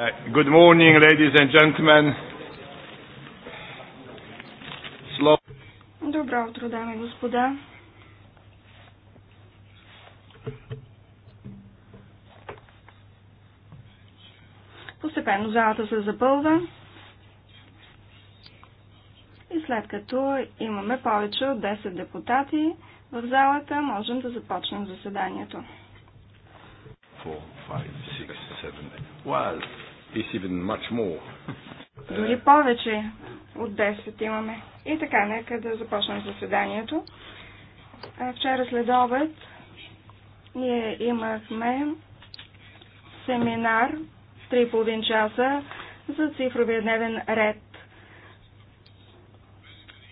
Uh, good morning, ladies and gentlemen. Slow... Добро утро, дами и господа. Постепенно залата се запълва и след като имаме повече от 10 депутати в залата, можем да започнем заседанието. 4, 5, 6, 7, 8. Well, дори е. повече от 10 имаме. И така, нека да започнем заседанието. Вчера след обед ние имахме семинар 3,5 часа за цифровия дневен ред.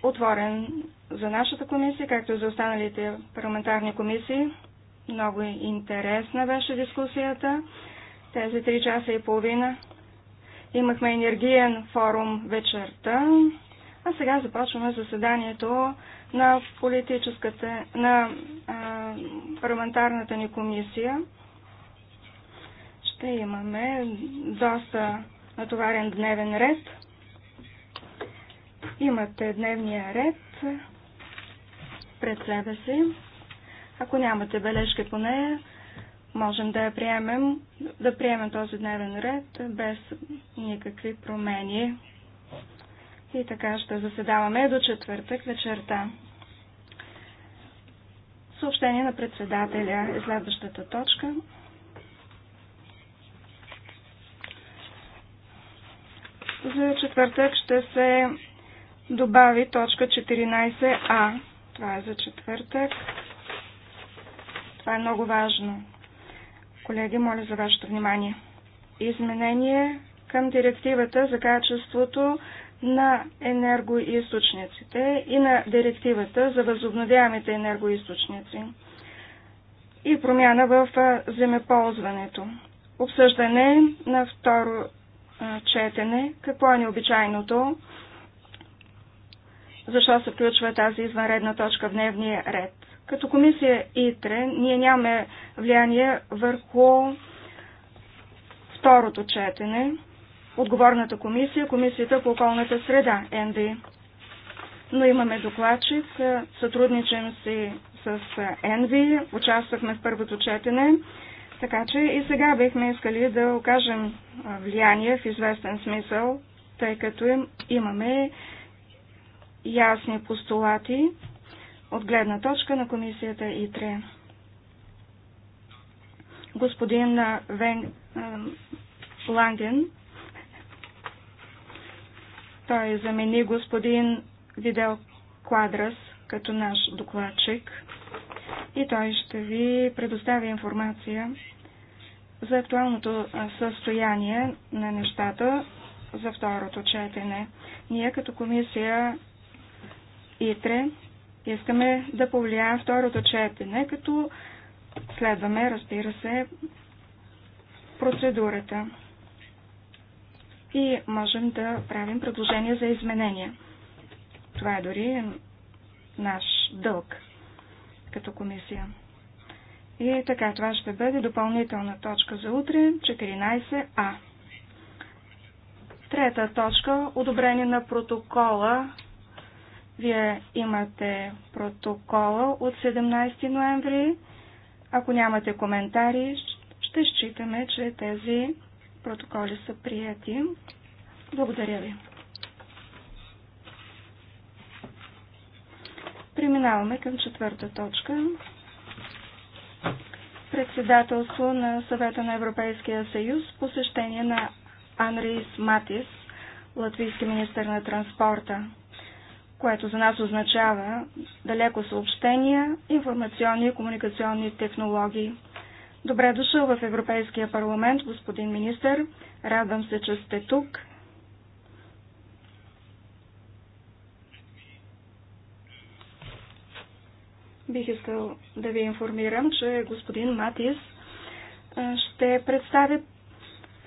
Отворен за нашата комисия, както и за останалите парламентарни комисии. Много интересна беше дискусията. Тези 3 часа и половина Имахме енергиен форум вечерта, а сега започваме заседанието на политическата, на а, парламентарната ни комисия. Ще имаме доста натоварен дневен ред. Имате дневния ред пред себе си. Ако нямате бележки по нея, можем да я приемем, да приемем този дневен ред без никакви промени. И така ще заседаваме до четвъртък вечерта. Съобщение на председателя е следващата точка. За четвъртък ще се добави точка 14а. Това е за четвъртък. Това е много важно. Колеги, моля за вашето внимание. Изменение към директивата за качеството на енергоисточниците и на директивата за възобновяемите енергоисточници и промяна в земеползването. Обсъждане на второ четене. Какво е необичайното? Защо се включва тази извънредна точка в дневния ред? Като комисия ИТРЕ ние нямаме влияние върху второто четене. Отговорната комисия, комисията по околната среда, НДИ. Но имаме докладчик, сътрудничам си с ЕНВИ, участвахме в първото четене, така че и сега бихме искали да окажем влияние в известен смисъл, тъй като имаме ясни постулати от гледна точка на комисията ИТРЕ. Господин Вен Ланген, той замени господин Видел Квадрас като наш докладчик и той ще ви предоставя информация за актуалното състояние на нещата за второто четене. Ние като комисия ИТРЕ Искаме да повлияем второто четене, като следваме, разбира се, процедурата. И можем да правим предложения за изменения. Това е дори наш дълг като комисия. И така, това ще бъде допълнителна точка за утре, 14А. Трета точка – одобрение на протокола вие имате протокола от 17 ноември. Ако нямате коментари, ще считаме, че тези протоколи са прияти. Благодаря ви. Преминаваме към четвърта точка. Председателство на съвета на Европейския съюз, посещение на Анрис Матис, латвийски министр на транспорта което за нас означава далеко съобщения, информационни и комуникационни технологии. Добре дошъл в Европейския парламент, господин министър. Радвам се, че сте тук. Бих искал да ви информирам, че господин Матис ще представи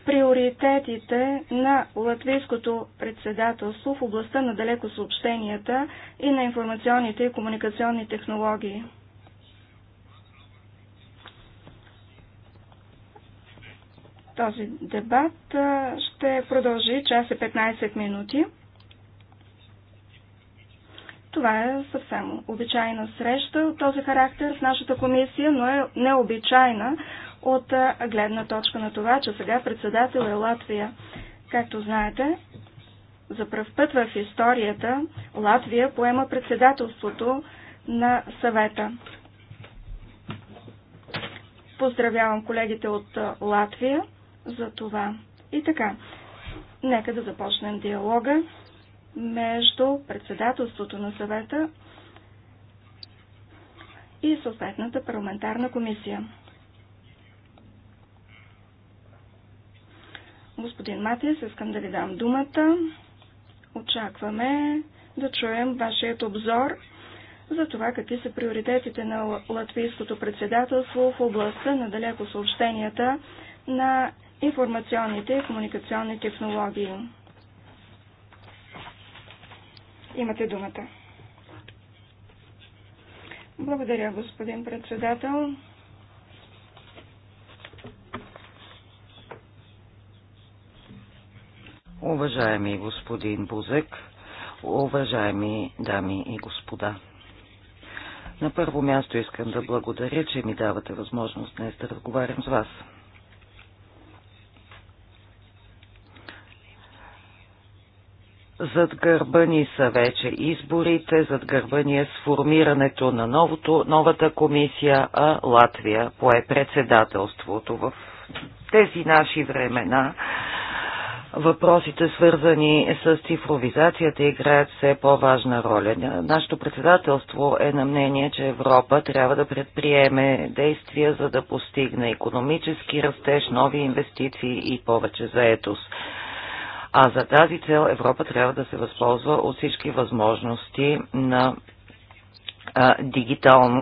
приоритетите на латвийското председателство в областта на далекосъобщенията и на информационните и комуникационни технологии. Този дебат ще продължи час и 15 минути. Това е съвсем обичайна среща от този характер в нашата комисия, но е необичайна от гледна точка на това, че сега председател е Латвия. Както знаете, за пръв път в историята Латвия поема председателството на съвета. Поздравявам колегите от Латвия за това. И така, нека да започнем диалога между председателството на съвета и съответната парламентарна комисия. Господин Матис, искам да ви дам думата. Очакваме да чуем вашият обзор за това какви са приоритетите на латвийското председателство в областта на далеко съобщенията на информационните и комуникационни технологии. Имате думата. Благодаря, господин председател. Уважаеми господин Бузек, уважаеми дами и господа. На първо място искам да благодаря, че ми давате възможност днес да разговарям с вас. Зад гърба ни са вече изборите, зад гърба ни е сформирането на новото, новата комисия, а Латвия пое председателството в тези наши времена въпросите, свързани с цифровизацията, играят все по-важна роля. Нашето председателство е на мнение, че Европа трябва да предприеме действия, за да постигне економически растеж, нови инвестиции и повече заетост. А за тази цел Европа трябва да се възползва от всички възможности на дигитал,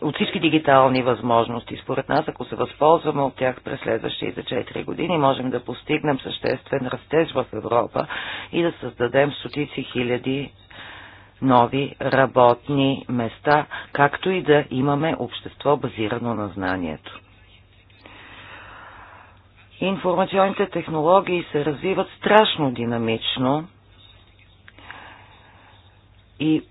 от всички дигитални възможности. Според нас, ако се възползваме от тях през следващите 4 години, можем да постигнем съществен растеж в Европа и да създадем стотици хиляди нови работни места, както и да имаме общество базирано на знанието. Информационните технологии се развиват страшно динамично и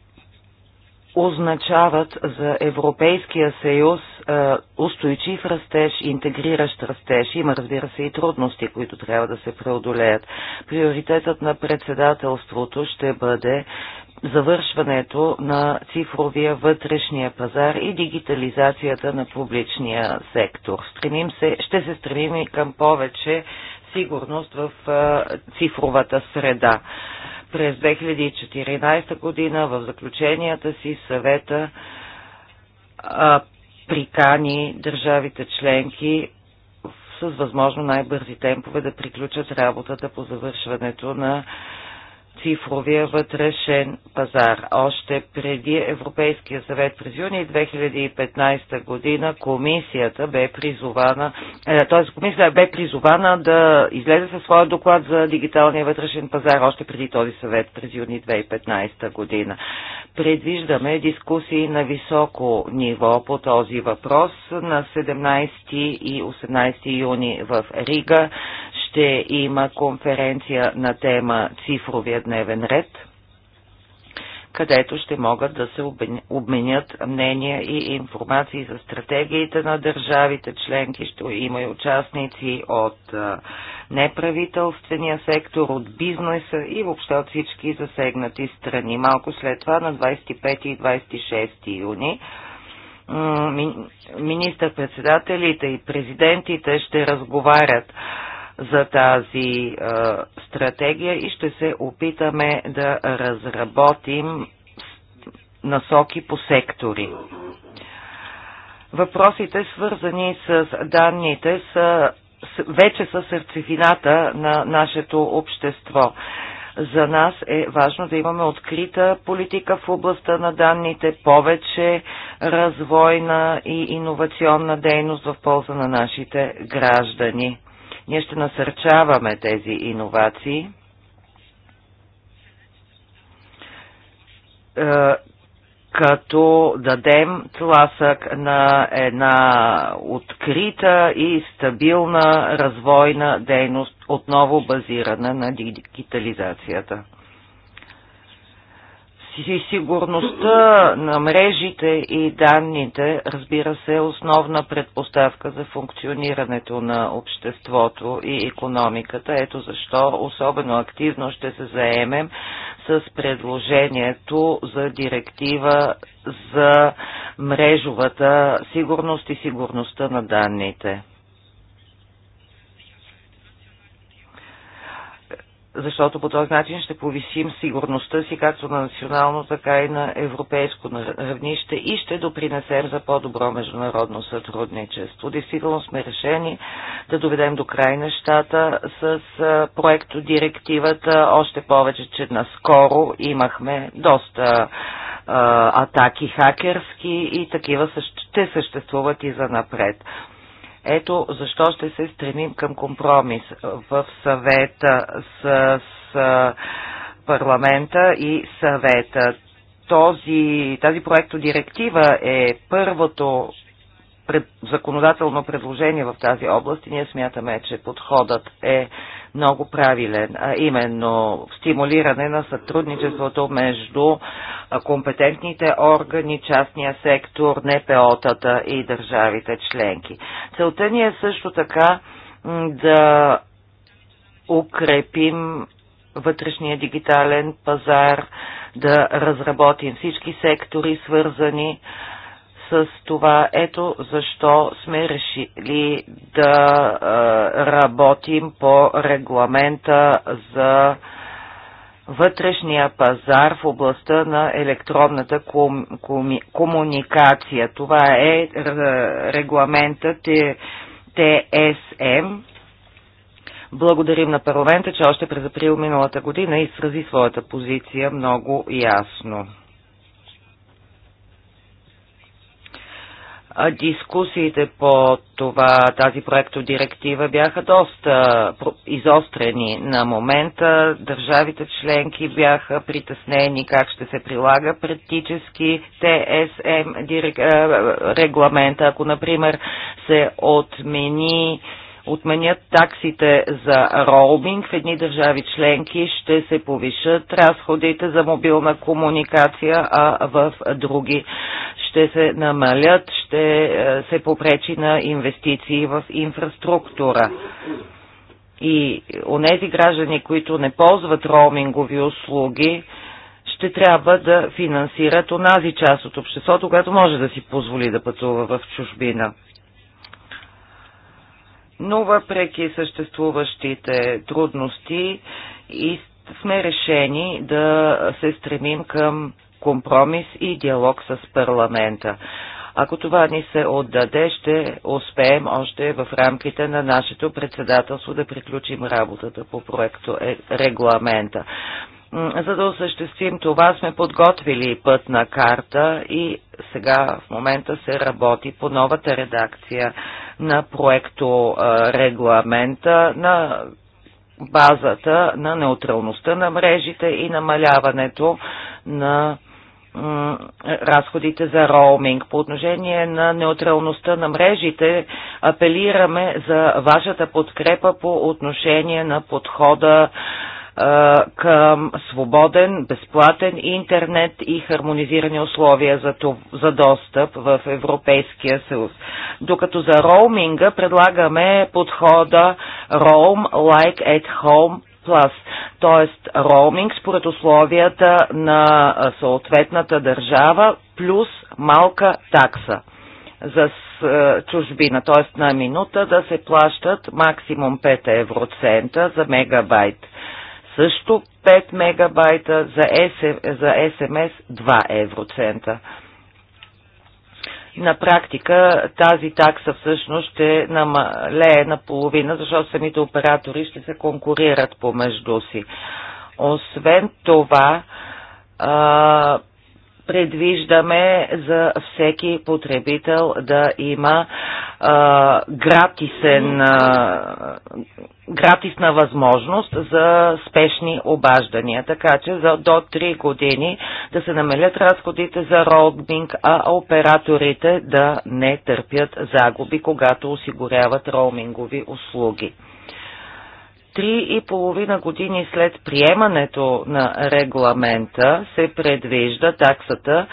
означават за Европейския съюз е, устойчив растеж, интегриращ растеж. Има, разбира се, и трудности, които трябва да се преодолеят. Приоритетът на председателството ще бъде завършването на цифровия вътрешния пазар и дигитализацията на публичния сектор. Стремим се, ще се стремим и към повече сигурност в е, цифровата среда. През 2014 година в заключенията си съвета а, прикани държавите членки с възможно най-бързи темпове да приключат работата по завършването на цифровия вътрешен пазар. Още преди Европейския съвет през юни 2015 година комисията бе призована, е, т.е. комисията бе призована да излезе със своя доклад за дигиталния вътрешен пазар още преди този съвет през юни 2015 година. Предвиждаме дискусии на високо ниво по този въпрос на 17 и 18 юни в Рига ще има конференция на тема цифровия дневен ред, където ще могат да се обменят мнения и информации за стратегиите на държавите членки. Ще има и участници от неправителствения сектор, от бизнеса и въобще от всички засегнати страни. Малко след това на 25 и 26 юни министър-председателите и президентите ще разговарят за тази а, стратегия и ще се опитаме да разработим насоки по сектори. Въпросите, свързани с данните, са, вече са сърцевината на нашето общество. За нас е важно да имаме открита политика в областта на данните, повече развойна и иновационна дейност в полза на нашите граждани. Ние ще насърчаваме тези иновации. Е, като дадем тласък на една открита и стабилна развойна дейност, отново базирана на дигитализацията си сигурността на мрежите и данните, разбира се, е основна предпоставка за функционирането на обществото и економиката. Ето защо особено активно ще се заемем с предложението за директива за мрежовата сигурност и сигурността на данните. защото по този начин ще повисим сигурността си както на национално, така и на европейско равнище и ще допринесем за по-добро международно сътрудничество. Действително сме решени да доведем до край нещата с проекто директивата, още повече, че наскоро имахме доста атаки хакерски и такива ще съществуват и за напред. Ето защо ще се стремим към компромис в съвета с, с парламента и съвета. Този, тази проектодиректива е първото пред, законодателно предложение в тази област и ние смятаме, че подходът е много правилен, а именно стимулиране на сътрудничеството между компетентните органи, частния сектор, НПО-тата и държавите членки. Целта ни е също така да укрепим вътрешния дигитален пазар, да разработим всички сектори, свързани с това. Ето защо сме решили да работим по регламента за вътрешния пазар в областта на електронната комуникация. Това е регламентът ТСМ. Благодарим на парламента, че още през април миналата година изрази своята позиция много ясно. дискусиите по това, тази проектодиректива бяха доста изострени на момента. Държавите членки бяха притеснени как ще се прилага практически ТСМ регламента. Ако, например, се отмени отменят таксите за роуминг, в едни държави членки ще се повишат разходите за мобилна комуникация, а в други ще се намалят, ще е, се попречи на инвестиции в инфраструктура. И нези граждани, които не ползват роумингови услуги, ще трябва да финансират онази част от обществото, която може да си позволи да пътува в чужбина. Но въпреки съществуващите трудности и сме решени да се стремим към компромис и диалог с парламента. Ако това ни се отдаде, ще успеем още в рамките на нашето председателство да приключим работата по проекто е, регламента. За да осъществим това, сме подготвили пътна карта и сега в момента се работи по новата редакция на проекто регламента на базата на неутралността на мрежите и намаляването на разходите за роуминг. По отношение на неутралността на мрежите, апелираме за вашата подкрепа по отношение на подхода към свободен, безплатен интернет и хармонизирани условия за, то, за достъп в Европейския съюз. Докато за роуминга предлагаме подхода Roam Like at Home Plus, т.е. роуминг според условията на съответната държава плюс малка такса за чужбина, т.е. на минута да се плащат максимум 5 евроцента за мегабайт. Също 5 мегабайта за, СМС 2 евроцента на практика тази такса всъщност ще намалее наполовина, защото самите оператори ще се конкурират помежду си. Освен това, а, предвиждаме за всеки потребител да има а, гратисен, а, гратисна възможност за спешни обаждания. Така че за до 3 години да се намалят разходите за роуминг, а операторите да не търпят загуби, когато осигуряват роумингови услуги. Три и половина години след приемането на регламента се предвижда таксата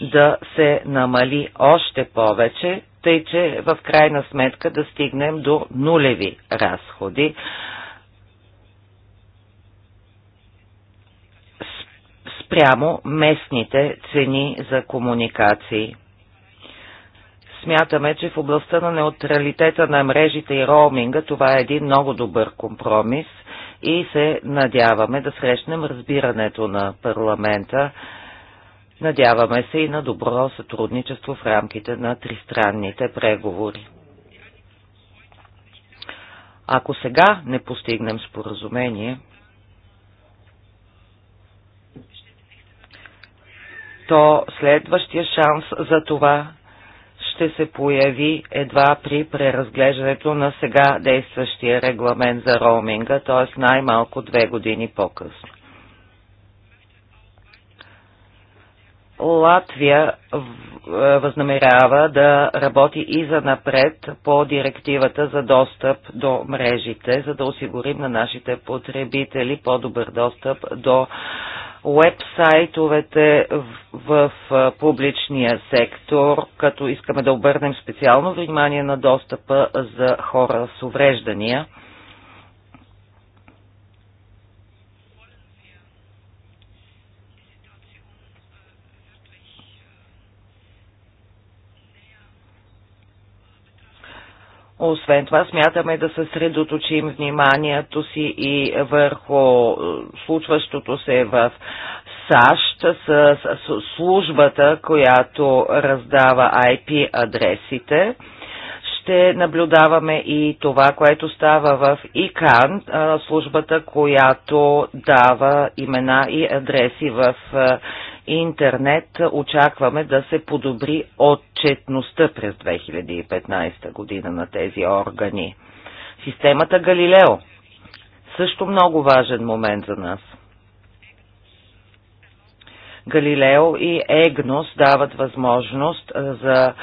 да се намали още повече, тъй че в крайна сметка да стигнем до нулеви разходи. спрямо местните цени за комуникации. Смятаме, че в областта на неутралитета на мрежите и роуминга това е един много добър компромис и се надяваме да срещнем разбирането на парламента. Надяваме се и на добро сътрудничество в рамките на тристранните преговори. Ако сега не постигнем споразумение, то следващия шанс за това ще се появи едва при преразглеждането на сега действащия регламент за роуминга, т.е. най-малко две години по-късно. Латвия е, възнамерява да работи и за напред по директивата за достъп до мрежите, за да осигурим на нашите потребители по-добър достъп до уебсайтовете в, в публичния сектор, като искаме да обърнем специално внимание на достъпа за хора с увреждания – Освен това, смятаме да съсредоточим вниманието си и върху е, случващото се в САЩ с службата, която раздава IP адресите ще наблюдаваме и това, което става в ИКАН, е, службата, която дава имена и адреси в е, интернет очакваме да се подобри отчетността през 2015 година на тези органи. Системата Галилео също много важен момент за нас. Галилео и Егнос дават възможност за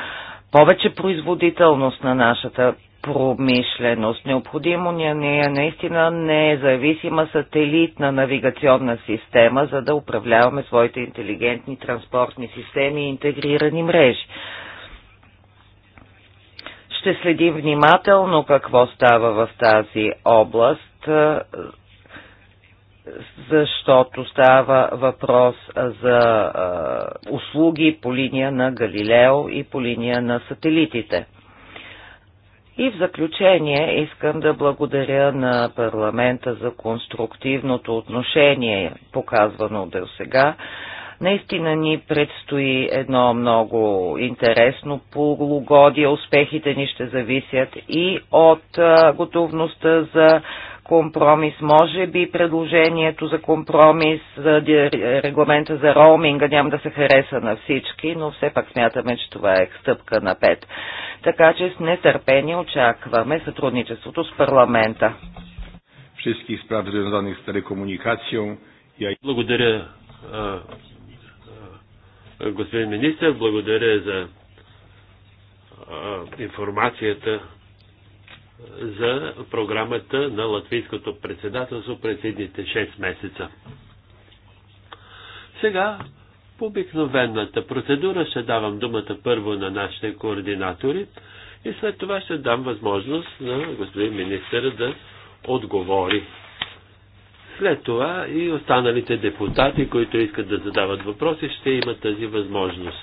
повече производителност на нашата промишленост. Необходимо е, ни е наистина независима сателитна навигационна система, за да управляваме своите интелигентни транспортни системи и интегрирани мрежи. Ще следим внимателно какво става в тази област, е, защото става въпрос за е, услуги по линия на Галилео и по линия на сателитите. И в заключение искам да благодаря на парламента за конструктивното отношение, показвано до сега. Наистина ни предстои едно много интересно полугодие. Успехите ни ще зависят и от готовността за компромис, може би предложението за компромис за регламента за роуминга няма да се хареса на всички, но все пак смятаме, че това е стъпка на пет. Така че с нетърпение очакваме сътрудничеството с парламента. Всички справ, свързани с телекомуникацией. Благодаря, господин министр, благодаря за информацията за програмата на латвийското председателство през едните 6 месеца. Сега по обикновената процедура ще давам думата първо на нашите координатори и след това ще дам възможност на господин министър да отговори. След това и останалите депутати, които искат да задават въпроси, ще имат тази възможност.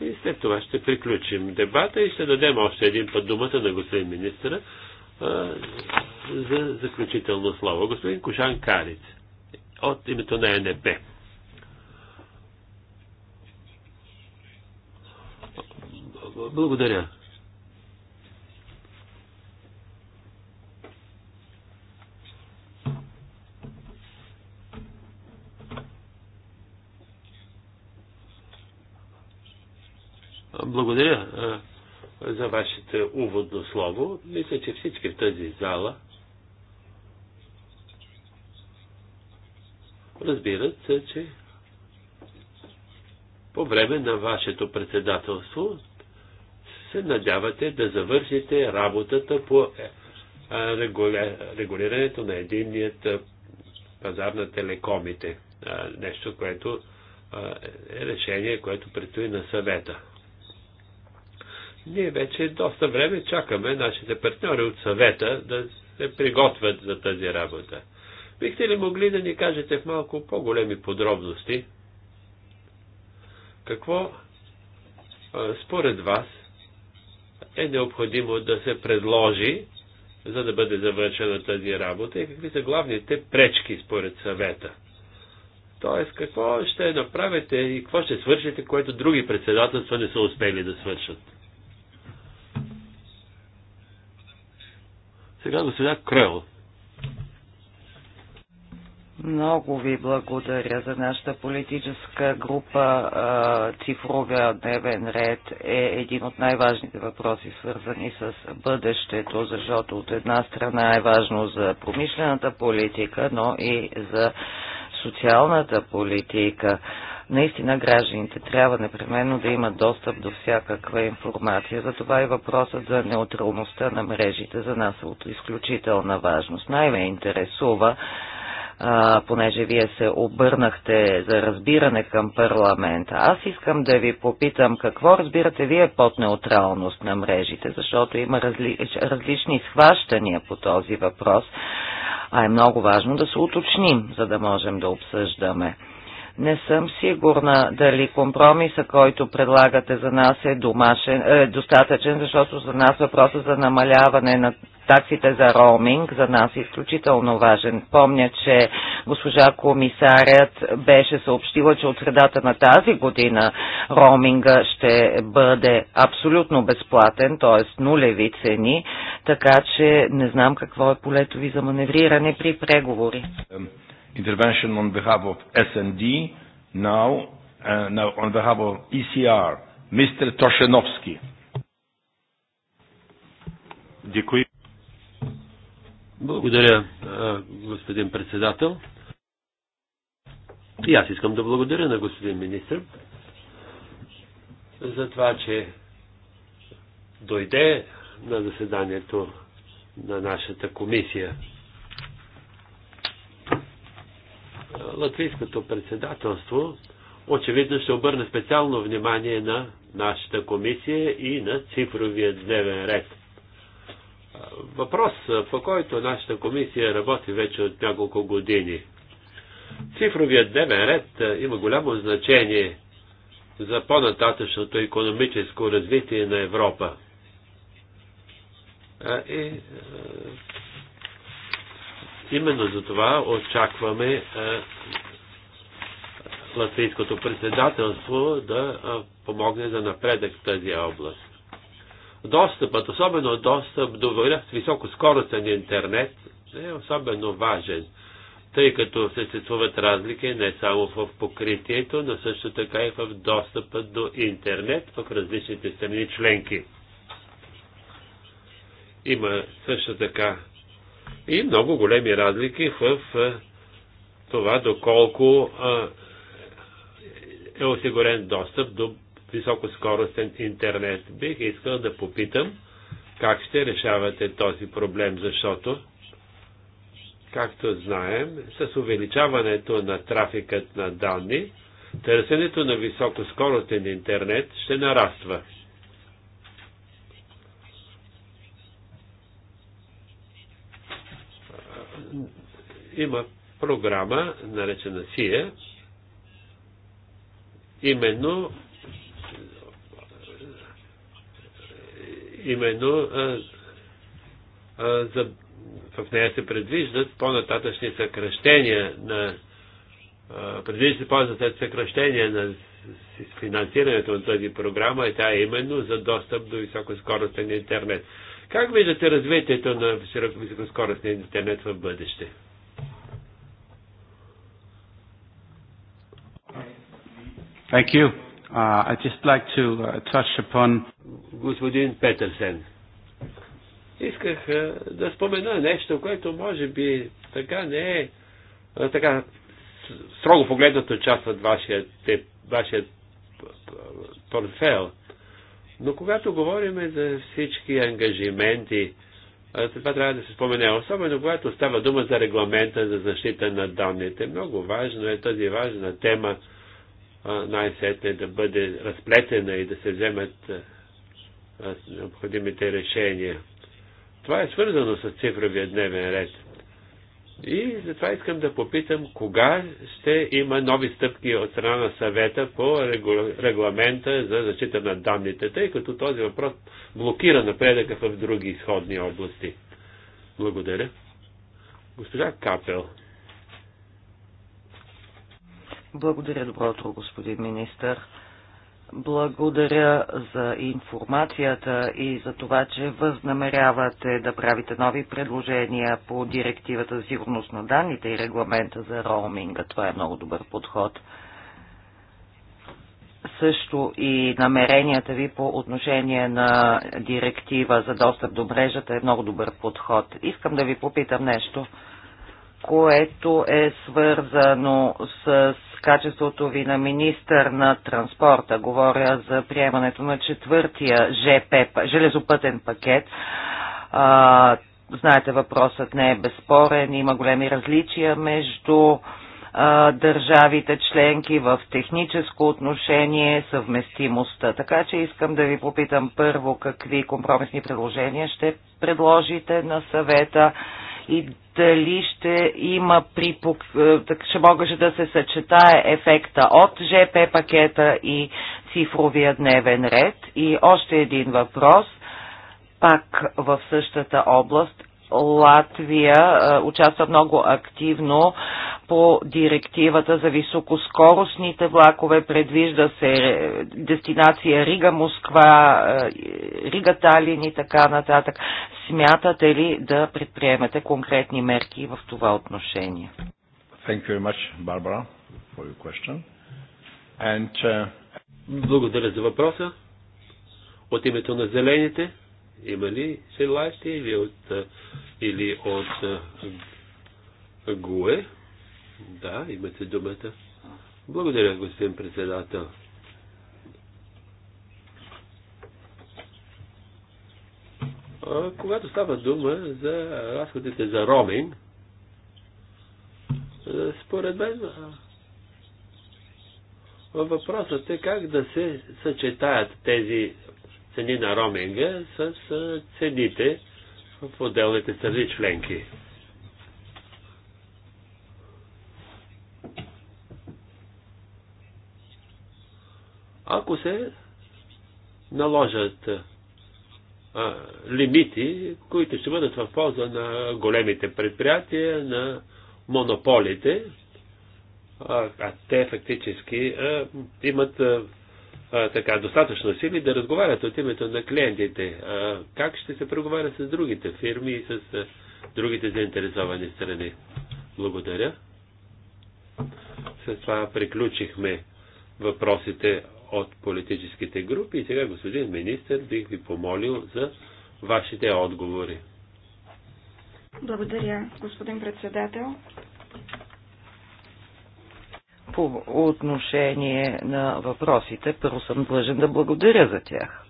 И след това ще приключим дебата и ще дадем още един път думата на господин министра за заключително слово. Господин Кошан Кариц от името на НП. Благодаря. Благодаря за вашето уводно слово. Мисля, че всички в тази зала разбират, че по време на вашето председателство се надявате да завършите работата по регулирането на единният пазар на телекомите. Нещо, което е решение, което предстои на съвета. Ние вече доста време чакаме нашите партньори от съвета да се приготвят за тази работа. Бихте ли могли да ни кажете в малко по-големи подробности какво според вас е необходимо да се предложи, за да бъде завършена тази работа и какви са главните пречки според съвета? Тоест, какво ще направите и какво ще свършите, което други председателства не са успели да свършат? Сега госпожа Крел. Много ви благодаря за нашата политическа група. Цифровия дневен ред е един от най-важните въпроси, свързани с бъдещето, защото от една страна е важно за промишлената политика, но и за социалната политика. Наистина гражданите трябва непременно да имат достъп до всякаква информация. Затова и въпросът за неутралността на мрежите за нас е от изключителна важност. Най-ме интересува а, понеже вие се обърнахте за разбиране към парламента. Аз искам да ви попитам какво разбирате вие под неутралност на мрежите, защото има разли, различни схващания по този въпрос, а е много важно да се уточним, за да можем да обсъждаме не съм сигурна дали компромиса, който предлагате за нас е, домашен, е достатъчен, защото за нас въпросът за намаляване на таксите за роуминг за нас е изключително важен. Помня, че госпожа комисарят беше съобщила, че от средата на тази година роуминга ще бъде абсолютно безплатен, т.е. нулеви цени, така че не знам какво е полето ви за маневриране при преговори intervention on behalf of S&D. Now, uh, now on behalf of ECR, Mr. Toshenovsky. Děkuji. Благодаря, господин председател. И аз искам да благодаря на господин министр за това, че дойде на заседанието на нашата комисия. латвийското председателство очевидно ще обърне специално внимание на нашата комисия и на цифровия дневен ред. Въпрос, по който нашата комисия работи вече от няколко години. Цифровият дневен ред има голямо значение за по-нататъчното економическо развитие на Европа. И Именно за това очакваме е, латвийското председателство да е, помогне за напредък в тази област. Достъпът, особено достъп до високоскоростен интернет е особено важен, тъй като съществуват разлики не само в покритието, но също така и в достъпа до интернет в различните страни членки. Има също така и много големи разлики в това доколко е осигурен достъп до високоскоростен интернет. Бих искал да попитам как ще решавате този проблем, защото, както знаем, с увеличаването на трафикът на данни, търсенето на високоскоростен интернет ще нараства. има програма, наречена СИЕ, именно именно а, а, за, в нея се предвиждат по-нататъчни съкръщения на а, предвижда се по-нататъчни съкръщения на финансирането на тази програма и тя е именно за достъп до високоскоростен интернет. Как виждате развитието на високоскоростния интернет в бъдеще? Thank you. Uh, I'd just like to uh, touch upon... Господин Петърсен. Исках uh, да спомена нещо, което може би така не е uh, така строго погледната част от вашия, те, вашия е, портфел. Но когато говорим за всички ангажименти, това трябва да се спомене, особено когато става дума за регламента за защита на данните. Много важно е тази важна тема най-сетне да бъде разплетена и да се вземат необходимите решения. Това е свързано с цифровия дневен ред. И затова искам да попитам, кога ще има нови стъпки от страна на съвета по регламента за защита на данните, тъй като този въпрос блокира напредъка в други изходни области. Благодаря. Госпожа Капел. Благодаря. Добро утро, господин министър. Благодаря за информацията и за това, че възнамерявате да правите нови предложения по директивата за сигурност на данните и регламента за роуминга. Това е много добър подход. Също и намеренията ви по отношение на директива за достъп до мрежата е много добър подход. Искам да ви попитам нещо, което е свързано с качеството ви на министър на транспорта. Говоря за приемането на четвъртия ЖП, железопътен пакет. А, знаете, въпросът не е безспорен. Има големи различия между държавите членки в техническо отношение съвместимостта. Така че искам да ви попитам първо какви компромисни предложения ще предложите на съвета и дали ще има припук, е, ще може да се съчетае ефекта от ЖП пакета и цифровия дневен ред. И още един въпрос, пак в същата област, Латвия е, участва много активно по директивата за високоскоростните влакове. Предвижда се дестинация Рига, Москва, е, Рига, Талин и така нататък. Смятате ли да предприемете конкретни мерки в това отношение? Thank you very much, Barbara, for your question. And, uh... Благодаря за въпроса. От името на зелените има ли желаящи или от, или от ГУЕ? Да, имате думата. Благодаря, господин председател. Когато става дума за разходите за ромин, според мен въпросът е как да се съчетаят тези цени на роминга с цените в отделните страни членки. Ако се наложат а, лимити, които ще бъдат в полза на големите предприятия, на монополите, а, а те фактически а, имат а, така, достатъчно сили да разговарят от името на клиентите. А, как ще се преговаря с другите фирми и с а, другите заинтересовани страни? Благодаря. С това приключихме въпросите от политическите групи и сега, господин министр, бих ви помолил за вашите отговори. Благодаря, господин председател по отношение на въпросите. Първо съм длъжен да благодаря за тях.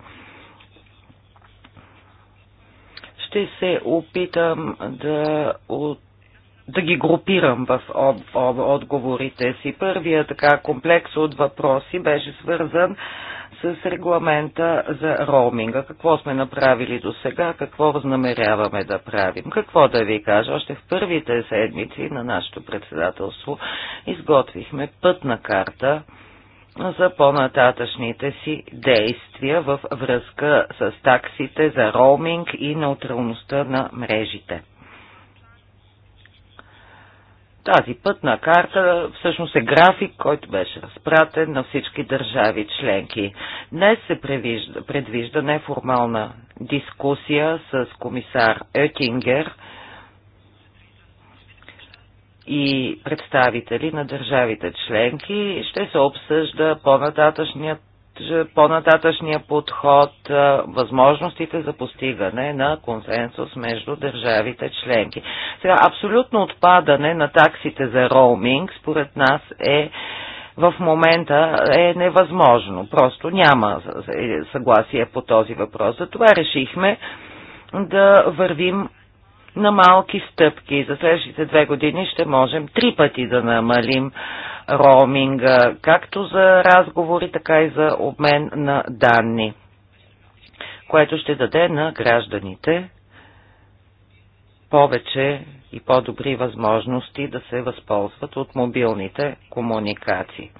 Ще се опитам да от да ги групирам в об, об, отговорите си. Първия така комплекс от въпроси беше свързан с регламента за роуминга. Какво сме направили до сега, какво възнамеряваме да правим. Какво да ви кажа, още в първите седмици на нашето председателство изготвихме пътна карта за по-нататъчните си действия във връзка с таксите за роуминг и неутралността на мрежите. Тази пътна карта всъщност е график, който беше разпратен на всички държави членки. Днес се предвижда, предвижда неформална дискусия с комисар Екингер и представители на държавите членки. Ще се обсъжда по-нататъчният е, по-нататъчния подход, е, възможностите за постигане на консенсус между държавите членки. Сега, абсолютно отпадане на таксите за роуминг, според нас е в момента е невъзможно. Просто няма е, съгласие по този въпрос. Затова решихме да вървим на малки стъпки. За следващите две години ще можем три пъти да намалим роуминга, както за разговори, така и за обмен на данни, което ще даде на гражданите повече и по-добри възможности да се възползват от мобилните комуникации.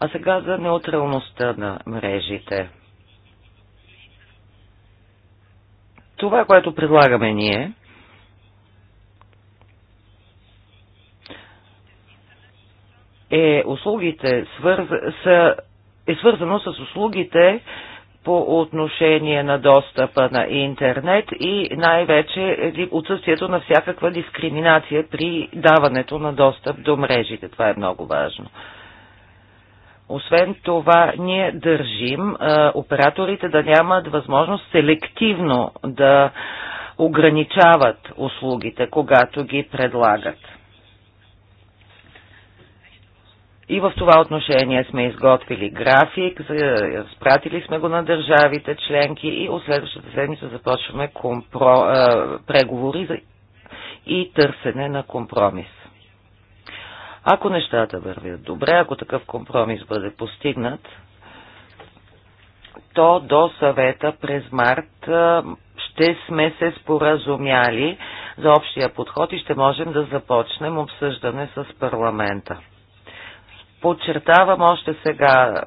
А сега за неутралността на мрежите. Това, което предлагаме ние, е, услугите свърз... са... е свързано с услугите по отношение на достъпа на интернет и най-вече е, отсъствието на всякаква дискриминация при даването на достъп до мрежите. Това е много важно. Освен това, ние държим а, операторите да нямат възможност селективно да ограничават услугите, когато ги предлагат. И в това отношение сме изготвили график, спратили сме го на държавите членки и от следващата седмица започваме компро, а, преговори и търсене на компромис. Ако нещата вървят добре, ако такъв компромис бъде постигнат, то до съвета през март ще сме се споразумяли за общия подход и ще можем да започнем обсъждане с парламента подчертавам още сега,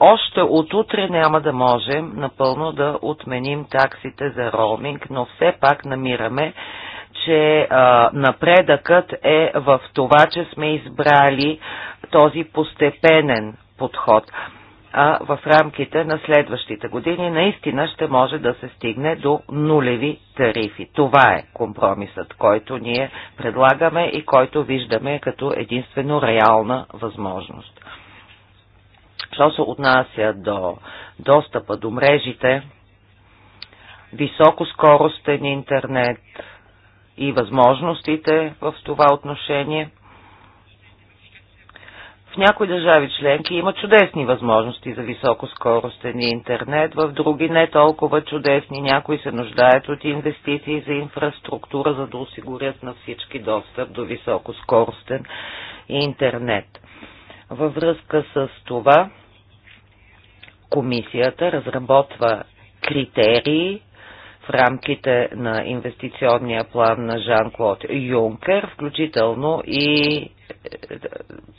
още от утре няма да можем напълно да отменим таксите за роуминг, но все пак намираме, че а, напредъкът е в това, че сме избрали този постепенен подход а в рамките на следващите години наистина ще може да се стигне до нулеви тарифи. Това е компромисът, който ние предлагаме и който виждаме като единствено реална възможност. Що се отнася до достъпа до мрежите, високоскоростен интернет и възможностите в това отношение – в някои държави членки има чудесни възможности за високоскоростен интернет, в други не толкова чудесни. Някои се нуждаят от инвестиции за инфраструктура, за да осигурят на всички достъп до високоскоростен интернет. Във връзка с това, комисията разработва критерии в рамките на инвестиционния план на Жан-Клод Юнкер, включително и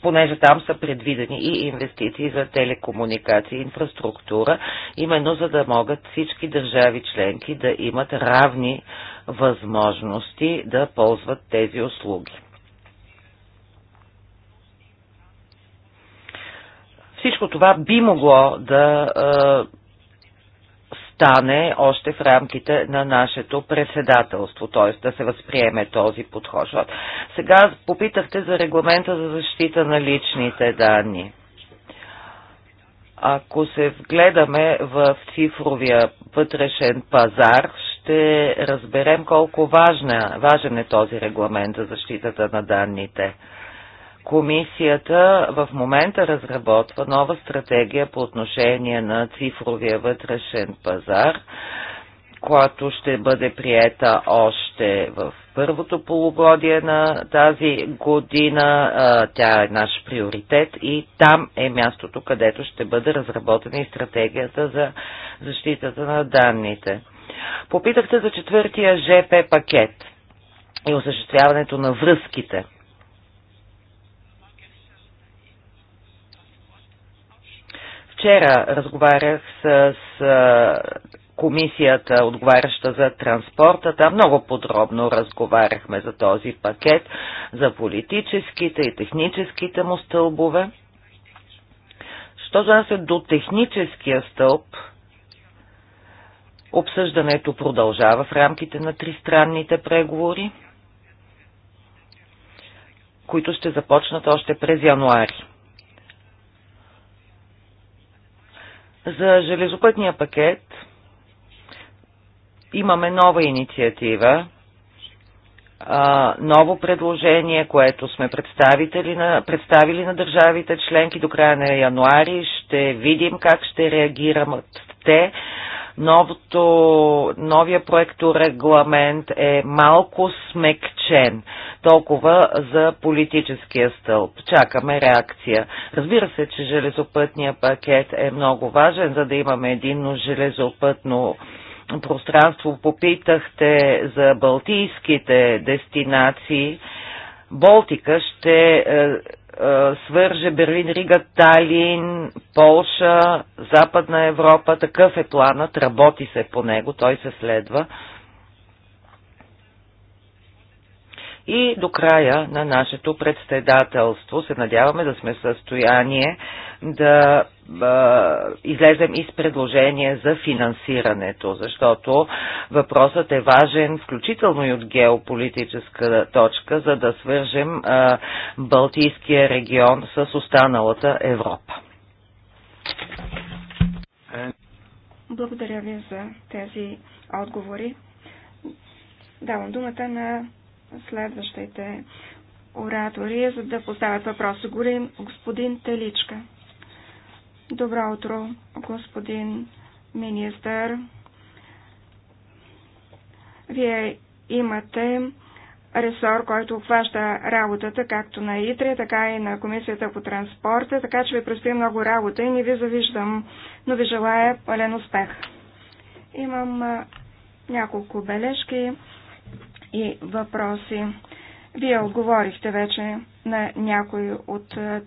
понеже там са предвидени и инвестиции за телекомуникации и инфраструктура, именно за да могат всички държави членки да имат равни възможности да ползват тези услуги. Всичко това би могло да стане още в рамките на нашето председателство, т.е. да се възприеме този подход. Сега попитахте за регламента за защита на личните данни. Ако се вгледаме в цифровия вътрешен пазар, ще разберем колко важна, важен е този регламент за защитата на данните. Комисията в момента разработва нова стратегия по отношение на цифровия вътрешен пазар, която ще бъде приета още в първото полугодие на тази година. Тя е наш приоритет и там е мястото, където ще бъде разработена и стратегията за защитата на данните. Попитахте за четвъртия ЖП пакет и осъществяването на връзките. Вчера разговарях с комисията, отговаряща за транспорта. Там много подробно разговаряхме за този пакет, за политическите и техническите му стълбове. Що за се до техническия стълб, обсъждането продължава в рамките на тристранните преговори, които ще започнат още през януари. За железопътния пакет имаме нова инициатива, ново предложение, което сме представители на, представили на държавите членки до края на януари. Ще видим как ще реагират те. Новото, новия регламент е малко смекчен. Толкова за политическия стълб. Чакаме реакция. Разбира се, че железопътния пакет е много важен, за да имаме единно железопътно пространство. Попитахте за балтийските дестинации. Болтика ще е, е, свърже Берлин, Рига, Талин, Полша, Западна Европа. Такъв е планът, работи се по него, той се следва. и до края на нашето председателство се надяваме да сме в състояние да а, излезем из предложение за финансирането, защото въпросът е важен включително и от геополитическа точка, за да свържем а, Балтийския регион с останалата Европа. Благодаря ви за тези отговори. Давам думата на следващите оратори, за да поставят Горим Господин Теличка. Добро утро, господин министър. Вие имате ресор, който обхваща работата както на ИТРЕ, така и на Комисията по транспорта, така че ви предстои много работа и не ви завиждам, но ви желая пълен успех. Имам няколко бележки и въпроси. Вие отговорихте вече на някои от е,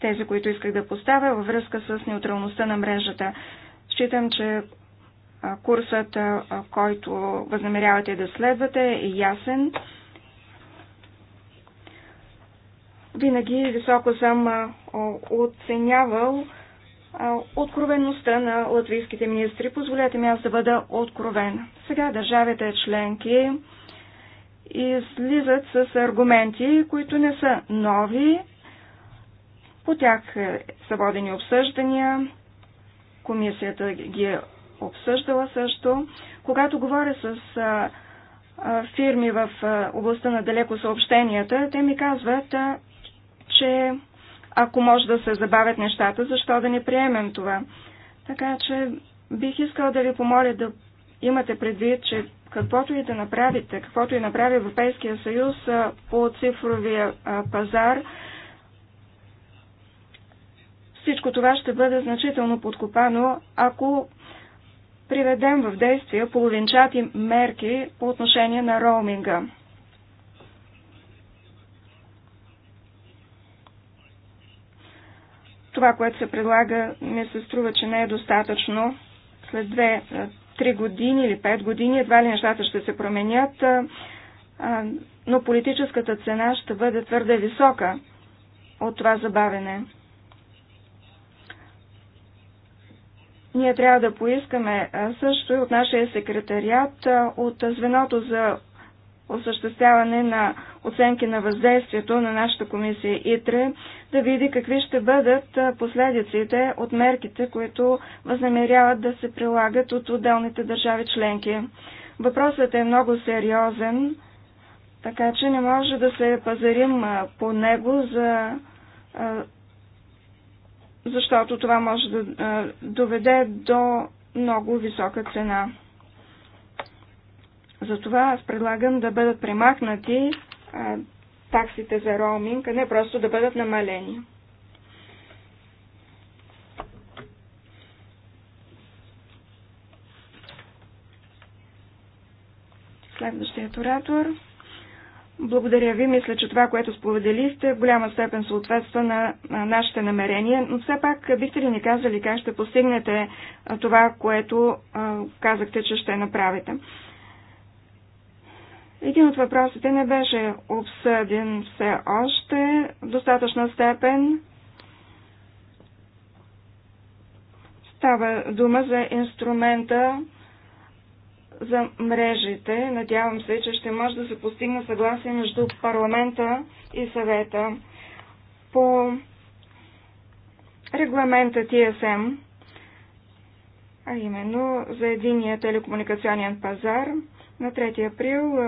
тези, които исках да поставя във връзка с неутралността на мрежата. Считам, че е, курсът, е, който възнамерявате да следвате, е ясен. Винаги високо съм оценявал откровеността на латвийските министри. Позволете ми аз да бъда откровен. Сега държавите членки и слизат с аргументи, които не са нови. По тях са водени обсъждания, комисията ги е обсъждала също. Когато говоря с фирми в областта на далеко съобщенията, те ми казват, че ако може да се забавят нещата, защо да не приемем това? Така че бих искал да ви помоля да имате предвид, че каквото и да направите, каквото и направи Европейския съюз по цифровия пазар, всичко това ще бъде значително подкопано, ако приведем в действие половинчати мерки по отношение на роуминга. Това, което се предлага, ми се струва, че не е достатъчно. След две 3 години или 5 години едва ли нещата ще се променят, но политическата цена ще бъде твърде висока от това забавене. Ние трябва да поискаме също и от нашия секретариат, от звеното за осъществяване на оценки на въздействието на нашата комисия ИТРЕ, да види какви ще бъдат последиците от мерките, които възнамеряват да се прилагат от отделните държави членки. Въпросът е много сериозен, така че не може да се пазарим по него, за, защото това може да доведе до много висока цена. Затова аз предлагам да бъдат премахнати а, таксите за роуминг, а не просто да бъдат намалени. Следващият оратор. Благодаря ви. Мисля, че това, което споделихте, в голяма степен съответства на нашите намерения, но все пак бихте ли ни казали как ще постигнете това, което казахте, че ще направите? Един от въпросите не беше обсъден все още в достатъчна степен. Става дума за инструмента за мрежите. Надявам се, че ще може да се постигне съгласие между парламента и съвета. По регламента TSM, а именно за единия телекомуникационен пазар, на 3 април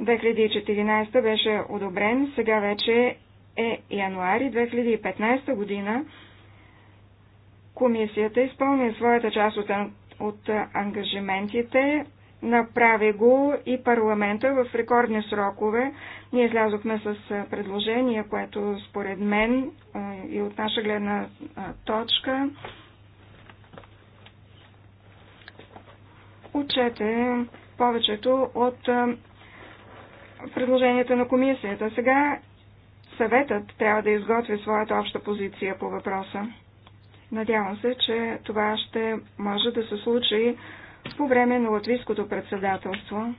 2014 беше одобрен, сега вече е януари 2015 година. Комисията изпълни своята част от, от ангажиментите, направи го и парламента в рекордни срокове. Ние излязохме с предложение, което според мен и от наша гледна точка отчете повечето от предложенията на комисията. Сега съветът трябва да изготви своята обща позиция по въпроса. Надявам се, че това ще може да се случи по време на латвийското председателство.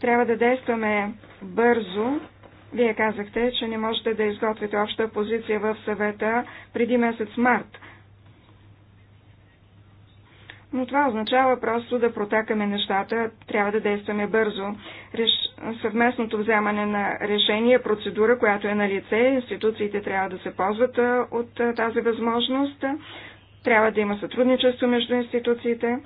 Трябва да действаме бързо. Вие казахте, че не можете да изготвите обща позиция в съвета преди месец март но това означава просто да протакаме нещата, трябва да действаме бързо. Реш... Съвместното вземане на решение, процедура, която е на лице, институциите трябва да се ползват от тази възможност, трябва да има сътрудничество между институциите.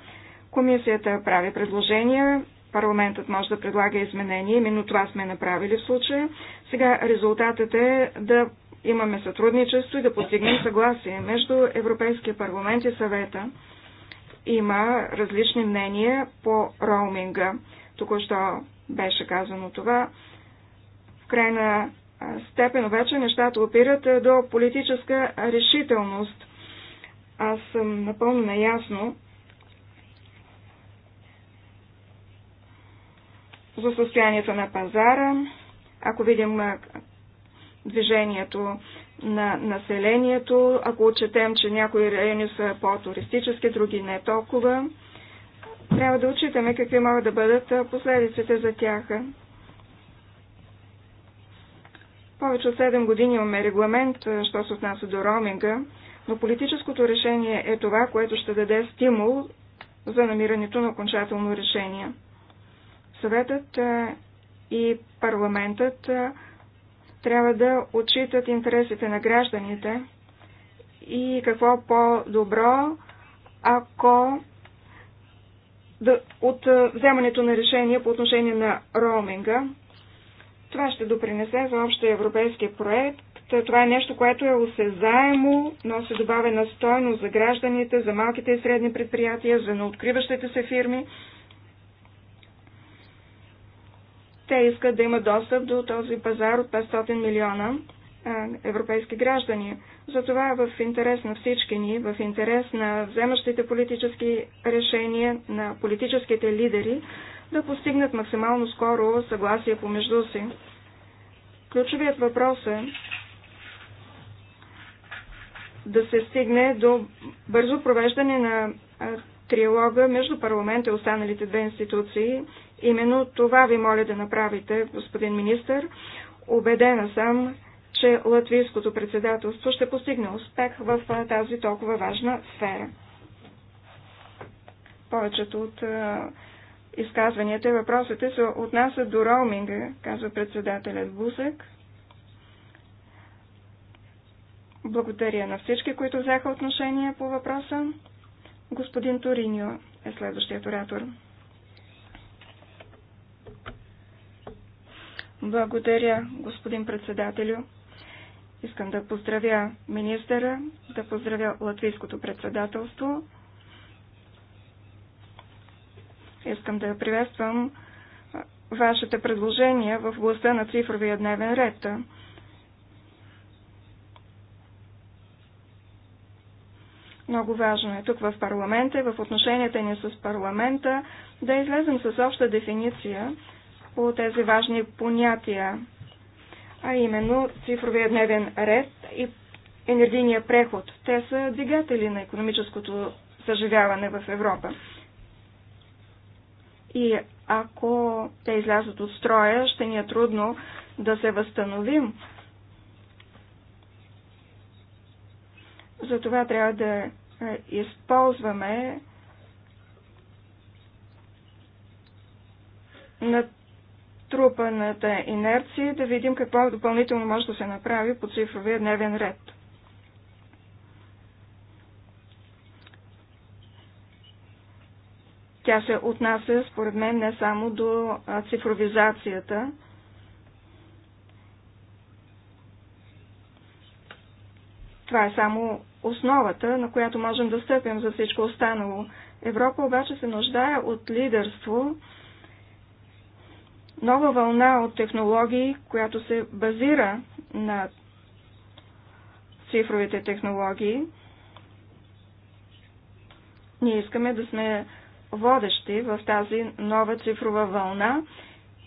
Комисията прави предложения, парламентът може да предлага изменения, именно това сме направили в случая. Сега резултатът е да имаме сътрудничество и да постигнем съгласие между Европейския парламент и съвета има различни мнения по роуминга. Току-що беше казано това. В крайна степен обаче нещата опират до политическа решителност. Аз съм напълно наясно за състоянието на пазара. Ако видим движението на населението, ако отчетем, че някои райони са по-туристически, други не толкова, трябва да отчитаме какви могат да бъдат последиците за тях. Повече от 7 години имаме регламент, що се отнася до роминга, но политическото решение е това, което ще даде стимул за намирането на окончателно решение. Съветът и парламентът трябва да отчитат интересите на гражданите и какво по-добро, ако да, от вземането на решение по отношение на роуминга. Това ще допринесе за общия европейски проект. Това е нещо, което е осезаемо, но добавя на стойност за гражданите, за малките и средни предприятия, за неоткриващите се фирми. Те искат да имат достъп до този пазар от 500 милиона европейски граждани. Затова е в интерес на всички ни, в интерес на вземащите политически решения, на политическите лидери, да постигнат максимално скоро съгласие помежду си. Ключовият въпрос е да се стигне до бързо провеждане на триалога между парламента и останалите две институции Именно това ви моля да направите, господин министр. Обедена съм, че латвийското председателство ще постигне успех в тази толкова важна сфера. Повечето от изказванията и въпросите се отнасят до роуминга, казва председателят Бусек. Благодаря на всички, които взеха отношение по въпроса. Господин Ториньо е следващият оратор. Благодаря, господин председателю. Искам да поздравя министъра, да поздравя латвийското председателство. Искам да приветствам вашите предложения в областта на цифровия дневен ред. Много важно е тук в парламента и в отношенията ни с парламента да излезем с обща дефиниция по тези важни понятия, а именно цифровия дневен ред и енергийния преход. Те са двигатели на економическото съживяване в Европа. И ако те излязат от строя, ще ни е трудно да се възстановим. Затова трябва да е, използваме на натрупаната инерция, да видим какво допълнително може да се направи по цифровия дневен ред. Тя се отнася, според мен, не само до цифровизацията, Това е само основата, на която можем да стъпим за всичко останало. Европа обаче се нуждае от лидерство, нова вълна от технологии, която се базира на цифровите технологии. Ние искаме да сме водещи в тази нова цифрова вълна.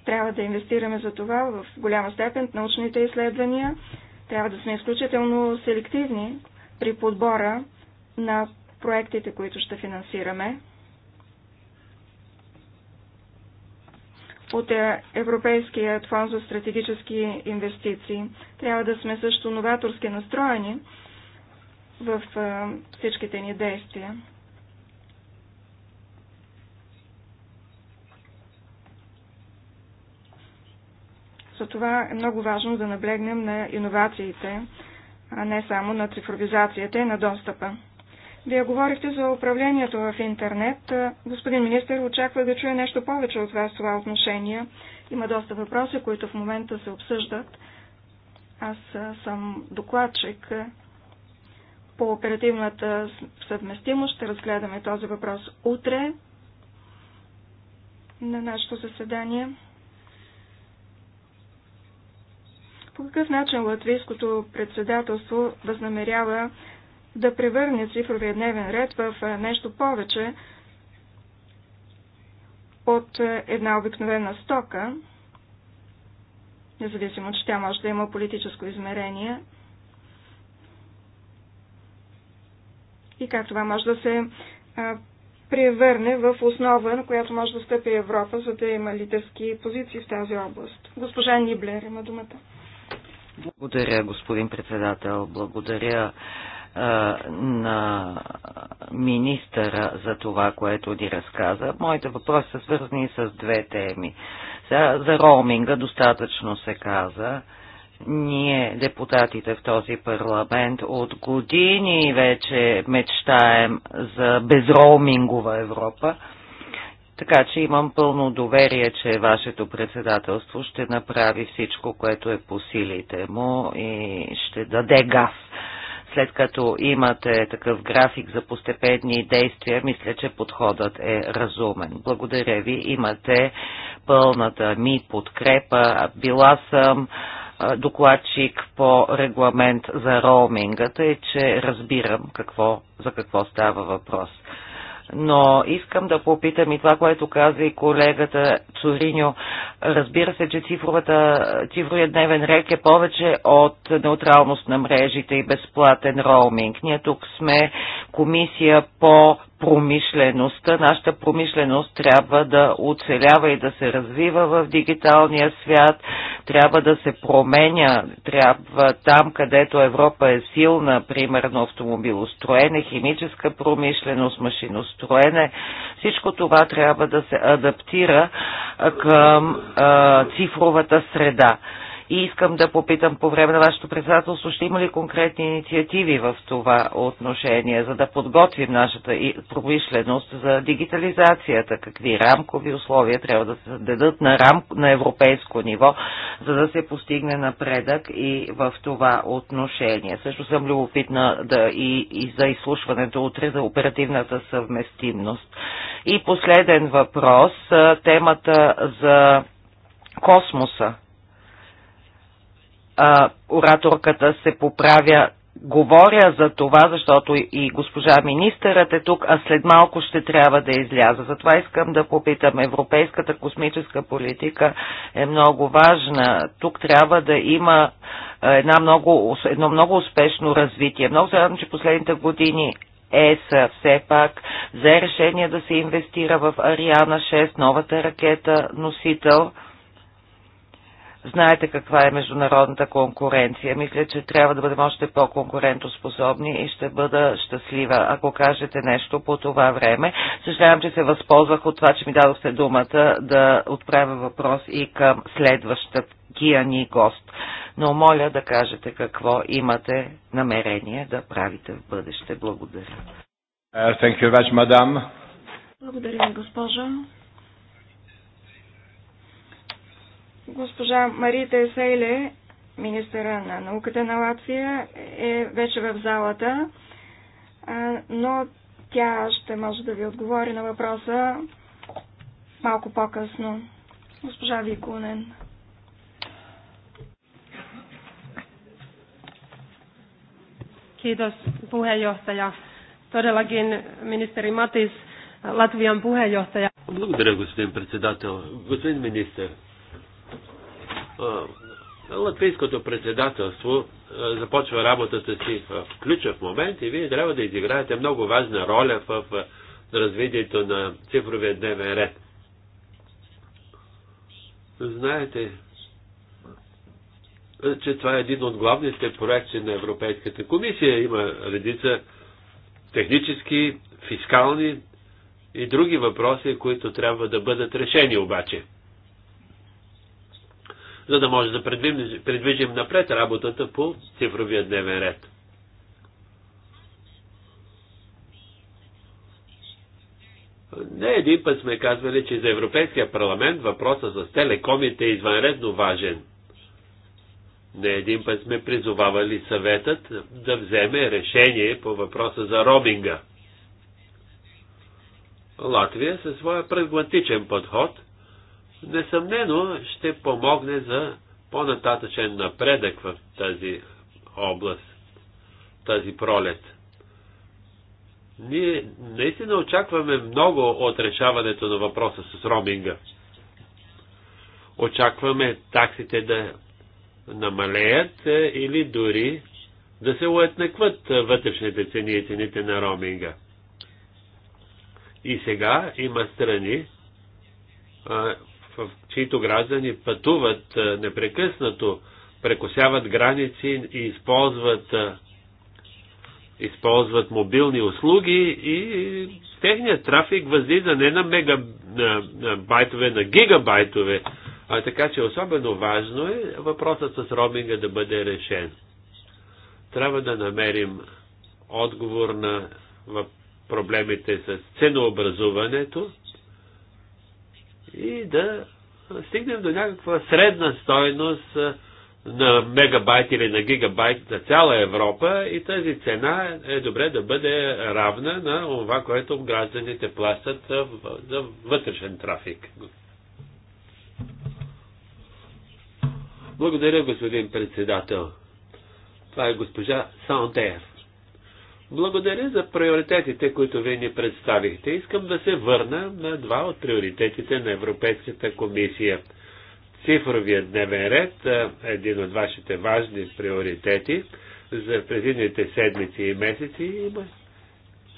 Трябва да инвестираме за това в голяма степен в научните изследвания. Трябва да сме изключително селективни при подбора на проектите, които ще финансираме. от е, Европейският фонд за стратегически инвестиции. Трябва да сме също новаторски настроени в е, всичките ни действия. Затова е много важно да наблегнем на иновациите, а не само на цифровизацията и на достъпа. Вие говорихте за управлението в интернет. Господин министр, очаква да чуя нещо повече от вас това отношение. Има доста въпроси, които в момента се обсъждат. Аз съм докладчик по оперативната съвместимост. Ще разгледаме този въпрос утре на нашето заседание. По какъв начин латвийското председателство възнамерява да превърне цифровия дневен ред в нещо повече от една обикновена стока, независимо, че тя може да има политическо измерение, и как това може да се превърне в основа, на която може да стъпи Европа, за да има лидерски позиции в тази област. Госпожа Ниблер има думата. Благодаря, господин председател. Благодаря на министъра за това, което ни разказа. Моите въпроси са свързани с две теми. За, за роуминга достатъчно се каза. Ние, депутатите в този парламент, от години вече мечтаем за безроумингова Европа. Така че имам пълно доверие, че вашето председателство ще направи всичко, което е по силите му и ще даде газ след като имате такъв график за постепенни действия, мисля, че подходът е разумен. Благодаря ви, имате пълната ми подкрепа. Била съм докладчик по регламент за роуминга, тъй че разбирам какво, за какво става въпрос но искам да попитам и това, което каза и колегата Цуриньо. Разбира се, че цифровата, цифровия дневен рек е повече от неутралност на мрежите и безплатен роуминг. Ние тук сме комисия по промишлеността. Нашата промишленост трябва да оцелява и да се развива в дигиталния свят, трябва да се променя, трябва там, където Европа е силна, примерно автомобилостроене, химическа промишленост, машиностроене, всичко това трябва да се адаптира към а, цифровата среда. И искам да попитам по време на вашето председателство, ще има ли конкретни инициативи в това отношение, за да подготвим нашата промишленост за дигитализацията? Какви рамкови условия трябва да се дадат на, рам, на европейско ниво, за да се постигне напредък и в това отношение? Също съм любопитна да и, и за изслушването утре за оперативната съвместимност. И последен въпрос, темата за космоса а, ораторката се поправя. Говоря за това, защото и госпожа министърът е тук, а след малко ще трябва да изляза. Затова искам да попитам. Европейската космическа политика е много важна. Тук трябва да има една много, едно много успешно развитие. Много се радвам, че последните години ЕСА все пак взе решение да се инвестира в Ариана 6, новата ракета, носител – Знаете каква е международната конкуренция. Мисля, че трябва да бъдем още по-конкурентоспособни и ще бъда щастлива, ако кажете нещо по това време. Съжалявам, че се възползвах от това, че ми дадохте думата да отправя въпрос и към следващата ни гост. Но моля да кажете какво имате намерение да правите в бъдеще. Благодаря. Uh, Благодаря ви, госпожа. Госпожа Марита Сейле, министъра на науката на Латвия, е вече в залата, но тя ще може да ви отговори на въпроса малко по-късно. Госпожа Викунен. Kiitos puheenjohtaja. Todellakin ministeri Matis, Latvian puheenjohtaja. Благодаря, господин председател. Господин министър, Латвийското председателство започва работата си в ключов момент и вие трябва да изиграете много важна роля в развитието на цифровия дневен ред. Знаете, че това е един от главните проекти на Европейската комисия. Има редица технически, фискални и други въпроси, които трябва да бъдат решени обаче за да може да предвижим, напред работата по цифровия дневен ред. Не един път сме казвали, че за Европейския парламент въпроса с телекомите е извънредно важен. Не един път сме призовавали съветът да вземе решение по въпроса за робинга. Латвия със своя прагматичен подход несъмнено ще помогне за по-нататъчен напредък в тази област, тази пролет. Ние наистина очакваме много от решаването на въпроса с роминга. Очакваме таксите да намалеят е, или дори да се уетнекват вътрешните цени и цените на роминга. И сега има страни, чието граждани пътуват е, непрекъснато, прекосяват граници и използват, е, използват мобилни услуги и техният трафик възлиза не на мегабайтове, на гигабайтове, а така че особено важно е въпросът с роминга да бъде решен. Трябва да намерим отговор на проблемите с ценообразуването и да стигнем до някаква средна стойност на мегабайт или на гигабайт за цяла Европа и тази цена е добре да бъде равна на това, което гражданите плащат за вътрешен трафик. Благодаря, господин председател. Това е госпожа Саундер. Благодаря за приоритетите, които вие ни представихте. Искам да се върна на два от приоритетите на Европейската комисия. Цифровия дневен ред, един от вашите важни приоритети за предидните седмици и месеци, има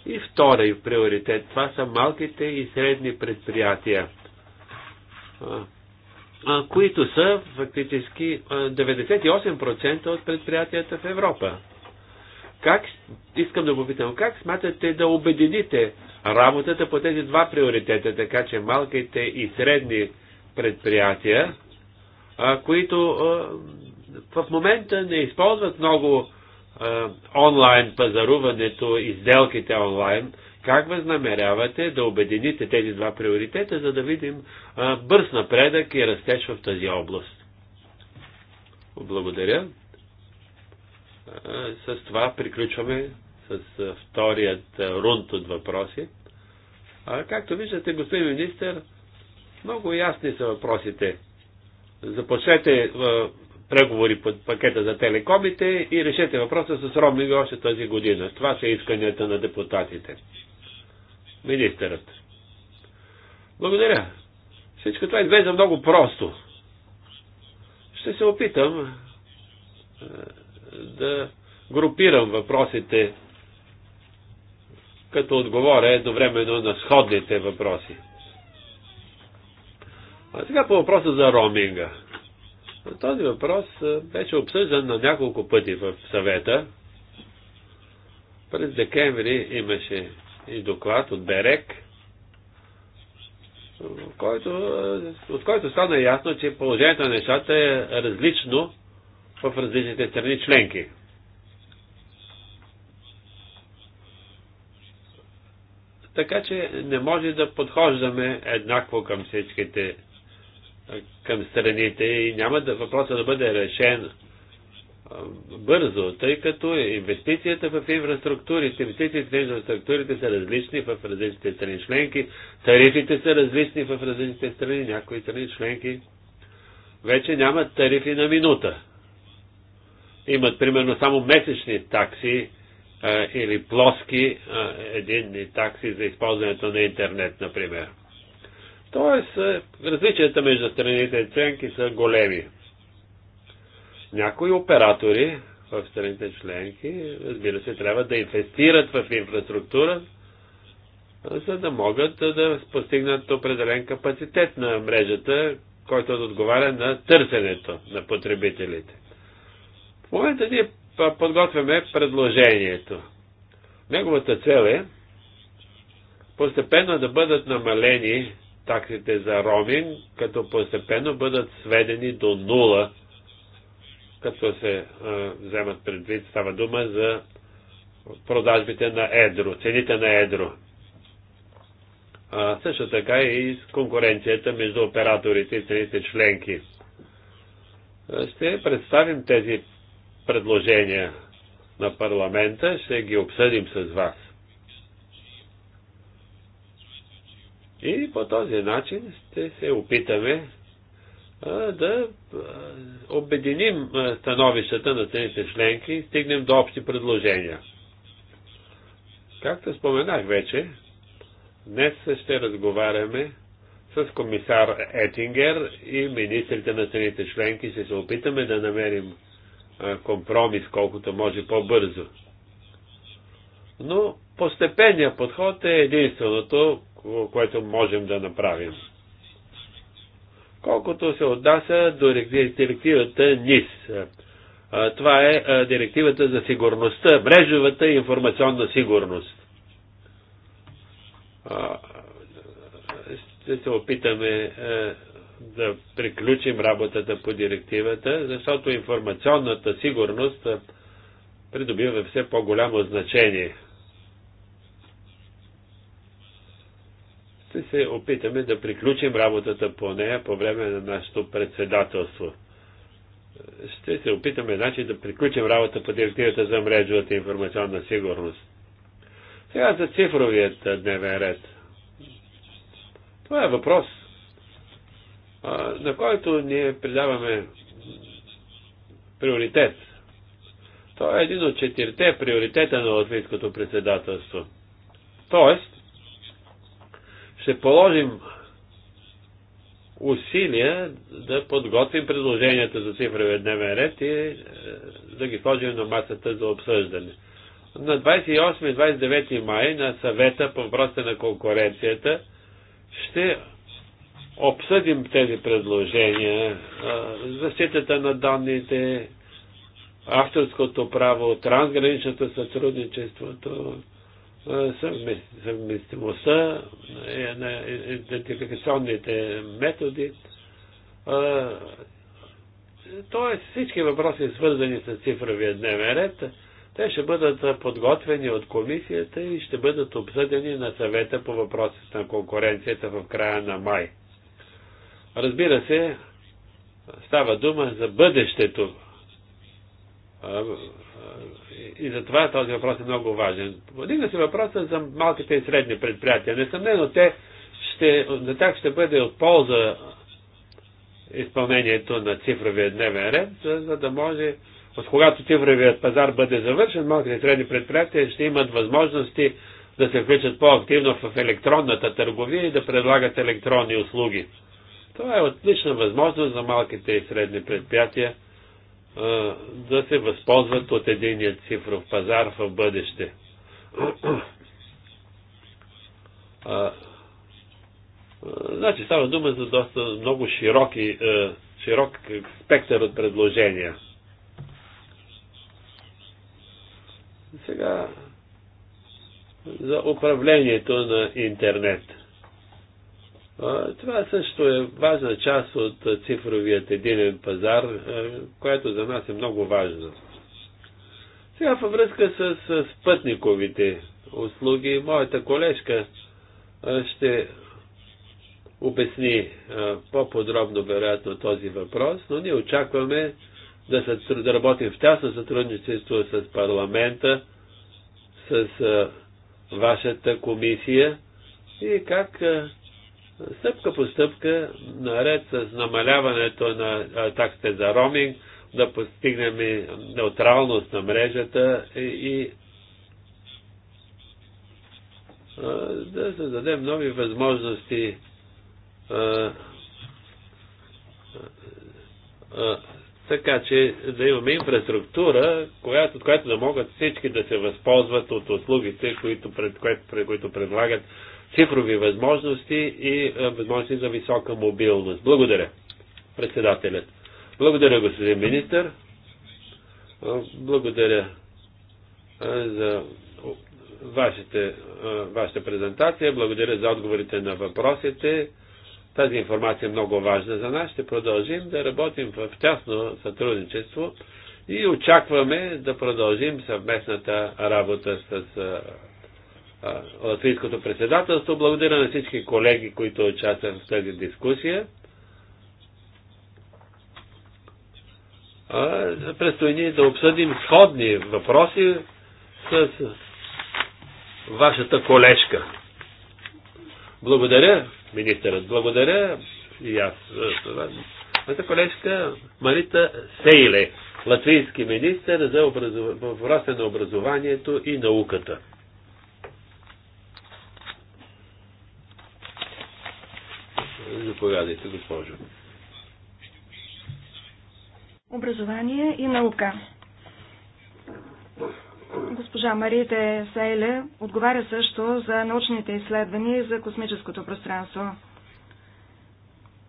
и втори приоритет. Това са малките и средни предприятия, които са фактически 98% от предприятията в Европа. Как, искам да го питам, как смятате да обедините работата по тези два приоритета, така че малките и средни предприятия, а, които а, в момента не използват много а, онлайн пазаруването и сделките онлайн, как възнамерявате да обедините тези два приоритета, за да видим а, бърз напредък и растеж в тази област? Благодаря. Е, с това приключваме с е, вторият е, рунд от въпроси. А, както виждате, господин министр, много ясни са въпросите. Започнете преговори под пакета за телекомите и решете въпроса с роминга още тази година. Това са исканията на депутатите. Министърът. Благодаря. Всичко това изглежда много просто. Ще се опитам да групирам въпросите, като отговоря едновременно на сходните въпроси. А сега по въпроса за роминга. Този въпрос беше обсъждан на няколко пъти в съвета. През декември имаше и доклад от Берек, от който, от който стана ясно, че положението на нещата е различно в различните страни членки. Така че не може да подхождаме еднакво към всичките към страните и няма да въпроса да бъде решен бързо, тъй като инвестицията в инфраструктурите, инвестициите в инфраструктурите са различни в различните страни членки, тарифите са различни в различните страни, някои страни членки вече нямат тарифи на минута имат примерно само месечни такси а, или плоски а, единни такси за използването на интернет, например. Тоест, различията между страните и членки са големи. Някои оператори в страните членки, разбира се, трябва да инвестират в инфраструктура, за да могат да постигнат определен капацитет на мрежата, който да отговаря на търсенето на потребителите момента ние подготвяме предложението. Неговата цел е постепенно да бъдат намалени таксите за роминг, като постепенно бъдат сведени до нула, като се а, вземат предвид, става дума за продажбите на едро, цените на едро. А, също така и с конкуренцията между операторите и цените членки. Ще представим тези предложения на парламента. Ще ги обсъдим с вас. И по този начин ще се опитаме да обединим становищата на страните членки и стигнем до общи предложения. Както споменах вече, днес ще разговаряме с комисар Етингер и министрите на страните членки ще се опитаме да намерим компромис колкото може по-бързо. Но постепенният подход е единственото, което можем да направим. Колкото се отнася до директивата НИС. Това е директивата за сигурността, мрежовата информационна сигурност. Ще се опитаме да приключим работата по директивата, защото информационната сигурност придобива все по-голямо значение. Ще се опитаме да приключим работата по нея по време на нашето председателство. Ще се опитаме значи, да приключим работа по директивата за мрежовата информационна сигурност. Сега за цифровият дневен ред. Това е въпрос, на който ние придаваме приоритет. Той е един от четирите приоритета на латвийското председателство. Тоест, ще положим усилия да подготвим предложенията за цифровия дневен ред и е, да ги сложим на масата за обсъждане. На 28 и 29 май на съвета по въпроса на конкуренцията ще обсъдим тези предложения, защитата на данните, авторското право, трансграничното сътрудничеството, съвместимостта е на идентификационните методи. Тоест всички въпроси, свързани с цифровия дневен ред, те ще бъдат подготвени от комисията и ще бъдат обсъдени на съвета по въпросите на конкуренцията в края на май. Разбира се, става дума за бъдещето. И затова този въпрос е много важен. Подигна се въпроса за малките и средни предприятия. Несъмнено, те ще, на тях ще бъде от полза изпълнението на цифровия дневен ред, за, за да може, от когато цифровият пазар бъде завършен, малките и средни предприятия ще имат възможности да се включат по-активно в електронната търговия и да предлагат електронни услуги. Това е отлична възможност за малките и средни предприятия а, да се възползват от единия цифров пазар в бъдеще. А, значи става дума за доста много широки, а, широк спектър от предложения. Сега за управлението на интернет – това също е важна част от цифровият единен пазар, която за нас е много важна. Сега във връзка с, с пътниковите услуги, моята колежка ще обясни по-подробно, вероятно, този въпрос, но ние очакваме да, се, да работим в тясно сътрудничество с парламента, с вашата комисия и как стъпка по стъпка, наред с намаляването на таксите за роминг, да постигнем неутралност на мрежата и, и да създадем нови възможности а, а, така че да имаме инфраструктура, която, от която да могат всички да се възползват от услугите, които, пред, пред, които предлагат цифрови възможности и възможности за висока мобилност. Благодаря, председателят. Благодаря, господин министр. Благодаря за вашите, вашата презентация. Благодаря за отговорите на въпросите. Тази информация е много важна за нас. Ще продължим да работим в тясно сътрудничество и очакваме да продължим съвместната работа с латвийското председателство. Благодаря на всички колеги, които участват в тази дискусия. Предстои ни да обсъдим сходни въпроси с вашата колежка. Благодаря, министърът. Благодаря и аз. Моята колежка Марита Сейле, латвийски министър за въпроса на образованието и науката. Заповядайте, госпожо. Образование и наука. Госпожа Марите Сейле отговаря също за научните изследвания и за космическото пространство.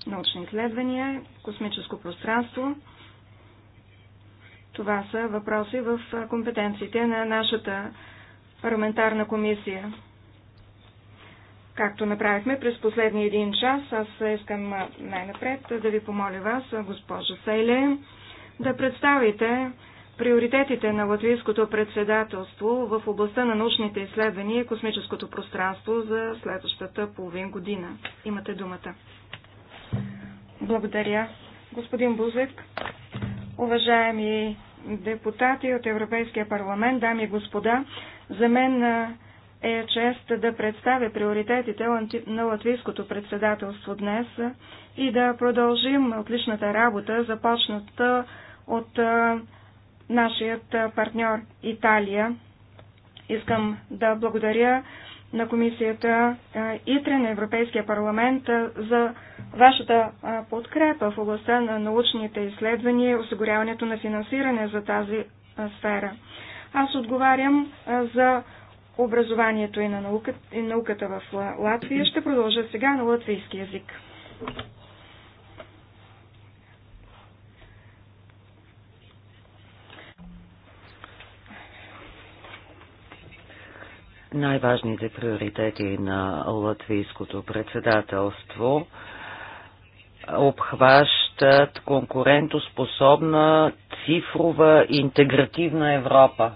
Научни изследвания, космическо пространство. Това са въпроси в компетенциите на нашата парламентарна комисия както направихме през последния един час. Аз искам най-напред да ви помоля вас, госпожа Сейле, да представите приоритетите на латвийското председателство в областта на научните изследвания и космическото пространство за следващата половин година. Имате думата. Благодаря. Господин Бузек, уважаеми депутати от Европейския парламент, дами и господа, за мен е чест да представя приоритетите на латвийското председателство днес и да продължим отличната работа, започната от нашият партньор Италия. Искам да благодаря на комисията ИТРЕ на Европейския парламент за вашата подкрепа в областта на научните изследвания и осигуряването на финансиране за тази сфера. Аз отговарям за образованието и на науката, и науката в Латвия. Ще продължа сега на латвийски язик. най-важните приоритети на латвийското председателство обхващат конкурентоспособна цифрова интегративна Европа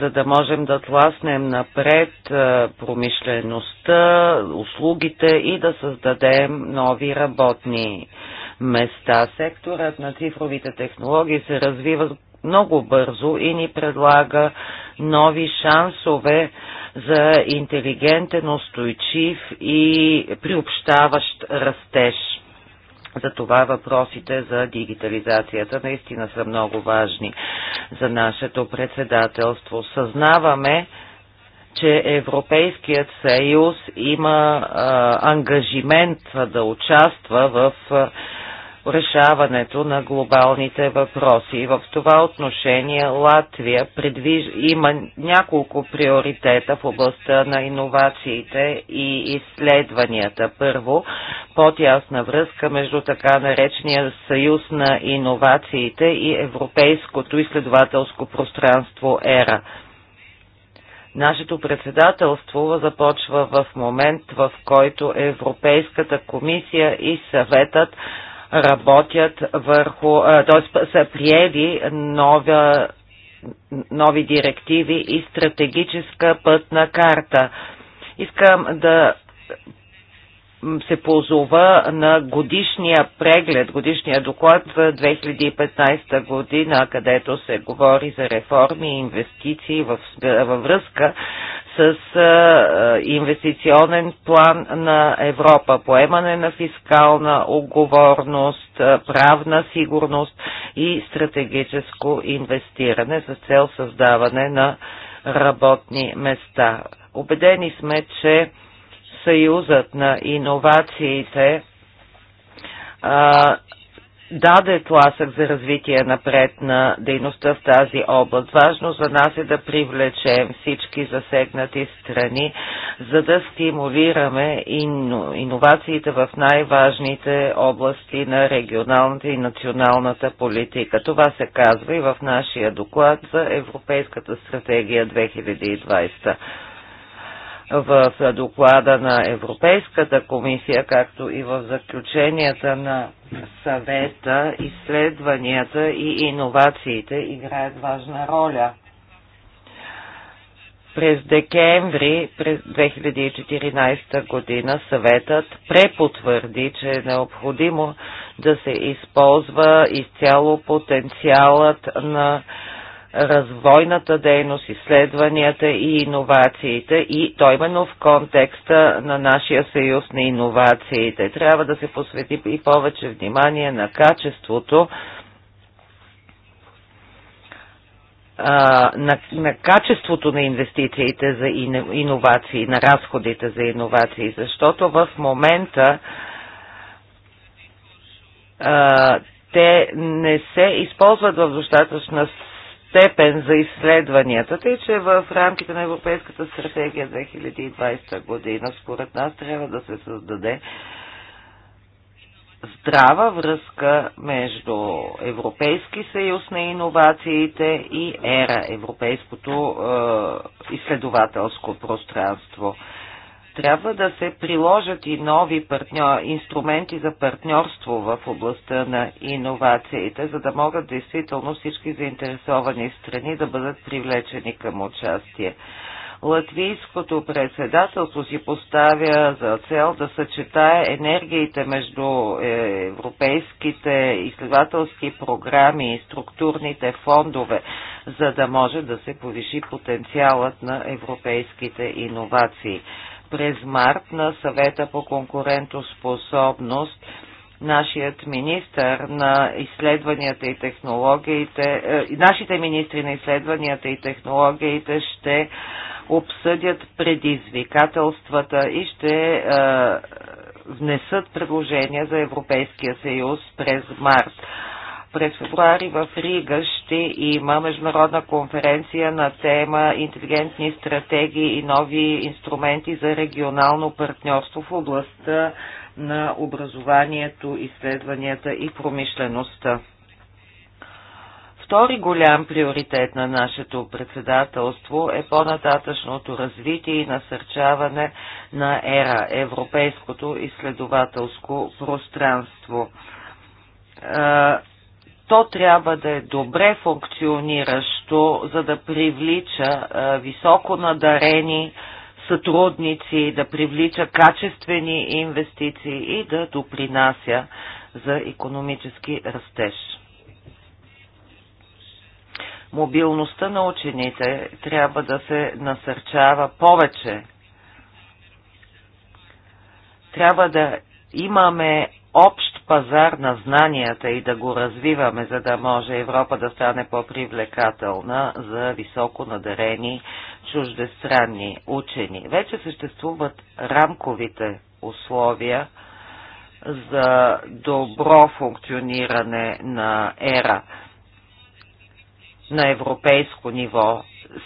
за да можем да тласнем напред е, промишлеността, услугите и да създадем нови работни места. Секторът на цифровите технологии се развива много бързо и ни предлага нови шансове за интелигентен, устойчив и приобщаващ растеж. Затова въпросите за дигитализацията наистина са много важни за нашето председателство. Съзнаваме, че Европейският съюз има а, ангажимент да участва в а, решаването на глобалните въпроси. в това отношение Латвия предвиж... има няколко приоритета в областта на иновациите и изследванията. Първо, по-тясна връзка между така наречения съюз на иновациите и европейското изследователско пространство ЕРА. Нашето председателство започва в момент, в който Европейската комисия и съветът работят върху, т.е. са приели нова, нови директиви и стратегическа пътна карта. Искам да се позова на годишния преглед, годишния доклад 2015 година, където се говори за реформи и инвестиции в, във връзка с инвестиционен план на Европа, поемане на фискална отговорност, правна сигурност и стратегическо инвестиране с цел създаване на работни места. Обедени сме, че Съюзът на иновациите даде тласък за развитие напред на дейността в тази област. Важно за нас е да привлечем всички засегнати страни, за да стимулираме иновациите в най-важните области на регионалната и националната политика. Това се казва и в нашия доклад за Европейската стратегия 2020 в доклада на Европейската комисия, както и в заключенията на съвета, изследванията и иновациите играят важна роля. През декември през 2014 година съветът препотвърди, че е необходимо да се използва изцяло потенциалът на развойната дейност, изследванията и иновациите и то именно в контекста на нашия съюз на иновациите. Трябва да се посвети и повече внимание на качеството на, на качеството на инвестициите за иновации, на разходите за иновации, защото в момента а, те не се използват в достатъчна степен за изследванията, тъй че в рамките на Европейската стратегия 2020 година, според нас, трябва да се създаде здрава връзка между Европейски съюз на иновациите и ЕРА, Европейското е, изследователско пространство. Трябва да се приложат и нови партньор, инструменти за партньорство в областта на иновациите, за да могат действително всички заинтересовани страни да бъдат привлечени към участие. Латвийското председателство си поставя за цел да съчетае енергиите между е, европейските изследователски програми и структурните фондове, за да може да се повиши потенциалът на европейските иновации през март на съвета по конкурентоспособност нашият министр на изследванията и технологиите, е, нашите министри на изследванията и технологиите ще обсъдят предизвикателствата и ще е, внесат предложения за Европейския съюз през март. През февруари в Рига ще има международна конференция на тема интелигентни стратегии и нови инструменти за регионално партньорство в областта на образованието, изследванията и промишлеността. Втори голям приоритет на нашето председателство е по-нататъчното развитие и насърчаване на ЕРА, Европейското изследователско пространство то трябва да е добре функциониращо, за да привлича а, високо надарени сътрудници, да привлича качествени инвестиции и да допринася за економически растеж. Мобилността на учените трябва да се насърчава повече. Трябва да имаме общ пазар на знанията и да го развиваме, за да може Европа да стане по-привлекателна за високо надарени чуждестранни учени. Вече съществуват рамковите условия за добро функциониране на ера на европейско ниво.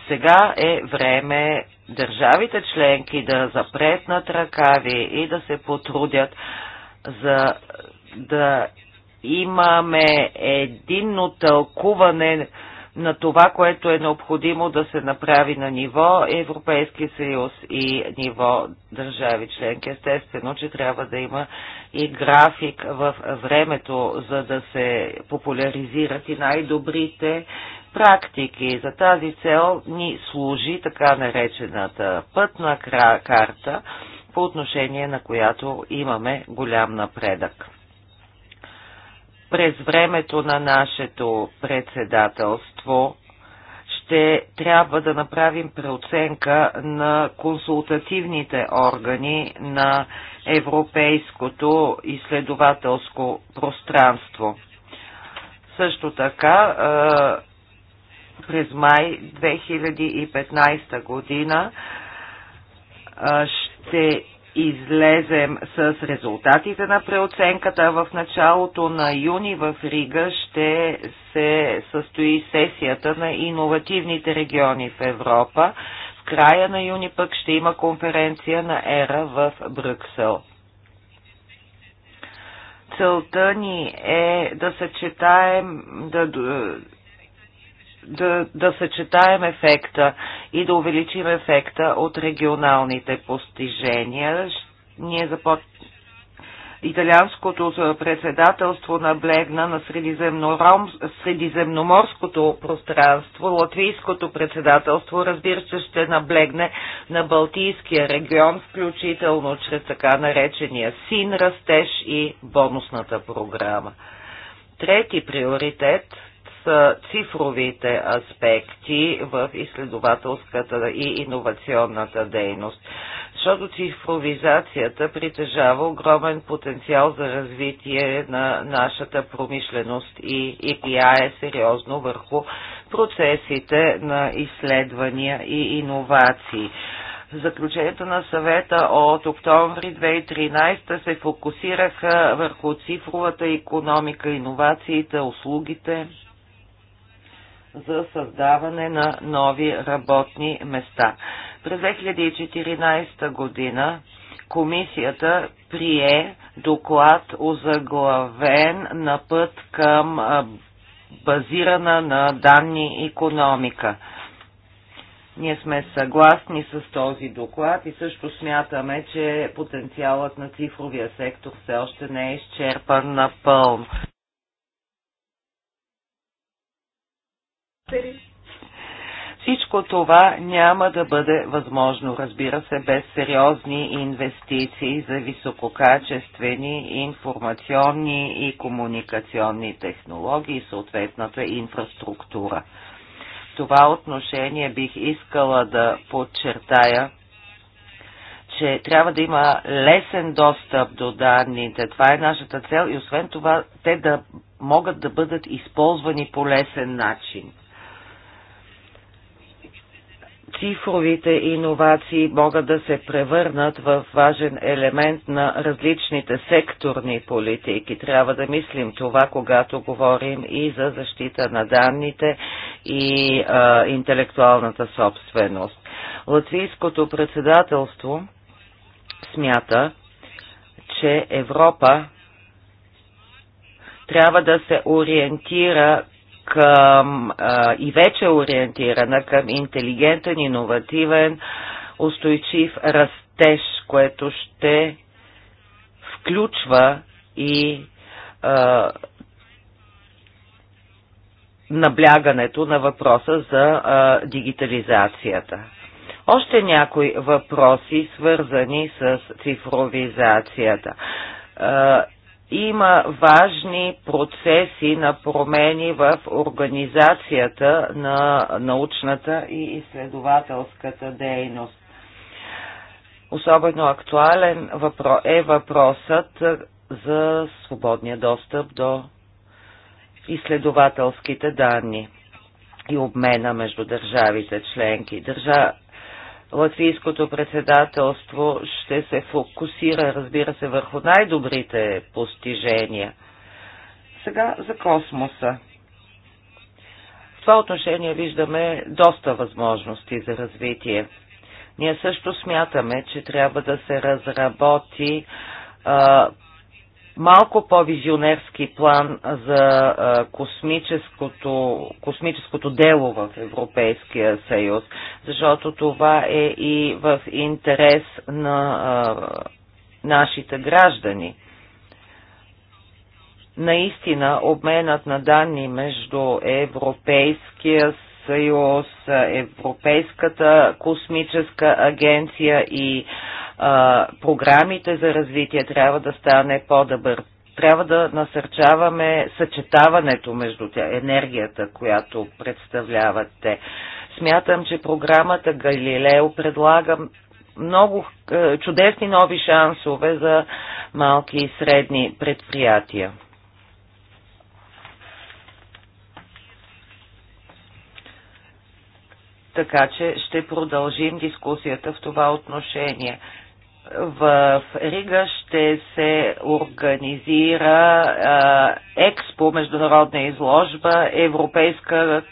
Сега е време държавите членки да запретнат ръкави и да се потрудят за да имаме единно тълкуване на това, което е необходимо да се направи на ниво Европейски съюз и ниво държави членки. Естествено, че трябва да има и график в времето, за да се популяризират и най-добрите практики. За тази цел ни служи така наречената пътна карта, по отношение на която имаме голям напредък. През времето на нашето председателство ще трябва да направим преоценка на консултативните органи на европейското изследователско пространство. Също така, през май 2015 година ще ще излезем с резултатите на преоценката. В началото на юни в Рига ще се състои сесията на иновативните региони в Европа. В края на юни пък ще има конференция на ЕРА в Брюксел. Целта ни е да съчетаем, да да, да съчетаем ефекта и да увеличим ефекта от регионалните постижения. Ние започваме Италианското председателство наблегна на средиземноморското пространство, латвийското председателство, разбира се, ще наблегне на Балтийския регион, включително чрез така наречения син растеж и бонусната програма. Трети приоритет цифровите аспекти в изследователската и иновационната дейност. Защото цифровизацията притежава огромен потенциал за развитие на нашата промишленост и, и е сериозно върху процесите на изследвания и иновации. Заключенията на съвета от октомври 2013 се фокусираха върху цифровата економика, иновациите, услугите за създаване на нови работни места. През 2014 година комисията прие доклад озаглавен на път към базирана на данни економика. Ние сме съгласни с този доклад и също смятаме, че потенциалът на цифровия сектор все още не е изчерпан напълно. Всичко това няма да бъде възможно, разбира се, без сериозни инвестиции за висококачествени информационни и комуникационни технологии и съответната инфраструктура. В това отношение бих искала да подчертая, че трябва да има лесен достъп до данните. Това е нашата цел и освен това те да могат да бъдат използвани по лесен начин цифровите иновации могат да се превърнат в важен елемент на различните секторни политики. Трябва да мислим това, когато говорим и за защита на данните и а, интелектуалната собственост. Латвийското председателство смята, че Европа трябва да се ориентира към, а, и вече ориентирана към интелигентен, иновативен, устойчив растеж, което ще включва и а, наблягането на въпроса за а, дигитализацията. Още някои въпроси, свързани с цифровизацията. А, има важни процеси на промени в организацията на научната и изследователската дейност. Особено актуален е въпросът за свободния достъп до изследователските данни и обмена между държавите членки. Държа латвийското председателство ще се фокусира, разбира се, върху най-добрите постижения. Сега за космоса. В това отношение виждаме доста възможности за развитие. Ние също смятаме, че трябва да се разработи а, малко по-визионерски план за космическото, космическото дело в Европейския съюз, защото това е и в интерес на нашите граждани. Наистина, обменът на данни между Европейския съюз, Европейската космическа агенция и а, програмите за развитие трябва да стане по-добър. Трябва да насърчаваме съчетаването между тя, енергията, която представляват те. Смятам, че програмата Галилео предлага много е, чудесни нови шансове за малки и средни предприятия. Така че ще продължим дискусията в това отношение в Рига ще се организира а, Експо, международна изложба, европейска,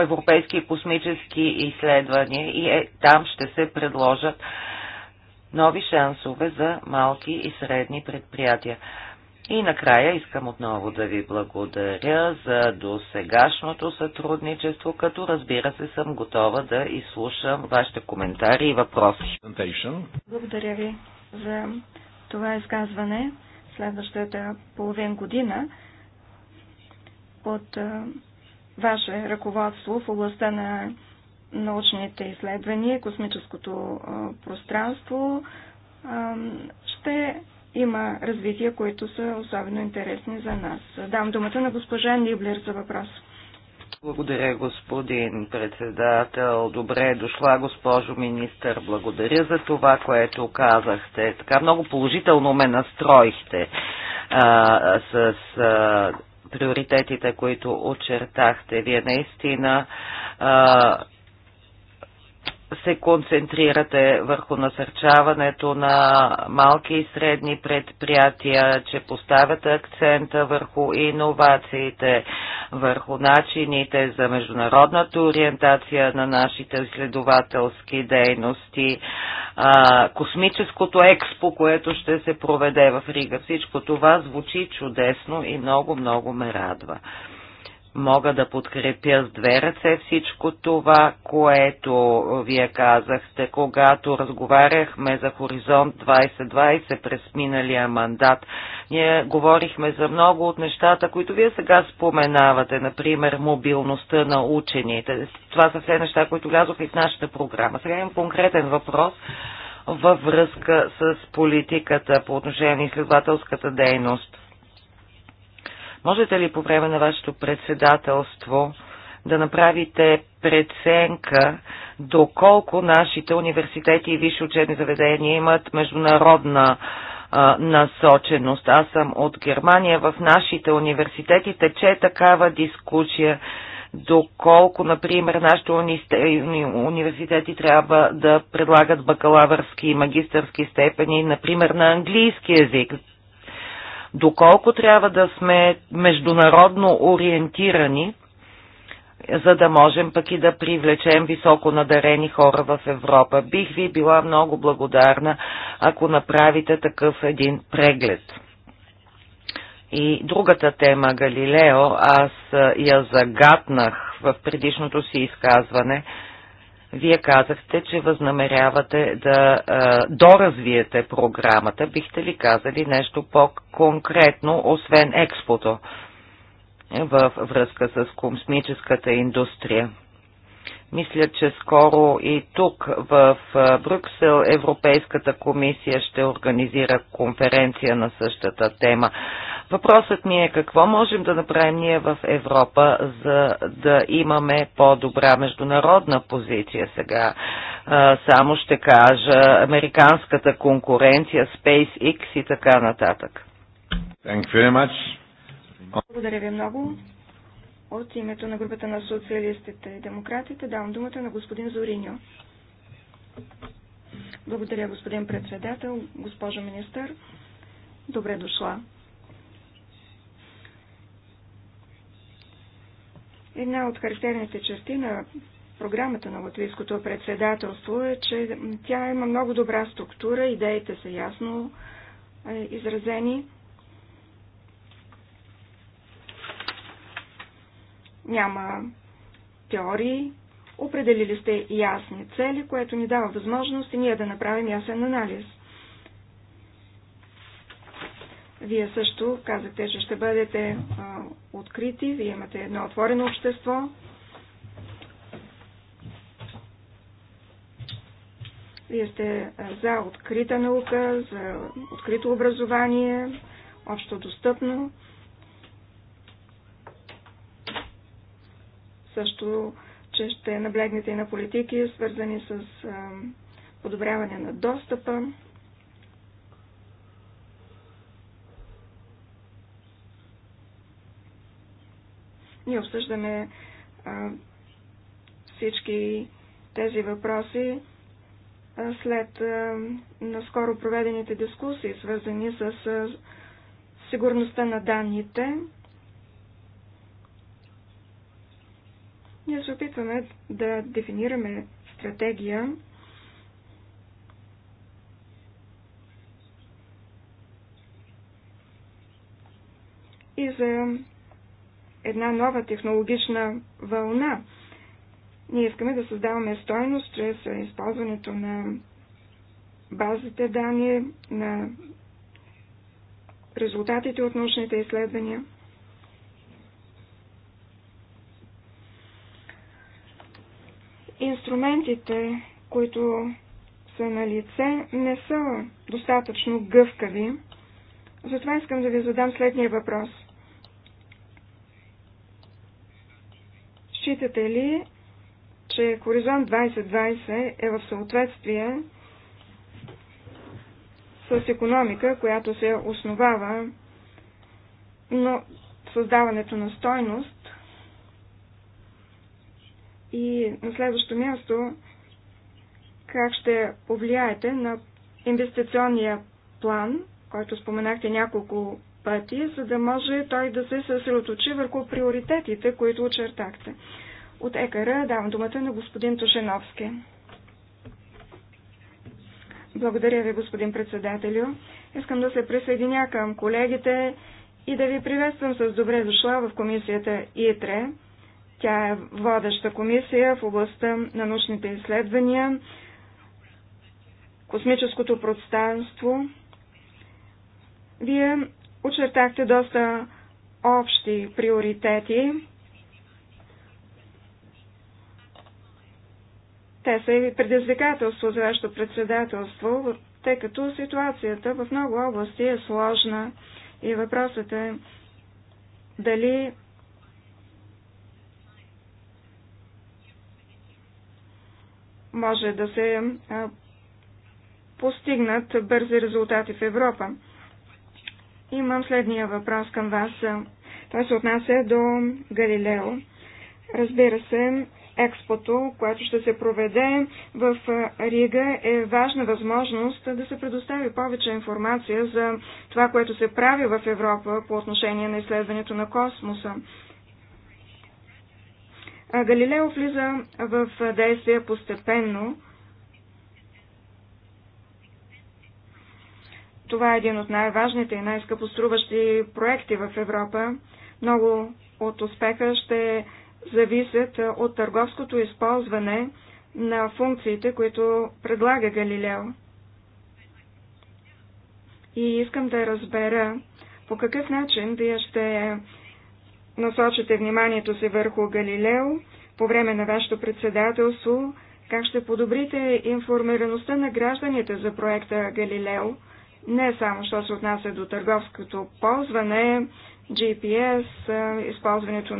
европейски космически изследвания и е, там ще се предложат нови шансове за малки и средни предприятия. И накрая искам отново да ви благодаря за досегашното сътрудничество, като разбира се съм готова да изслушам вашите коментари и въпроси. Благодаря ви за това изказване. Следващата половин година под ваше ръководство в областта на научните изследвания, космическото пространство ще има развития, които са особено интересни за нас. Дам думата на госпожа Ниблер за въпрос. Благодаря, господин председател. Добре е дошла, госпожо министър. Благодаря за това, което казахте. Така много положително ме настроихте а, с а, приоритетите, които очертахте. Вие наистина а, се концентрирате върху насърчаването на малки и средни предприятия, че поставяте акцента върху иновациите, върху начините за международната ориентация на нашите изследователски дейности, космическото експо, което ще се проведе в Рига. Всичко това звучи чудесно и много-много ме радва. Мога да подкрепя с две ръце всичко това, което вие казахте, когато разговаряхме за Хоризонт 2020 през миналия мандат. Ние говорихме за много от нещата, които вие сега споменавате, например мобилността на учените. Това са все неща, които влязоха и в нашата програма. Сега имам конкретен въпрос във връзка с политиката по отношение на изследователската дейност. Можете ли по време на вашето председателство да направите преценка доколко нашите университети и висши учебни заведения имат международна а, насоченост. Аз съм от Германия. В нашите университети тече такава дискусия доколко, например, нашите университети трябва да предлагат бакалавърски и магистърски степени, например, на английски язик доколко трябва да сме международно ориентирани, за да можем пък и да привлечем високо надарени хора в Европа. Бих ви била много благодарна, ако направите такъв един преглед. И другата тема, Галилео, аз я загатнах в предишното си изказване – вие казахте, че възнамерявате да а, доразвиете програмата. Бихте ли казали нещо по-конкретно, освен експото в връзка с космическата индустрия? Мисля, че скоро и тук в Брюксел Европейската комисия ще организира конференция на същата тема. Въпросът ми е какво можем да направим ние в Европа, за да имаме по-добра международна позиция сега. Само ще кажа американската конкуренция, SpaceX и така нататък. Благодаря ви много. От името на групата на социалистите и демократите давам думата на господин Зориньо. Благодаря, господин председател, госпожо министър. Добре дошла. Една от характерните черти на програмата на латвийското председателство е, че тя има много добра структура, идеите са ясно е, изразени. Няма теории, определили сте ясни цели, което ни дава възможност и ние да направим ясен анализ – вие също казахте, че ще бъдете а, открити, вие имате едно отворено общество. Вие сте за открита наука, за открито образование, общо достъпно. Също, че ще наблегнете и на политики, свързани с а, подобряване на достъпа. Ние обсъждаме а, всички тези въпроси а, след а, наскоро проведените дискусии, свързани с а, сигурността на данните. Ние се опитваме да дефинираме стратегия, и за една нова технологична вълна. Ние искаме да създаваме стойност чрез е, използването на базите данни, на резултатите от научните изследвания. Инструментите, които са на лице, не са достатъчно гъвкави. Затова искам да ви задам следния въпрос. Считате ли, че Хоризонт 2020 е в съответствие с економика, която се основава на създаването на стойност и на следващо място как ще повлияете на инвестиционния план, който споменахте няколко пъти, за да може той да се съсредоточи върху приоритетите, които очертахте. От ЕКР давам думата на господин Тушеновски. Благодаря ви, господин председателю. Искам да се присъединя към колегите и да ви приветствам с добре дошла в комисията ИТРЕ. Тя е водеща комисия в областта на научните изследвания, космическото пространство. Вие Очертахте доста общи приоритети. Те са и предизвикателство за вашето председателство, тъй като ситуацията в много области е сложна и въпросът е дали може да се постигнат бързи резултати в Европа. Имам следния въпрос към вас. Той се отнася до Галилео. Разбира се, експото, което ще се проведе в Рига, е важна възможност да се предостави повече информация за това, което се прави в Европа по отношение на изследването на космоса. Галилео влиза в действие постепенно. Това е един от най-важните и най скъпоструващи проекти в Европа. Много от успеха ще зависят от търговското използване на функциите, които предлага Галилео. И искам да разбера по какъв начин вие ще насочите вниманието си върху Галилео по време на вашето председателство, как ще подобрите информираността на гражданите за проекта Галилео, не само, що се отнася до търговското ползване, GPS, използването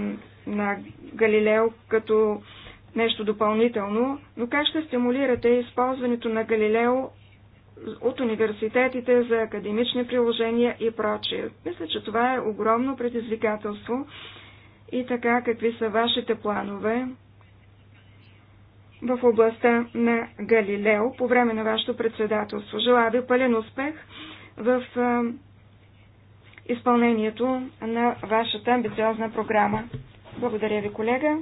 на Галилео като нещо допълнително, но как ще стимулирате използването на Галилео от университетите за академични приложения и прочие. Мисля, че това е огромно предизвикателство. И така, какви са вашите планове в областта на Галилео по време на вашето председателство. Желая ви пълен успех в изпълнението на вашата амбициозна програма. Благодаря ви, колега.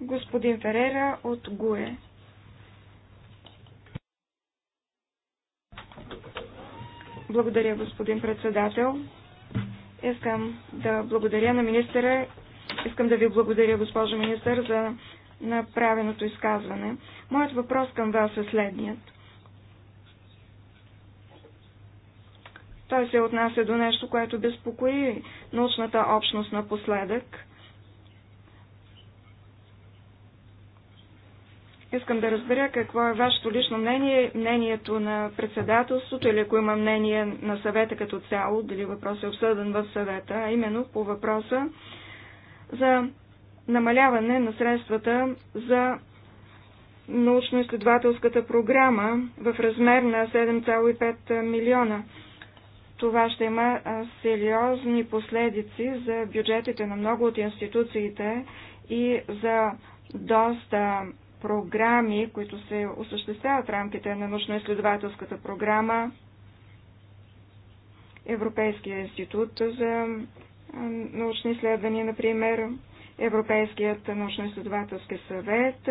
Господин Ферера от ГУЕ. Благодаря, господин председател. Искам да благодаря на министъра. Искам да ви благодаря, госпожо министър, за направеното изказване. Моят въпрос към вас е следният. Той се отнася до нещо, което безпокои научната общност напоследък. Искам да разбера какво е вашето лично мнение, мнението на председателството или ако има мнение на съвета като цяло, дали въпрос е обсъден в съвета, а именно по въпроса за намаляване на средствата за научно-изследователската програма в размер на 7,5 милиона. Това ще има сериозни последици за бюджетите на много от институциите и за доста програми, които се осъществяват в рамките на научно-изследователската програма, Европейския институт за научни изследвания, например, Европейският научно-изследователски съвет.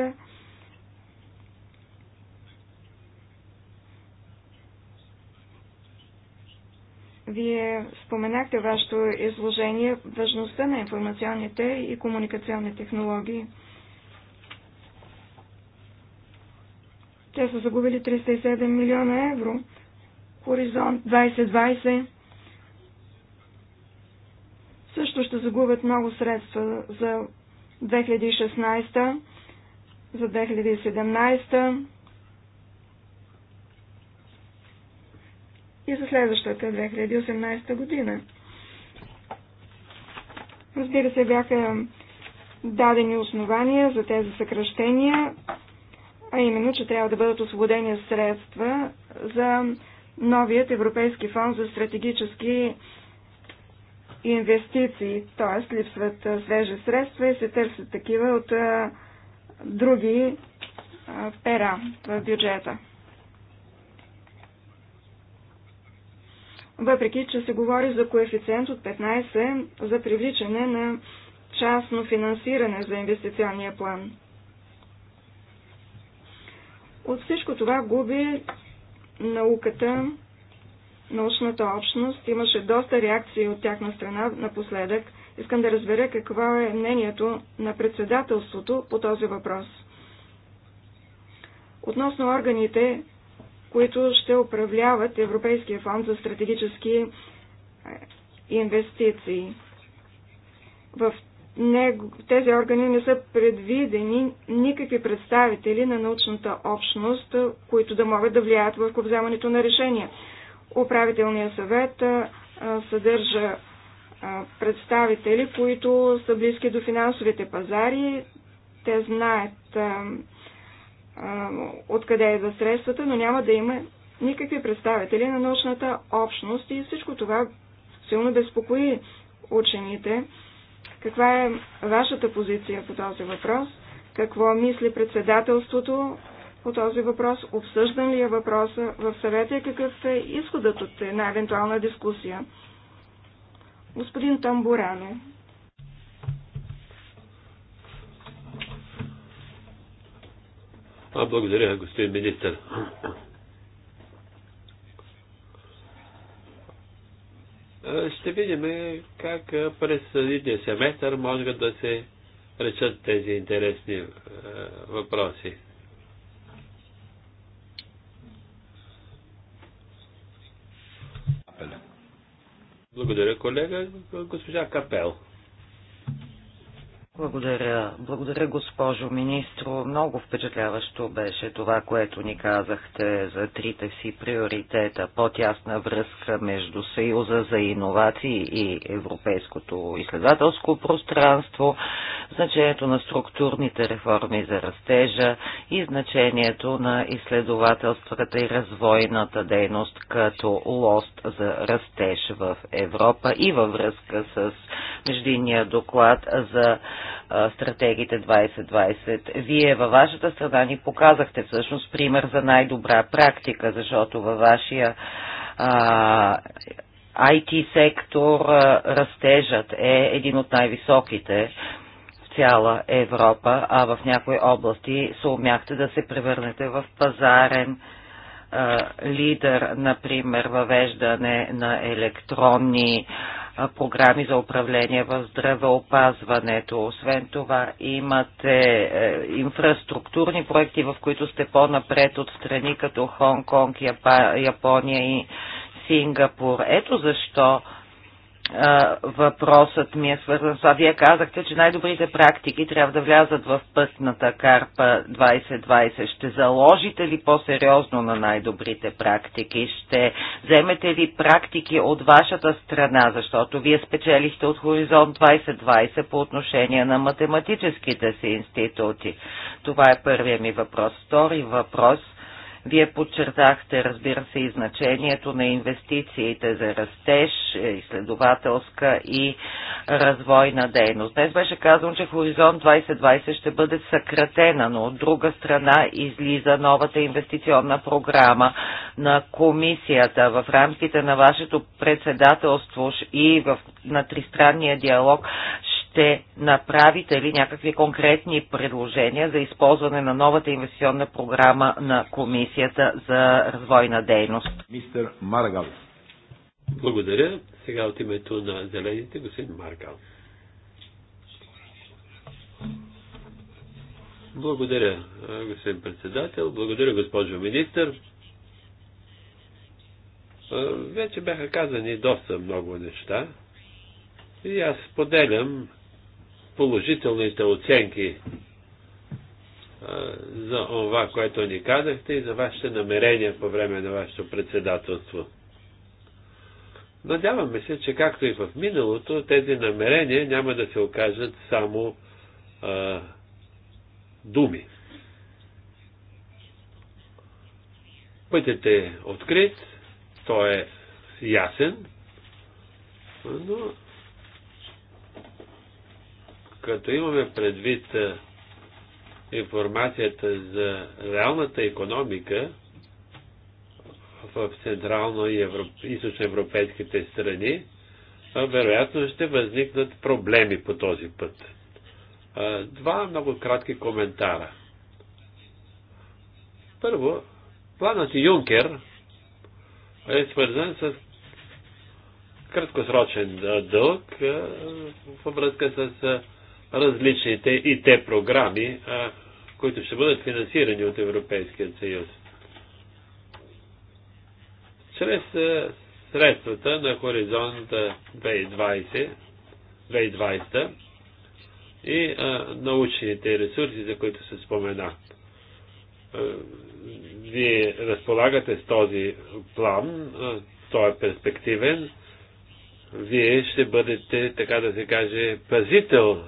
Вие споменахте вашето изложение важността на информационните и комуникационни технологии. Те са загубили 307 милиона евро. Хоризонт 2020 също ще загубят много средства за 2016, за 2017 и за следващата 2018 година. Разбира се, бяха дадени основания за тези съкръщения, а именно, че трябва да бъдат освободени средства за новият Европейски фонд за стратегически инвестиции, т.е. липсват свежи средства и се търсят такива от други пера в бюджета. Въпреки, че се говори за коефициент от 15 за привличане на частно финансиране за инвестиционния план. От всичко това губи науката научната общност. Имаше доста реакции от тяхна страна напоследък. Искам да разбера какво е мнението на председателството по този въпрос. Относно органите, които ще управляват Европейския фонд за стратегически е, инвестиции. В тези органи не са предвидени никакви представители на научната общност, които да могат да влияят върху вземането на решения. Управителният съвет съдържа представители, които са близки до финансовите пазари. Те знаят откъде е за средствата, но няма да има никакви представители на научната общност и всичко това силно безпокои учените. Каква е вашата позиция по този въпрос? Какво мисли председателството по този въпрос? Обсъждан ли е въпроса в съвета и какъв е изходът от една евентуална дискусия? Господин Тамбурано. А, благодаря, господин министр. Ще видим е, как през следния семестър може да се решат тези интересни въпроси. Благодаря, колега. Госпожа Капел. Благодаря. Благодаря, госпожо министро. Много впечатляващо беше това, което ни казахте за трите си приоритета. По-тясна връзка между Съюза за иновации и Европейското изследователско пространство, значението на структурните реформи за растежа и значението на изследователствата и развойната дейност като лост за растеж в Европа и във връзка с междинния доклад за стратегите 2020. Вие във вашата страна ни показахте всъщност пример за най-добра практика, защото във вашия а, IT сектор а, растежът е един от най-високите в цяла Европа, а в някои области се умяхте да се превърнете в пазарен лидер, например, въвеждане на електронни а, програми за управление в здравеопазването. Освен това имате е, инфраструктурни проекти, в които сте по-напред от страни като Хонг-Конг, Япония и Сингапур. Ето защо въпросът ми е свързан с това. Вие казахте, че най-добрите практики трябва да влязат в пътната карпа 2020. Ще заложите ли по-сериозно на най-добрите практики? Ще вземете ли практики от вашата страна, защото вие спечелихте от Хоризонт 2020 по отношение на математическите си институти? Това е първият ми въпрос. Втори въпрос – вие подчертахте, разбира се, и значението на инвестициите за растеж, изследователска и развойна дейност. Днес беше казано, че Хоризонт 2020 ще бъде съкратена, но от друга страна излиза новата инвестиционна програма на комисията. В рамките на вашето председателство и в, на тристранния диалог ще направите ли някакви конкретни предложения за използване на новата инвестиционна програма на Комисията за развойна дейност? Мистер Маргал. Благодаря. Сега от името на зелените, господин Маргал. Благодаря, господин председател. Благодаря, госпожо министър. Вече бяха казани доста много неща. И аз поделям положителните оценки за това, което ни казахте и за вашите намерения по време на вашето председателство. Надяваме се, че както и в миналото, тези намерения няма да се окажат само а, думи. Пътят е открит, той е ясен, но като имаме предвид информацията за реалната економика в Централно и източно източноевропейските страни, вероятно ще възникнат проблеми по този път. Два много кратки коментара. Първо, планът Юнкер е свързан с краткосрочен дълг във връзка с различните и те програми, които ще бъдат финансирани от Европейския съюз. Чрез средствата на Хоризонт 2020, 2020 и научните ресурси, за които се спомена. Вие разполагате с този план, той е перспективен, вие ще бъдете, така да се каже, пазител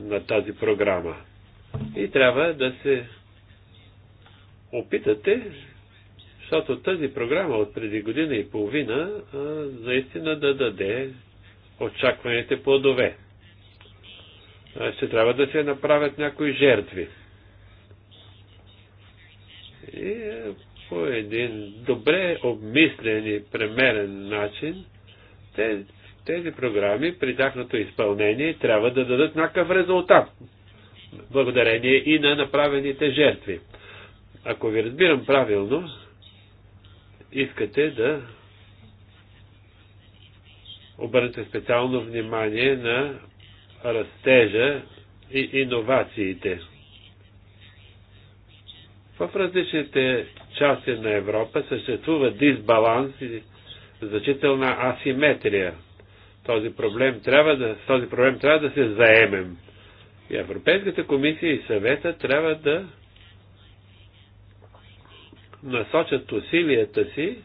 на тази програма. И трябва да се опитате, защото тази програма от преди година и половина наистина да даде очакваните плодове. Ще трябва да се направят някои жертви. И по един добре обмислен и премерен начин те тези програми при тяхното изпълнение трябва да дадат някакъв резултат, благодарение и на направените жертви. Ако ви разбирам правилно, искате да обърнете специално внимание на растежа и иновациите. В различните части на Европа съществува дисбаланс и значителна асиметрия – този проблем трябва да, този проблем трябва да се заемем. И Европейската комисия и съвета трябва да насочат усилията си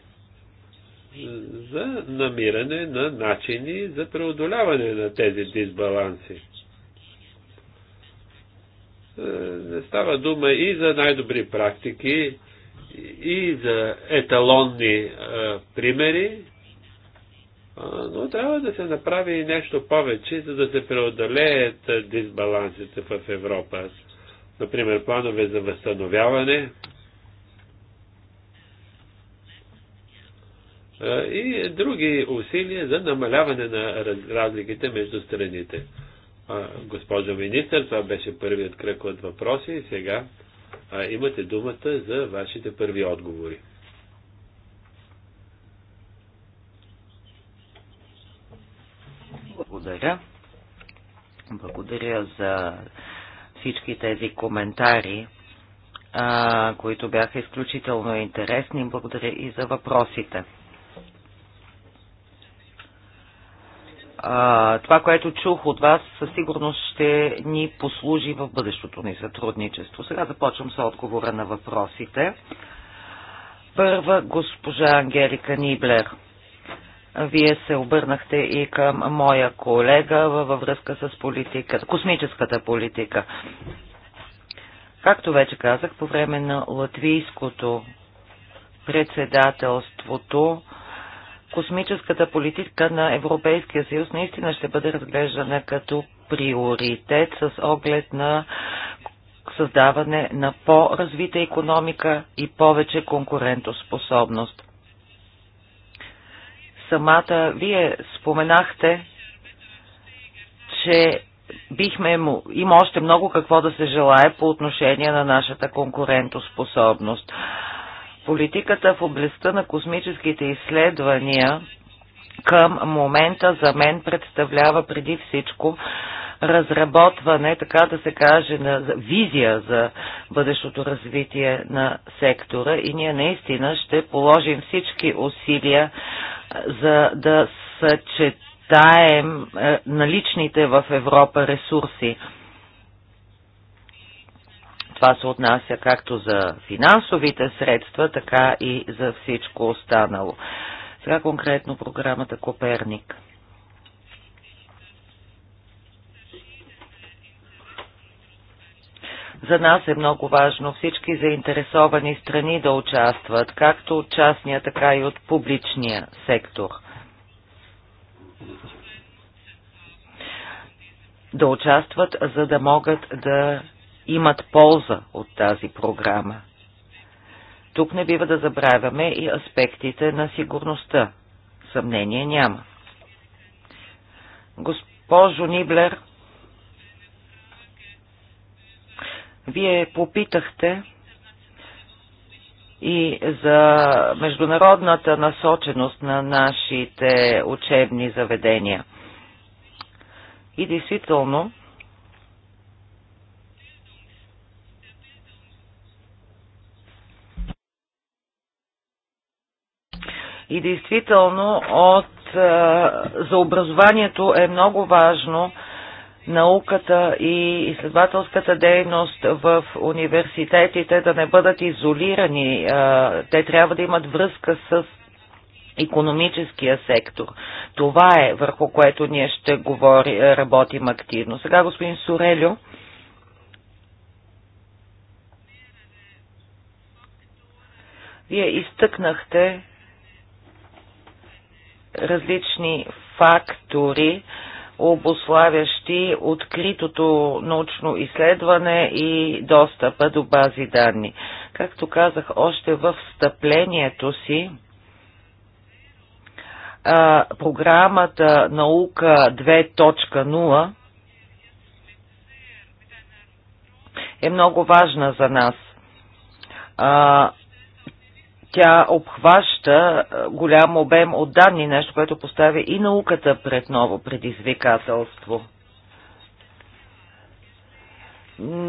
за намиране на начини за преодоляване на тези дисбаланси. Е, не става дума и за най-добри практики, и за еталонни е, примери, но трябва да се направи и нещо повече, за да се преодолеят дисбалансите в Европа. Например, планове за възстановяване и други усилия за намаляване на разликите между страните. Госпожо министър, това беше първият кръг от въпроси и сега имате думата за вашите първи отговори. Благодаря. Благодаря за всички тези коментари, а, които бяха изключително интересни. Благодаря и за въпросите. А, това, което чух от вас, със сигурност ще ни послужи в бъдещото ни сътрудничество. Сега започвам с отговора на въпросите. Първа госпожа Ангелика Ниблер. Вие се обърнахте и към моя колега във връзка с политика, космическата политика. Както вече казах, по време на латвийското председателството, космическата политика на Европейския съюз наистина ще бъде разглеждана като приоритет с оглед на създаване на по-развита економика и повече конкурентоспособност самата вие споменахте, че бихме, има още много какво да се желае по отношение на нашата конкурентоспособност. Политиката в областта на космическите изследвания към момента за мен представлява преди всичко разработване, така да се каже, на визия за бъдещото развитие на сектора и ние наистина ще положим всички усилия за да съчетаем наличните в Европа ресурси. Това се отнася както за финансовите средства, така и за всичко останало. Сега конкретно програмата Коперник – За нас е много важно всички заинтересовани страни да участват, както от частния, така и от публичния сектор. Да участват, за да могат да имат полза от тази програма. Тук не бива да забравяме и аспектите на сигурността. Съмнение няма. Госпожо Ниблер, Вие попитахте и за международната насоченост на нашите учебни заведения. И действително, И действително от, е, за образованието е много важно науката и изследователската дейност в университетите да не бъдат изолирани. Те трябва да имат връзка с економическия сектор. Това е върху което ние ще говори, работим активно. Сега господин Сурелю, Вие изтъкнахте различни фактори, обославящи откритото научно изследване и достъпа до бази данни. Както казах още в встъплението си, програмата Наука 2.0 е много важна за нас. Тя обхваща е, голям обем от данни, нещо, което поставя и науката пред ново предизвикателство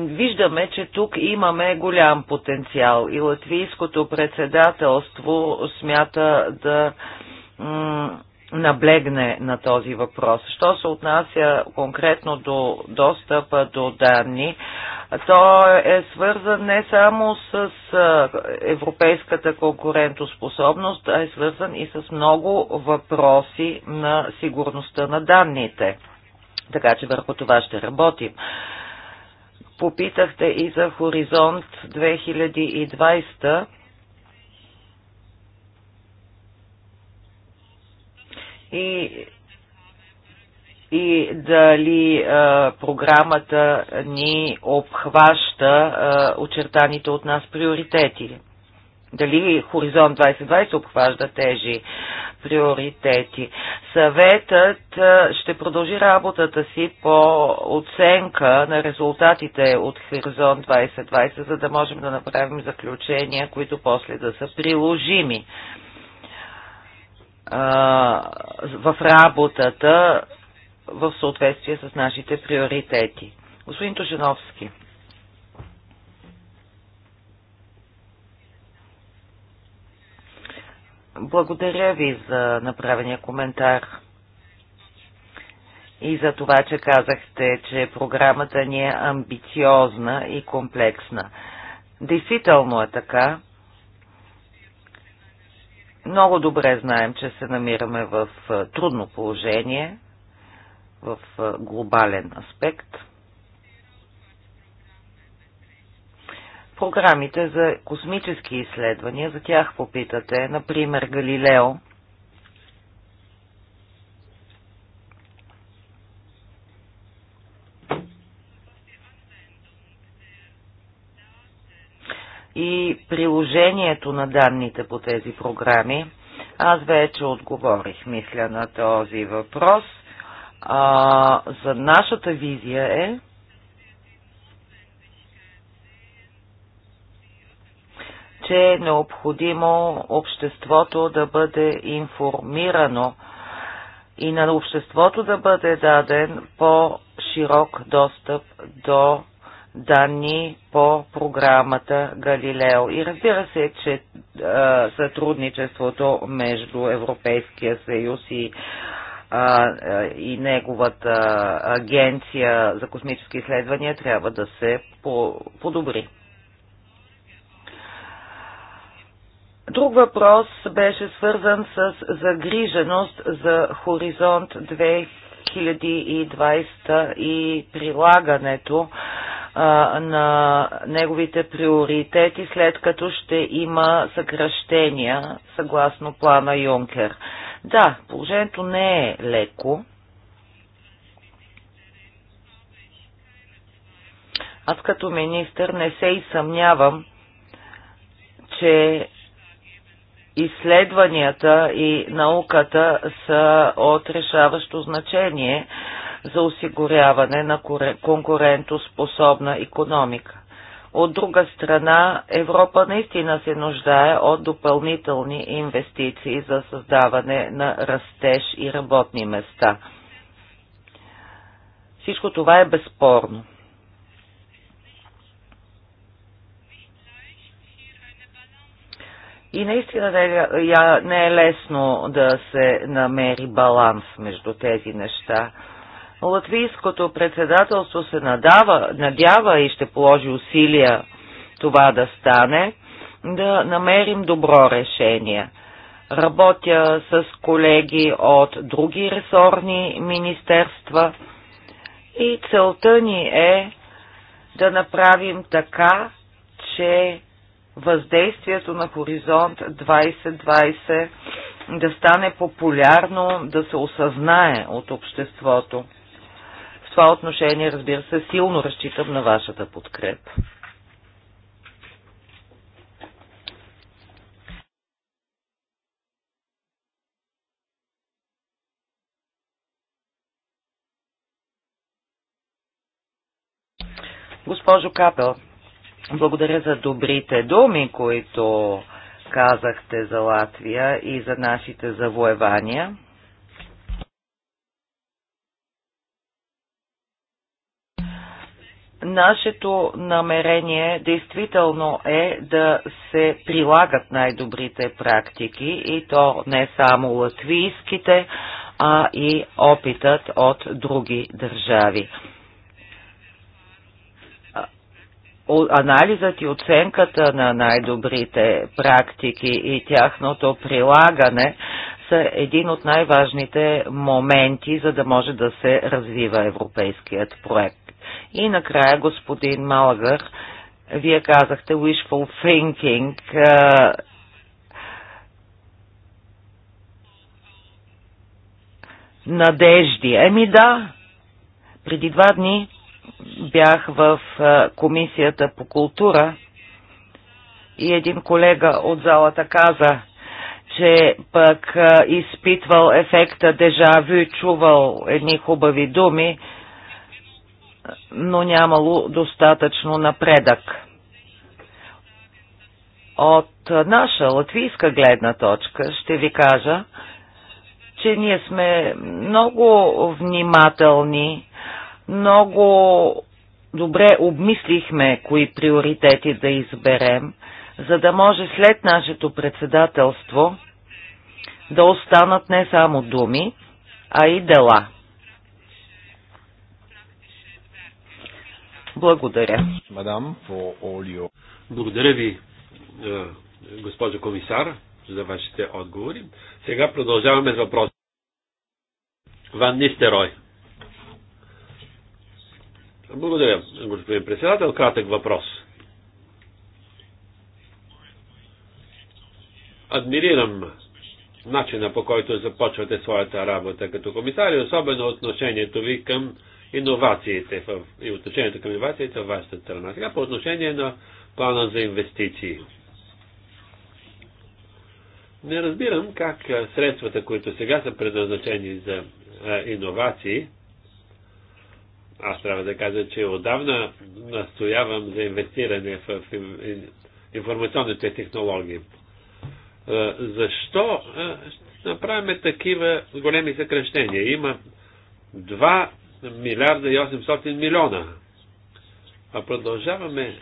виждаме, че тук имаме голям потенциал и латвийското председателство смята да наблегне на този въпрос. Що се отнася конкретно до достъпа до данни, то е свързан не само с европейската конкурентоспособност, а е свързан и с много въпроси на сигурността на данните. Така че върху това ще работим. Попитахте и за Хоризонт 2020 и, и дали а, програмата ни обхваща а, очертаните от нас приоритети. Дали Хоризонт 2020 обхважда тежи приоритети. Съветът ще продължи работата си по оценка на резултатите от Хоризонт 2020, за да можем да направим заключения, които после да са приложими в работата в съответствие с нашите приоритети. Господин Тожиновски. Благодаря ви за направения коментар и за това, че казахте, че програмата ни е амбициозна и комплексна. Действително е така. Много добре знаем, че се намираме в трудно положение, в глобален аспект. Програмите за космически изследвания, за тях попитате, например Галилео – и приложението на данните по тези програми. Аз вече отговорих, мисля, на този въпрос. А, за нашата визия е че е необходимо обществото да бъде информирано и на обществото да бъде даден по-широк достъп до данни по програмата Галилео. И разбира се, че а, сътрудничеството между Европейския съюз и и неговата агенция за космически изследвания трябва да се подобри. Друг въпрос беше свързан с загриженост за Хоризонт 2020 и прилагането на неговите приоритети, след като ще има съкръщения съгласно плана Юнкер. Да, положението не е леко. Аз като министър не се и съмнявам, че изследванията и науката са от решаващо значение за осигуряване на конкурентоспособна економика. От друга страна, Европа наистина се нуждае от допълнителни инвестиции за създаване на растеж и работни места. Всичко това е безспорно. И наистина не е, е лесно да се намери баланс между тези неща. Латвийското председателство се надава, надява и ще положи усилия това да стане, да намерим добро решение. Работя с колеги от други ресорни министерства и целта ни е да направим така, че въздействието на Хоризонт 2020 да стане популярно, да се осъзнае от обществото това отношение, разбира се, силно разчитам на вашата подкрепа. Госпожо Капел, благодаря за добрите думи, които казахте за Латвия и за нашите завоевания. Нашето намерение действително е да се прилагат най-добрите практики и то не само латвийските, а и опитът от други държави. Анализът и оценката на най-добрите практики и тяхното прилагане са един от най-важните моменти, за да може да се развива европейският проект. И накрая, господин Малагър, вие казахте wishful thinking. Надежди. Еми да, преди два дни бях в Комисията по култура и един колега от залата каза, че пък изпитвал ефекта дежавю, чувал едни хубави думи, но нямало достатъчно напредък. От наша латвийска гледна точка ще ви кажа, че ние сме много внимателни, много добре обмислихме кои приоритети да изберем, за да може след нашето председателство да останат не само думи, а и дела. Благодаря. Мадам, Благодаря ви, е, госпожо комисар, за вашите отговори. Сега продължаваме с въпроса. Ван Нистерой. Благодаря, господин председател. Кратък въпрос. Адмирирам начина по който започвате своята работа като комисар и особено отношението ви към иновациите в, и отношението към иновациите в вашата страна. Сега по отношение на плана за инвестиции. Не разбирам как средствата, които сега са предназначени за иновации, аз трябва да кажа, че отдавна настоявам за инвестиране в информационните технологии. Защо направим такива големи съкръщения? Има два милиарда и 800 милиона. А продължаваме.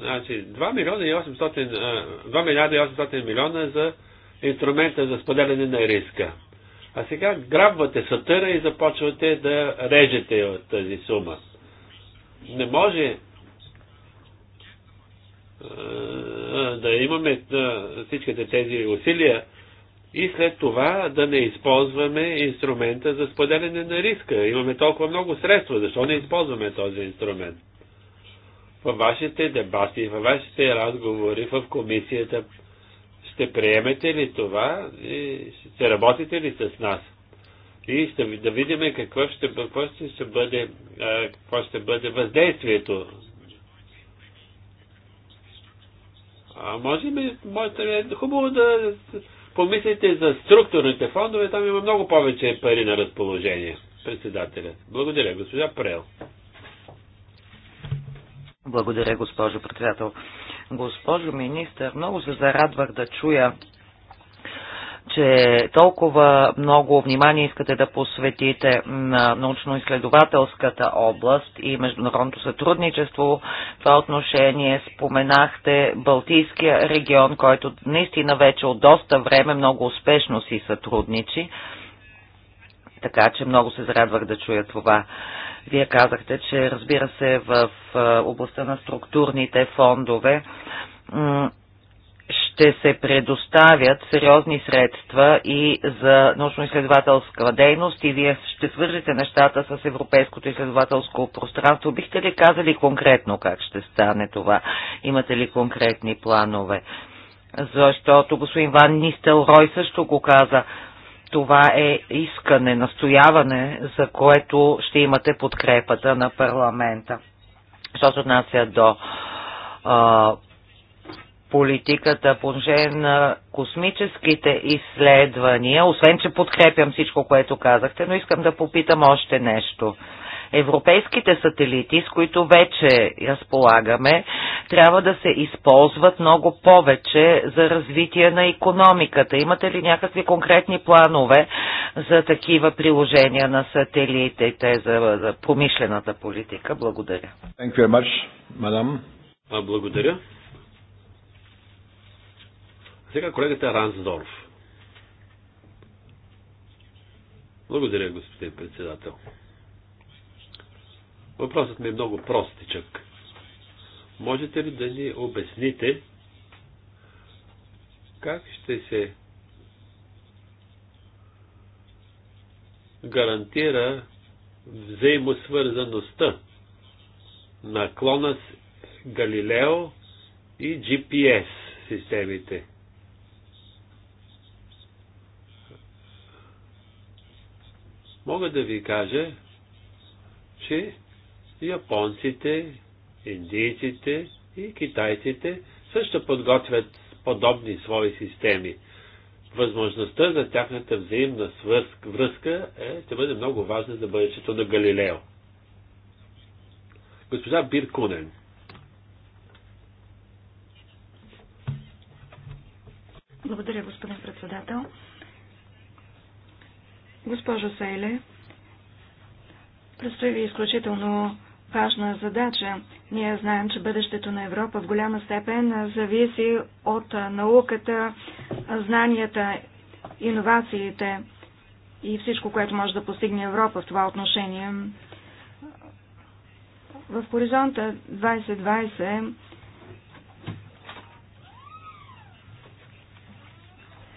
Значи 2 милиона и 800, 2 милиарда и 800 милиона за инструмента за споделяне на риска. А сега грабвате сатъра и започвате да режете от тази сума. Не може да имаме всичките тези усилия и след това да не използваме инструмента за споделяне на риска. Имаме толкова много средства, защо не използваме този инструмент? Във вашите дебати, във вашите разговори в комисията ще приемете ли това и ще работите ли с нас? И ще да видим какво ще, какво ще, ще, бъде, какво ще бъде въздействието а може ли може, е хубаво да помислите за структурните фондове, там има много повече пари на разположение. Председателя. Благодаря, госпожа Прел. Благодаря, госпожо председател. Госпожо министър, много се зарадвах да чуя че толкова много внимание искате да посветите на научно-изследователската област и международното сътрудничество. В това отношение споменахте Балтийския регион, който наистина вече от доста време много успешно си сътрудничи. Така че много се зарадвах да чуя това. Вие казахте, че разбира се в областта на структурните фондове ще се предоставят сериозни средства и за научно-изследователска дейност и вие ще свържете нещата с Европейското изследователско пространство. Бихте ли казали конкретно как ще стане това? Имате ли конкретни планове? Защото господин Ван Нистел Рой също го каза. Това е искане, настояване, за което ще имате подкрепата на парламента. Що се отнася до политиката по отношение на космическите изследвания, освен че подкрепям всичко, което казахте, но искам да попитам още нещо. Европейските сателити, с които вече разполагаме, трябва да се използват много повече за развитие на економиката. Имате ли някакви конкретни планове за такива приложения на сателитите за, за промишлената политика? Благодаря. Благодаря. Сега колегата Рансдорф. Благодаря, господин председател. Въпросът ми е много простичък. Можете ли да ни обясните как ще се гарантира взаимосвързаността на Клона с Галилео и GPS системите? мога да ви кажа, че японците, индийците и китайците също подготвят подобни свои системи. Възможността за тяхната взаимна връзка е, ще бъде много важна за бъдещето на Галилео. Госпожа Биркунен. Благодаря, господин председател. Госпожо Сейле, предстои ви изключително важна задача. Ние знаем, че бъдещето на Европа в голяма степен зависи от науката, знанията, иновациите и всичко, което може да постигне Европа в това отношение. В хоризонта 2020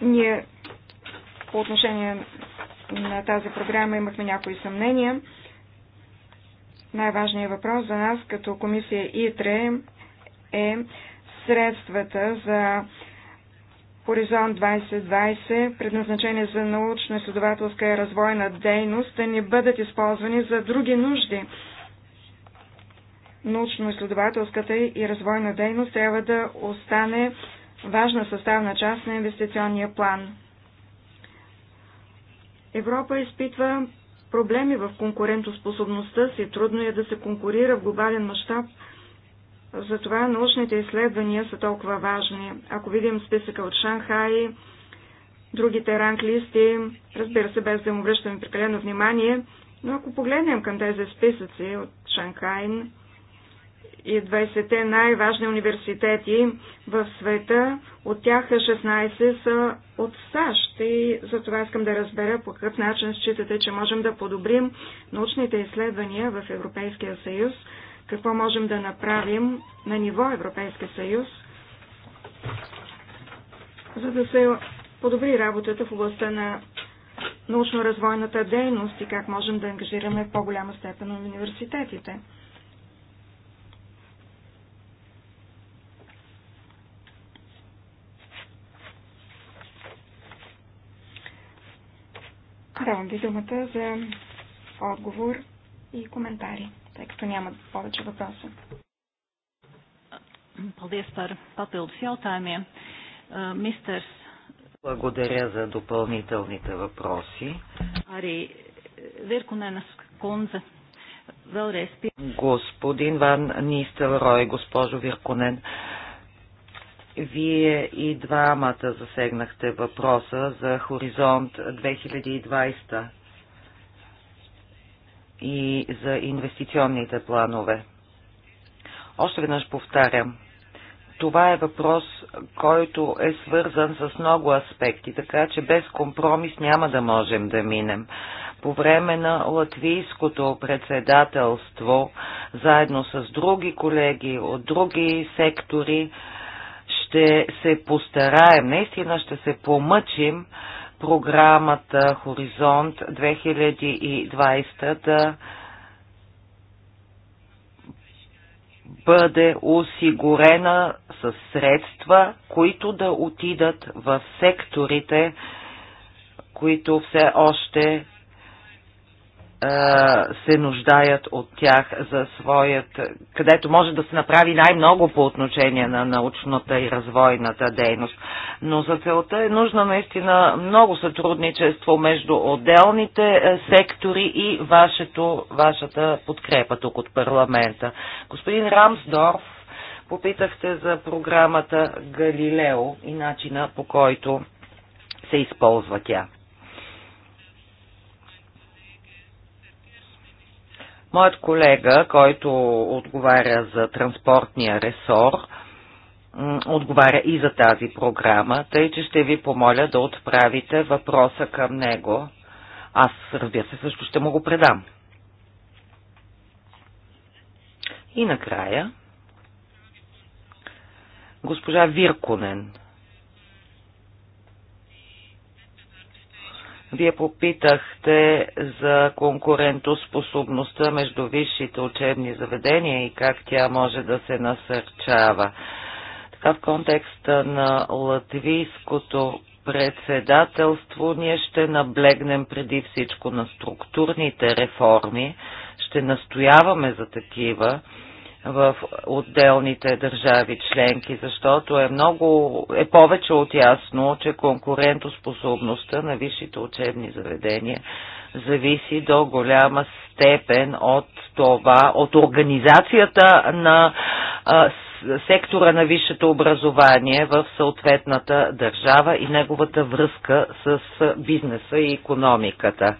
ние по отношение на тази програма имахме някои съмнения. Най-важният въпрос за нас като комисия ИТРЕ е средствата за Хоризонт 2020, предназначени за научно-изследователска и развойна дейност, да ни бъдат използвани за други нужди. Научно-изследователската и развойна дейност трябва да остане важна съставна част на инвестиционния план. Европа изпитва проблеми в конкурентоспособността си, трудно е да се конкурира в глобален мащаб. Затова научните изследвания са толкова важни. Ако видим списъка от Шанхай, другите ранглисти, разбира се, без да му връщаме прекалено внимание, но ако погледнем към тези списъци от Шанхайн, и 20-те най-важни университети в света, от тях 16 са от САЩ и за това искам да разбера по какъв начин считате, че можем да подобрим научните изследвания в Европейския съюз, какво можем да направим на ниво Европейски съюз, за да се подобри работата в областта на научно-развойната дейност и как можем да ангажираме в по-голяма степен университетите. Давам ви думата за отговор и коментари, тъй като няма повече въпроси. Е, Благодаря за допълнителните въпроси. Господин Ван Нистелрой, госпожо Вирконен, вие и двамата засегнахте въпроса за Хоризонт 2020 и за инвестиционните планове. Още веднъж повтарям, това е въпрос, който е свързан с много аспекти, така че без компромис няма да можем да минем. По време на латвийското председателство, заедно с други колеги от други сектори, ще се постараем, наистина ще се помъчим програмата Хоризонт 2020 да бъде осигурена с средства, които да отидат в секторите, които все още е, се нуждаят от тях за своят, където може да се направи най-много по отношение на научната и развойната дейност. Но за целта е нужно наистина много сътрудничество между отделните е, сектори и вашето, вашата подкрепа тук от парламента. Господин Рамсдорф, попитахте за програмата Галилео и начина по който се използва тя. Моят колега, който отговаря за транспортния ресор, отговаря и за тази програма, тъй че ще ви помоля да отправите въпроса към него. Аз, разбира се, също ще му го предам. И накрая, госпожа Вирконен Вие попитахте за конкурентоспособността между висшите учебни заведения и как тя може да се насърчава. Така в контекста на латвийското председателство ние ще наблегнем преди всичко на структурните реформи, ще настояваме за такива, в отделните държави членки, защото е много, е повече от ясно, че конкурентоспособността на висшите учебни заведения зависи до голяма степен от това, от организацията на а, сектора на висшето образование в съответната държава и неговата връзка с бизнеса и економиката.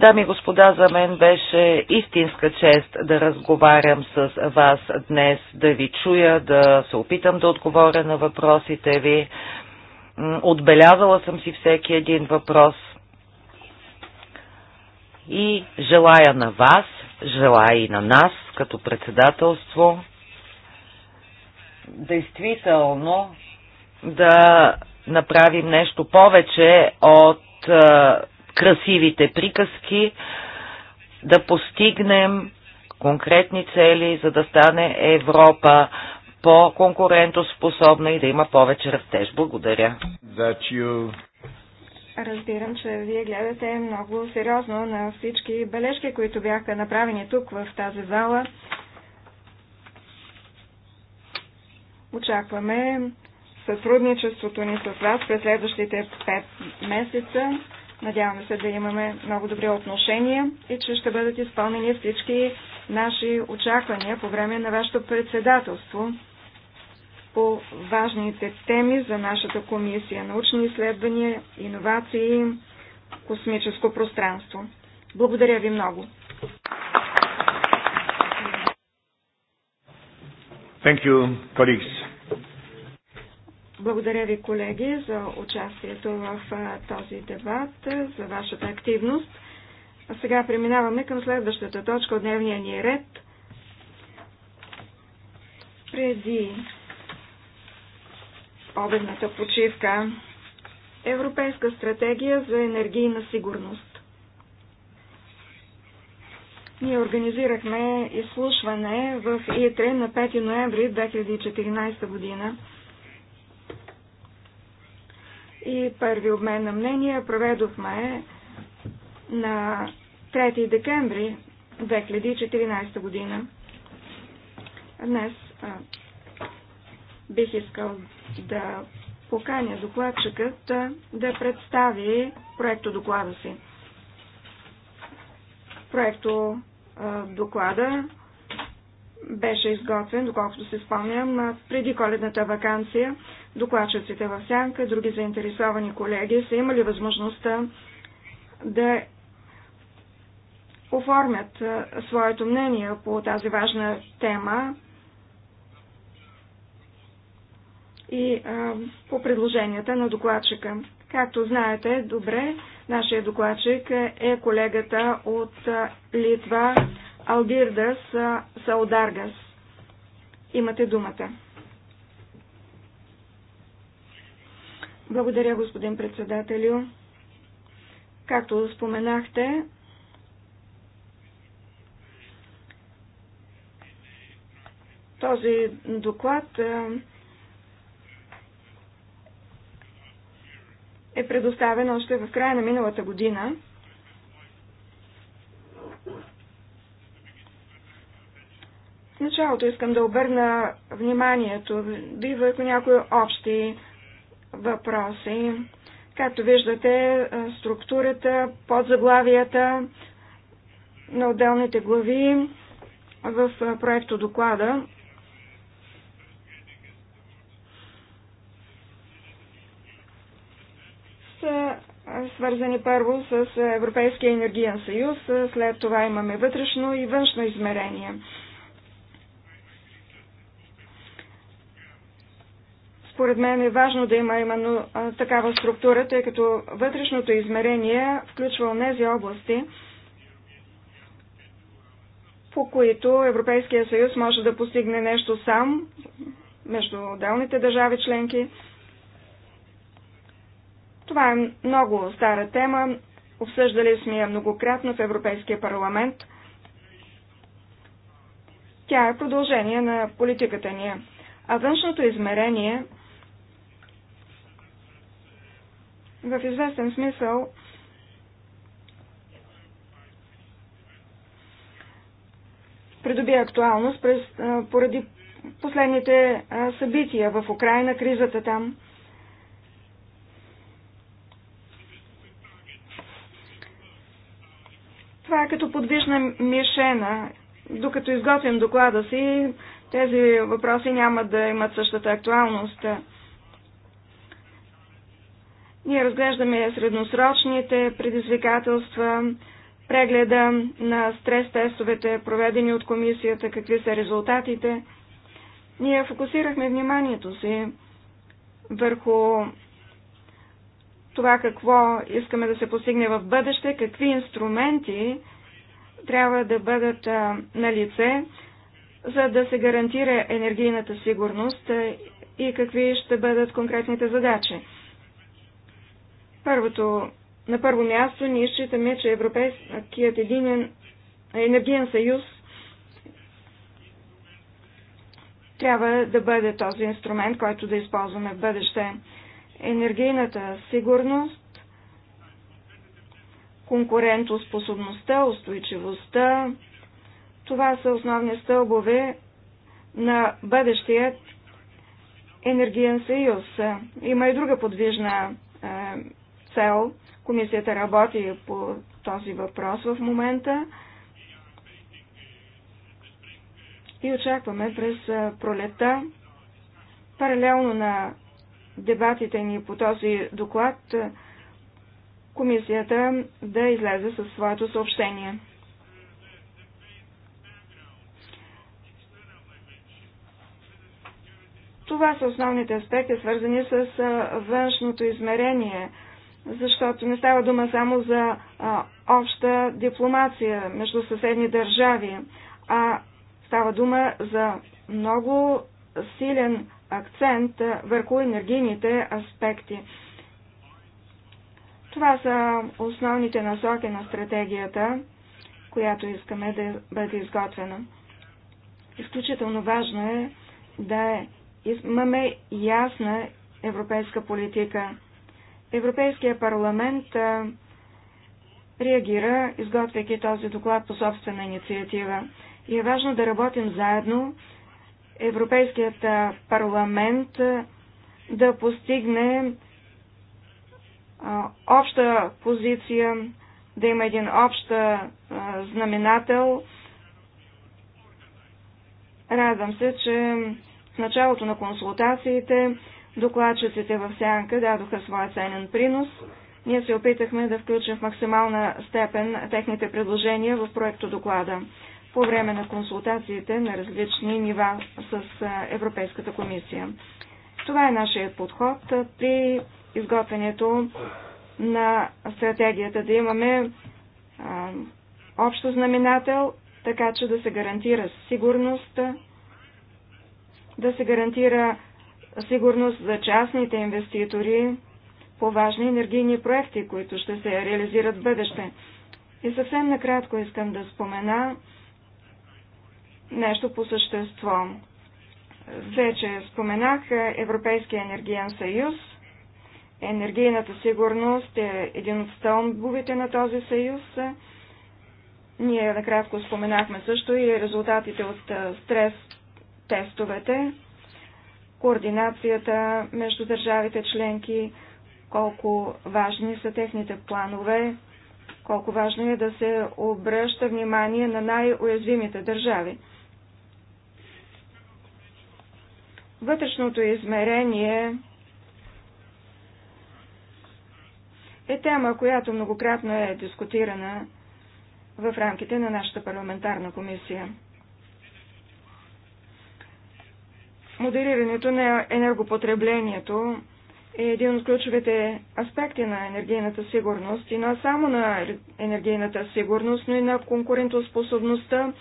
Дами и господа, за мен беше истинска чест да разговарям с вас днес, да ви чуя, да се опитам да отговоря на въпросите ви. Отбелязала съм си всеки един въпрос и желая на вас, желая и на нас като председателство действително да направим нещо повече от красивите приказки, да постигнем конкретни цели, за да стане Европа по-конкурентоспособна и да има повече растеж. Благодаря. Разбирам, че вие гледате много сериозно на всички бележки, които бяха направени тук в тази зала. Очакваме сътрудничеството ни с вас през следващите 5 месеца. Надяваме се да имаме много добри отношения и че ще бъдат изпълнени всички наши очаквания по време на вашето председателство по важните теми за нашата комисия – научни изследвания, иновации, и космическо пространство. Благодаря ви много. Thank you, colleagues. Благодаря ви, колеги, за участието в този дебат, за вашата активност. А сега преминаваме към следващата точка от дневния ни ред. Преди обедната почивка Европейска стратегия за енергийна сигурност. Ние организирахме изслушване в ИТРЕ на 5 ноември 2014 година и първи обмен на мнения проведохме на 3 декември 2014 година. Днес а, бих искал да поканя докладчикът а, да представи проекто доклада си. Проекто а, доклада беше изготвен, доколкото се спомням, преди коледната вакансия. Докладчиците в Сянка, други заинтересовани колеги са имали възможността да оформят своето мнение по тази важна тема и а, по предложенията на докладчика. Както знаете, добре, нашия докладчик е колегата от Литва Алдирдас Саударгас. Имате думата. Благодаря, господин председателю. Както споменахте, този доклад е предоставен още в края на миналата година. началото искам да обърна вниманието и върху някои общи въпроси. Както виждате, е, структурата, подзаглавията на отделните глави в е, проекто доклада. са е, свързани първо с Европейския енергиен съюз, след това имаме вътрешно и външно измерение. Според мен е важно да има именно такава структура, тъй като вътрешното измерение включва тези области, по които Европейския съюз може да постигне нещо сам между отделните държави членки. Това е много стара тема. Обсъждали сме я многократно в Европейския парламент. Тя е продължение на политиката ни. А външното измерение – в известен смисъл придоби актуалност през, поради последните събития в Украина, кризата там. Това е като подвижна мишена. Докато изготвим доклада си, тези въпроси няма да имат същата актуалност. Ние разглеждаме средносрочните предизвикателства, прегледа на стрес-тестовете, проведени от комисията, какви са резултатите. Ние фокусирахме вниманието си върху това какво искаме да се постигне в бъдеще, какви инструменти трябва да бъдат на лице, за да се гарантира енергийната сигурност и какви ще бъдат конкретните задачи. Първото, на първо място ние считаме, че Европейският единен енергиен съюз трябва да бъде този инструмент, който да използваме в бъдеще. Енергийната сигурност, конкурентоспособността, устойчивостта, това са основни стълбове на бъдещият енергиен съюз. Има и друга подвижна е, цел. Комисията работи по този въпрос в момента и очакваме през пролета, паралелно на дебатите ни по този доклад, комисията да излезе със своето съобщение. Това са основните аспекти, свързани с външното измерение – защото не става дума само за а, обща дипломация между съседни държави, а става дума за много силен акцент върху енергийните аспекти. Това са основните насоки на стратегията, която искаме да бъде изготвена. Изключително важно е да имаме ясна европейска политика – Европейския парламент реагира, изготвяйки този доклад по собствена инициатива. И е важно да работим заедно, Европейският парламент да постигне обща позиция, да има един общ знаменател. Радвам се, че в началото на консултациите Докладчиците в сянка дадоха своя ценен принос. Ние се опитахме да включим в максимална степен техните предложения в проекто доклада по време на консултациите на различни нива с Европейската комисия. Това е нашият подход при изготвянето на стратегията, да имаме а, общо знаменател, така че да се гарантира сигурност, да се гарантира сигурност за частните инвеститори по важни енергийни проекти, които ще се реализират в бъдеще. И съвсем накратко искам да спомена нещо по същество. Вече споменах Европейския енергиен съюз. Енергийната сигурност е един от стълбовете на този съюз. Ние накратко споменахме също и резултатите от стрес тестовете координацията между държавите членки, колко важни са техните планове, колко важно е да се обръща внимание на най-уязвимите държави. Вътрешното измерение е тема, която многократно е дискутирана в рамките на нашата парламентарна комисия. Моделирането на енергопотреблението е един от ключовите аспекти на енергийната сигурност и не само на енергийната сигурност, но и на конкурентоспособността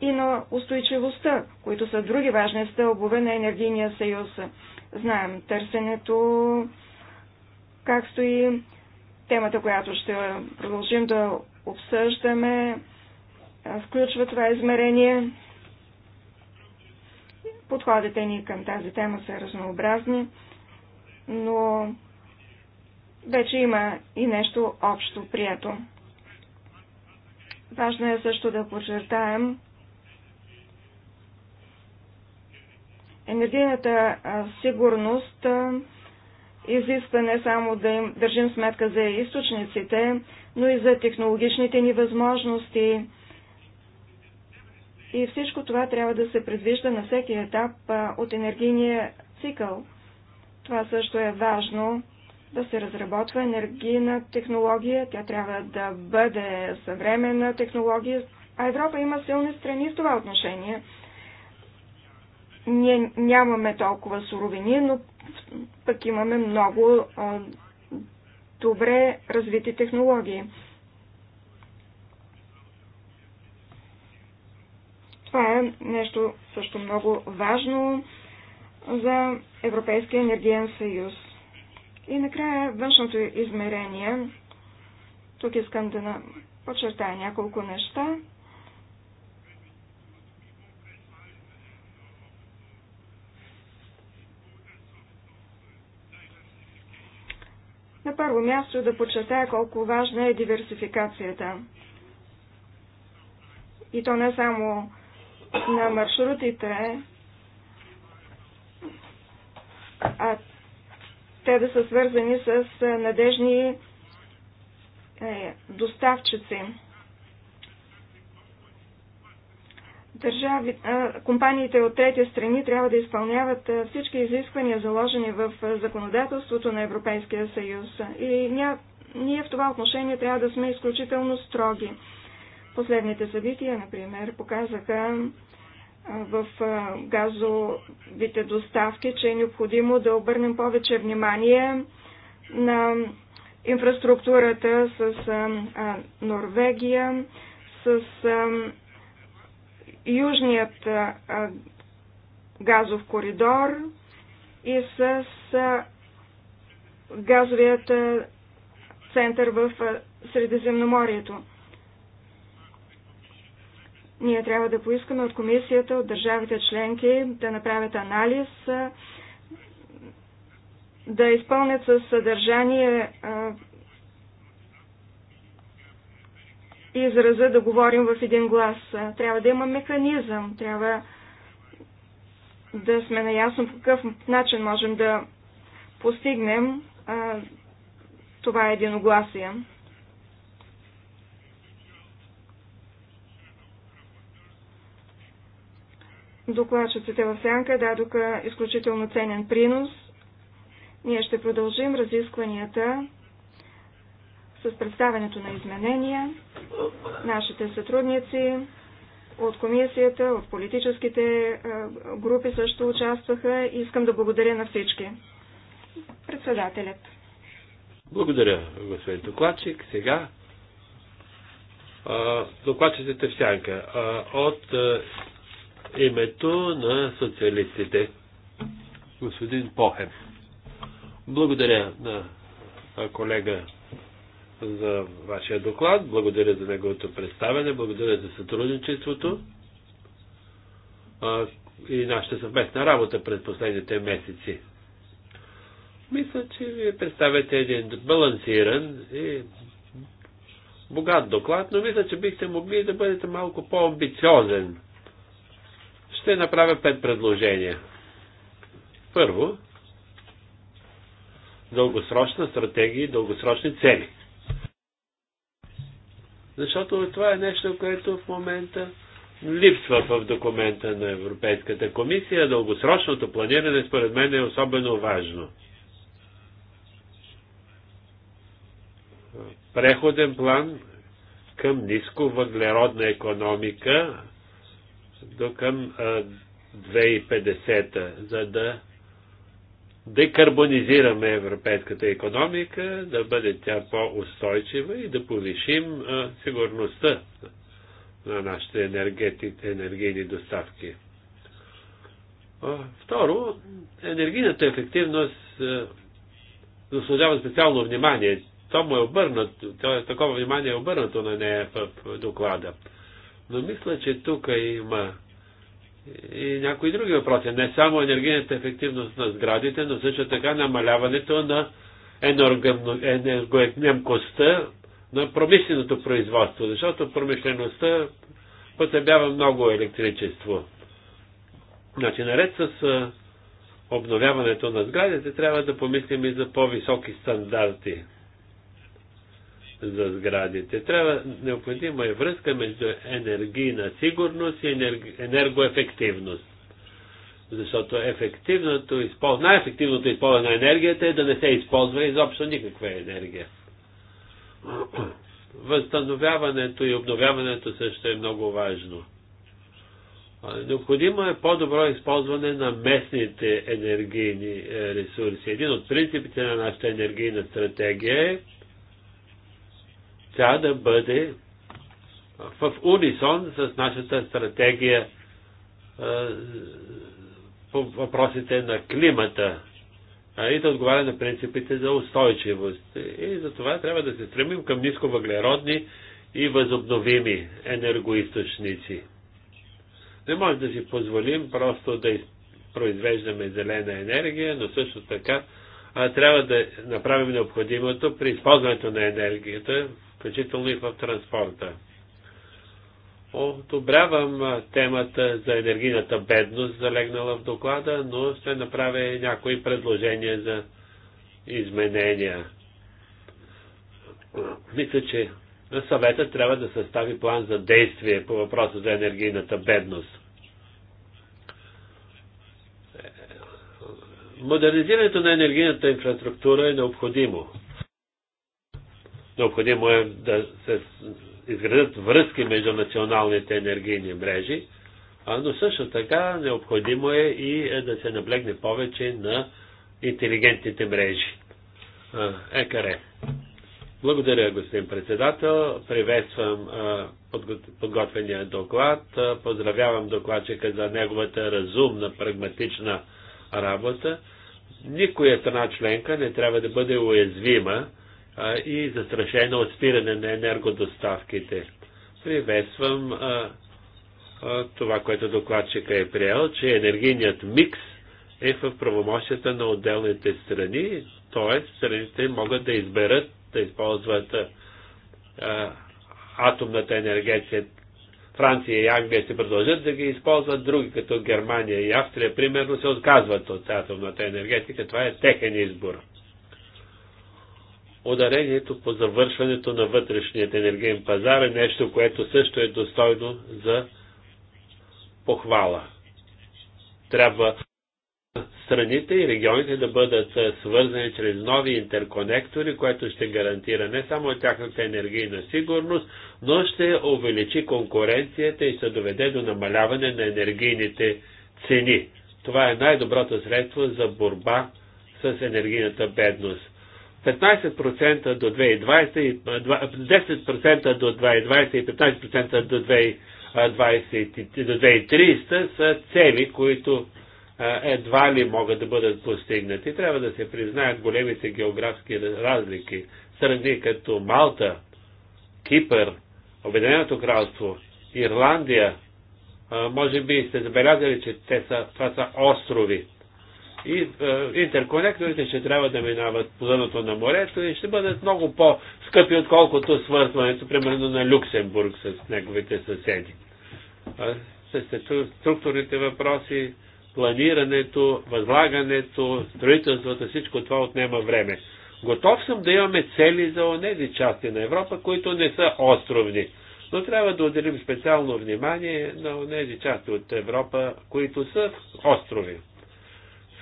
и на устойчивостта, които са други важни стълбове на енергийния съюз. Знаем търсенето, как стои темата, която ще продължим да обсъждаме, включва това измерение Подходите ни към тази тема са разнообразни, но вече има и нещо общо прието. Важно е също да подчертаем енергийната сигурност изисква не само да им държим сметка за източниците, но и за технологичните ни възможности, и всичко това трябва да се предвижда на всеки етап от енергийния цикъл. Това също е важно да се разработва енергийна технология. Тя трябва да бъде съвременна технология. А Европа има силни страни в това отношение. Ние нямаме толкова суровини, но пък имаме много добре развити технологии. Това е нещо също много важно за Европейския енергиен съюз. И накрая външното измерение. Тук искам да подчертая няколко неща. На първо място да подчертая колко важна е диверсификацията. И то не само на маршрутите, а те да са свързани с надежни е, доставчици. Държави, компаниите от трети страни трябва да изпълняват всички изисквания, заложени в законодателството на Европейския съюз. И ние, ние в това отношение трябва да сме изключително строги. Последните събития, например, показаха в газовите доставки, че е необходимо да обърнем повече внимание на инфраструктурата с Норвегия, с Южният газов коридор и с газовият център в Средиземноморието. Ние трябва да поискаме от комисията, от държавите членки да направят анализ, да изпълнят със съдържание израза да говорим в един глас. Трябва да има механизъм, трябва да сме наясно по какъв начин можем да постигнем а, това единогласие. Докладчиците в Сянка дадоха изключително ценен принос. Ние ще продължим разискванията с представянето на изменения. Нашите сътрудници от комисията, от политическите е, групи също участваха и искам да благодаря на всички. Председателят. Благодаря, господин докладчик. Сега докладчиците в сянка. От е, името на социалистите. Господин Похем. Благодаря на колега за вашия доклад, благодаря за неговото представяне, благодаря за сътрудничеството и нашата съвместна работа през последните месеци. Мисля, че ви представяте един балансиран и богат доклад, но мисля, че бихте могли да бъдете малко по-амбициозен ще направя пет предложения. Първо, дългосрочна стратегия и дългосрочни цели. Защото това е нещо, което в момента липсва в документа на Европейската комисия. Дългосрочното планиране според мен е особено важно. Преходен план към ниско въглеродна економика до към 2050, за да декарбонизираме европейската економика, да бъде тя по-устойчива и да повишим сигурността на нашите енергийни доставки. Второ, енергийната ефективност заслужава специално внимание. То му е обърнато, е, такова внимание е обърнато на нея в доклада. Но мисля, че тук има и някои други въпроси. Не само енергийната ефективност на сградите, но също така намаляването на енергоемкостта на промишленото производство, защото промишлеността потребява много електричество. Значи, наред с обновяването на сградите, трябва да помислим и за по-високи стандарти за сградите. Трябва необходима е връзка между енергийна сигурност и енергоефективност. Защото ефективното използ... най-ефективното използване на енергията е да не се използва изобщо никаква енергия. Възстановяването и обновяването също е много важно. Необходимо е по-добро използване на местните енергийни е, ресурси. Един от принципите на нашата енергийна стратегия е трябва да бъде в унисон с нашата стратегия по въпросите на климата и да отговаря на принципите за устойчивост. И за това трябва да се стремим към нисковъглеродни и възобновими енергоисточници. Не може да си позволим просто да произвеждаме зелена енергия, но също така трябва да направим необходимото при използването на енергията включително и в транспорта. Одобрявам темата за енергийната бедност, залегнала в доклада, но ще направя някои предложения за изменения. Мисля, че съвета трябва да състави план за действие по въпроса за енергийната бедност. Модернизирането на енергийната инфраструктура е необходимо. Необходимо е да се изградят връзки между националните енергийни мрежи, но също така необходимо е и е, да се наблегне повече на интелигентните мрежи. Екаре. Благодаря, господин председател. Приветствам подготвения доклад. Поздравявам докладчика за неговата разумна, прагматична работа. Никоя страна членка не трябва да бъде уязвима и застрашено от спиране на енергодоставките. Приветствам това, което докладчика е приел, че енергийният микс е в правомощията на отделните страни, т.е. страните могат да изберат да използват а, атомната енергетика. Франция и Англия ще продължат да ги използват, други като Германия и Австрия, примерно, се отказват от атомната енергетика. Това е техен избор ударението по завършването на вътрешният енергиен пазар е нещо, което също е достойно за похвала. Трябва страните и регионите да бъдат е, свързани чрез нови интерконектори, което ще гарантира не само тяхната енергийна сигурност, но ще увеличи конкуренцията и ще доведе до намаляване на енергийните цени. Това е най-доброто средство за борба с енергийната бедност. 15% до 2020, 10% до 2020 и 15% до 2020, до 2030 са цели, които едва ли могат да бъдат постигнати. Трябва да се признаят големите географски разлики. Страни като Малта, Кипър, Обединеното кралство, Ирландия, може би сте забелязали, че те са, това са острови. И е, интерконекторите ще трябва да минават по дъното на морето и ще бъдат много по-скъпи, отколкото свързването, примерно, на Люксембург с неговите съседи. С структурните въпроси, планирането, възлагането, строителството, всичко това отнема време. Готов съм да имаме цели за онези части на Европа, които не са островни. Но трябва да отделим специално внимание на тези части от Европа, които са острови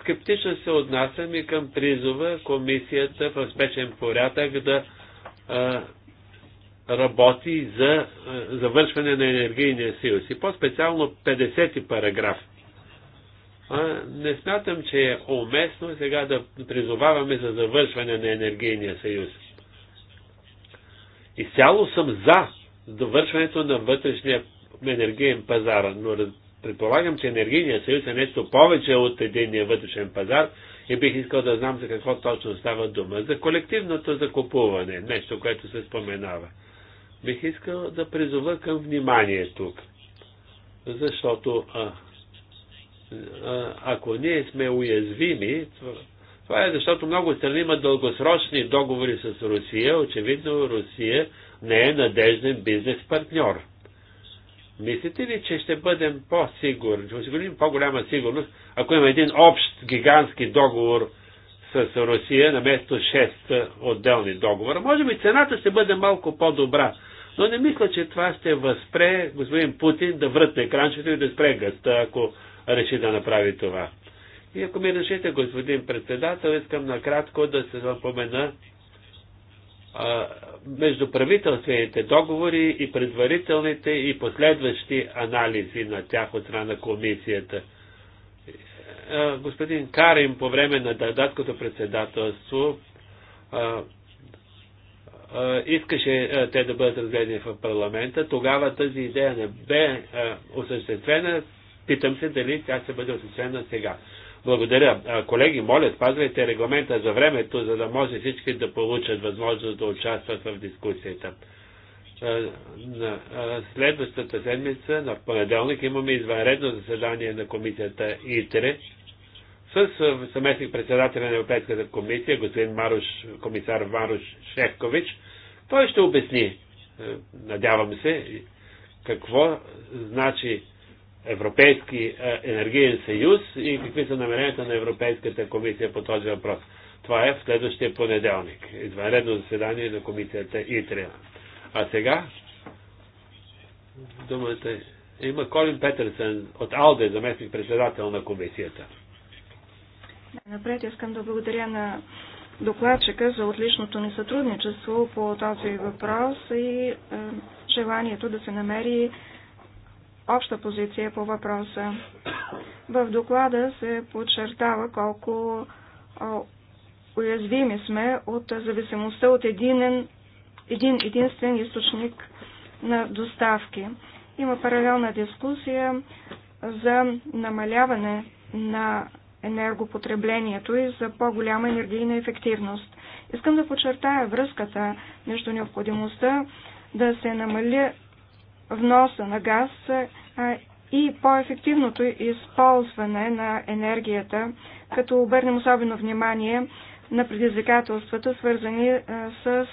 скептично се отнасям и към призова комисията в спешен порядък да а, работи за а, завършване на енергийния съюз и по-специално 50-ти параграф. А, не смятам, че е уместно сега да призоваваме за завършване на енергийния съюз. Изцяло съм за довършването на вътрешния енергиен пазар, но Предполагам, че енергийният съюз е нещо повече от единния вътрешен пазар и бих искал да знам за какво точно става дума. За колективното закупуване, нещо, което се споменава. Бих искал да призова към внимание тук. Защото а, а, ако ние сме уязвими, това е защото много страни имат дългосрочни договори с Русия. Очевидно Русия не е надежден бизнес партньор. Мислите ли, че ще бъдем по-сигурни, ще осигурим по-голяма сигурност, ако има един общ гигантски договор с Русия на место 6 отделни договора? Може би цената ще бъде малко по-добра, но не мисля, че това ще възпре господин Путин да врътне кранчето и да спре гъста, ако реши да направи това. И ако ми решите, господин председател, искам накратко да се запомена между правителствените договори и предварителните и последващи анализи на тях от страна на комисията. Господин Карим по време на дадаткото председателство искаше те да бъдат разгледани в парламента. Тогава тази идея не бе осъществена. Питам се дали тя ще бъде осъществена сега. Благодаря. Колеги, моля, спазвайте регламента за времето, за да може всички да получат възможност да участват в дискусията. На следващата седмица, на понеделник, имаме извънредно заседание на комисията ИТРЕ с съместник председателя на Европейската комисия, господин Маруш, комисар Маруш Шефкович. Той ще обясни, надявам се, какво значи Европейски е, енергиен съюз и какви са намеренията на Европейската комисия по този въпрос. Това е в следващия понеделник. Извънредно заседание на комисията ИТРИА. А сега думата има Колин Петърсън от АЛДЕ, заместник председател на комисията. Напред искам да благодаря на докладчика за отличното ни сътрудничество по този въпрос и е, желанието да се намери обща позиция по въпроса. В доклада се подчертава колко уязвими сме от зависимостта от единен, един единствен източник на доставки. Има паралелна дискусия за намаляване на енергопотреблението и за по-голяма енергийна ефективност. Искам да подчертая връзката между необходимостта да се намали вноса на газ и по-ефективното използване на енергията, като обърнем особено внимание на предизвикателствата, свързани с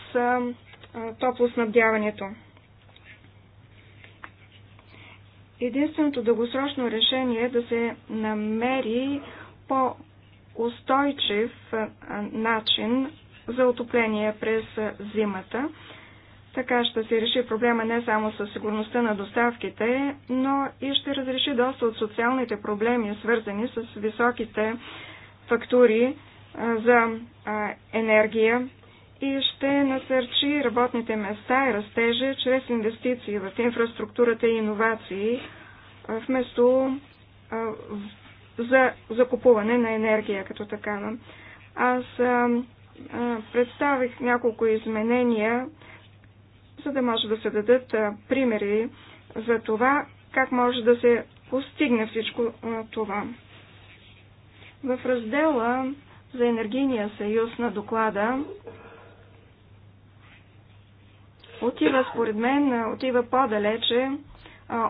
топлоснабдяването. Единственото дългосрочно решение е да се намери по-устойчив начин за отопление през зимата. Така ще се реши проблема не само с сигурността на доставките, но и ще разреши доста от социалните проблеми, свързани с високите фактури за енергия и ще насърчи работните места и растежа чрез инвестиции в инфраструктурата и иновации, вместо за закупуване на енергия като такава. Аз представих няколко изменения за да може да се дадат примери за това, как може да се постигне всичко това. В раздела за енергийния съюз на доклада отива, според мен, отива по-далече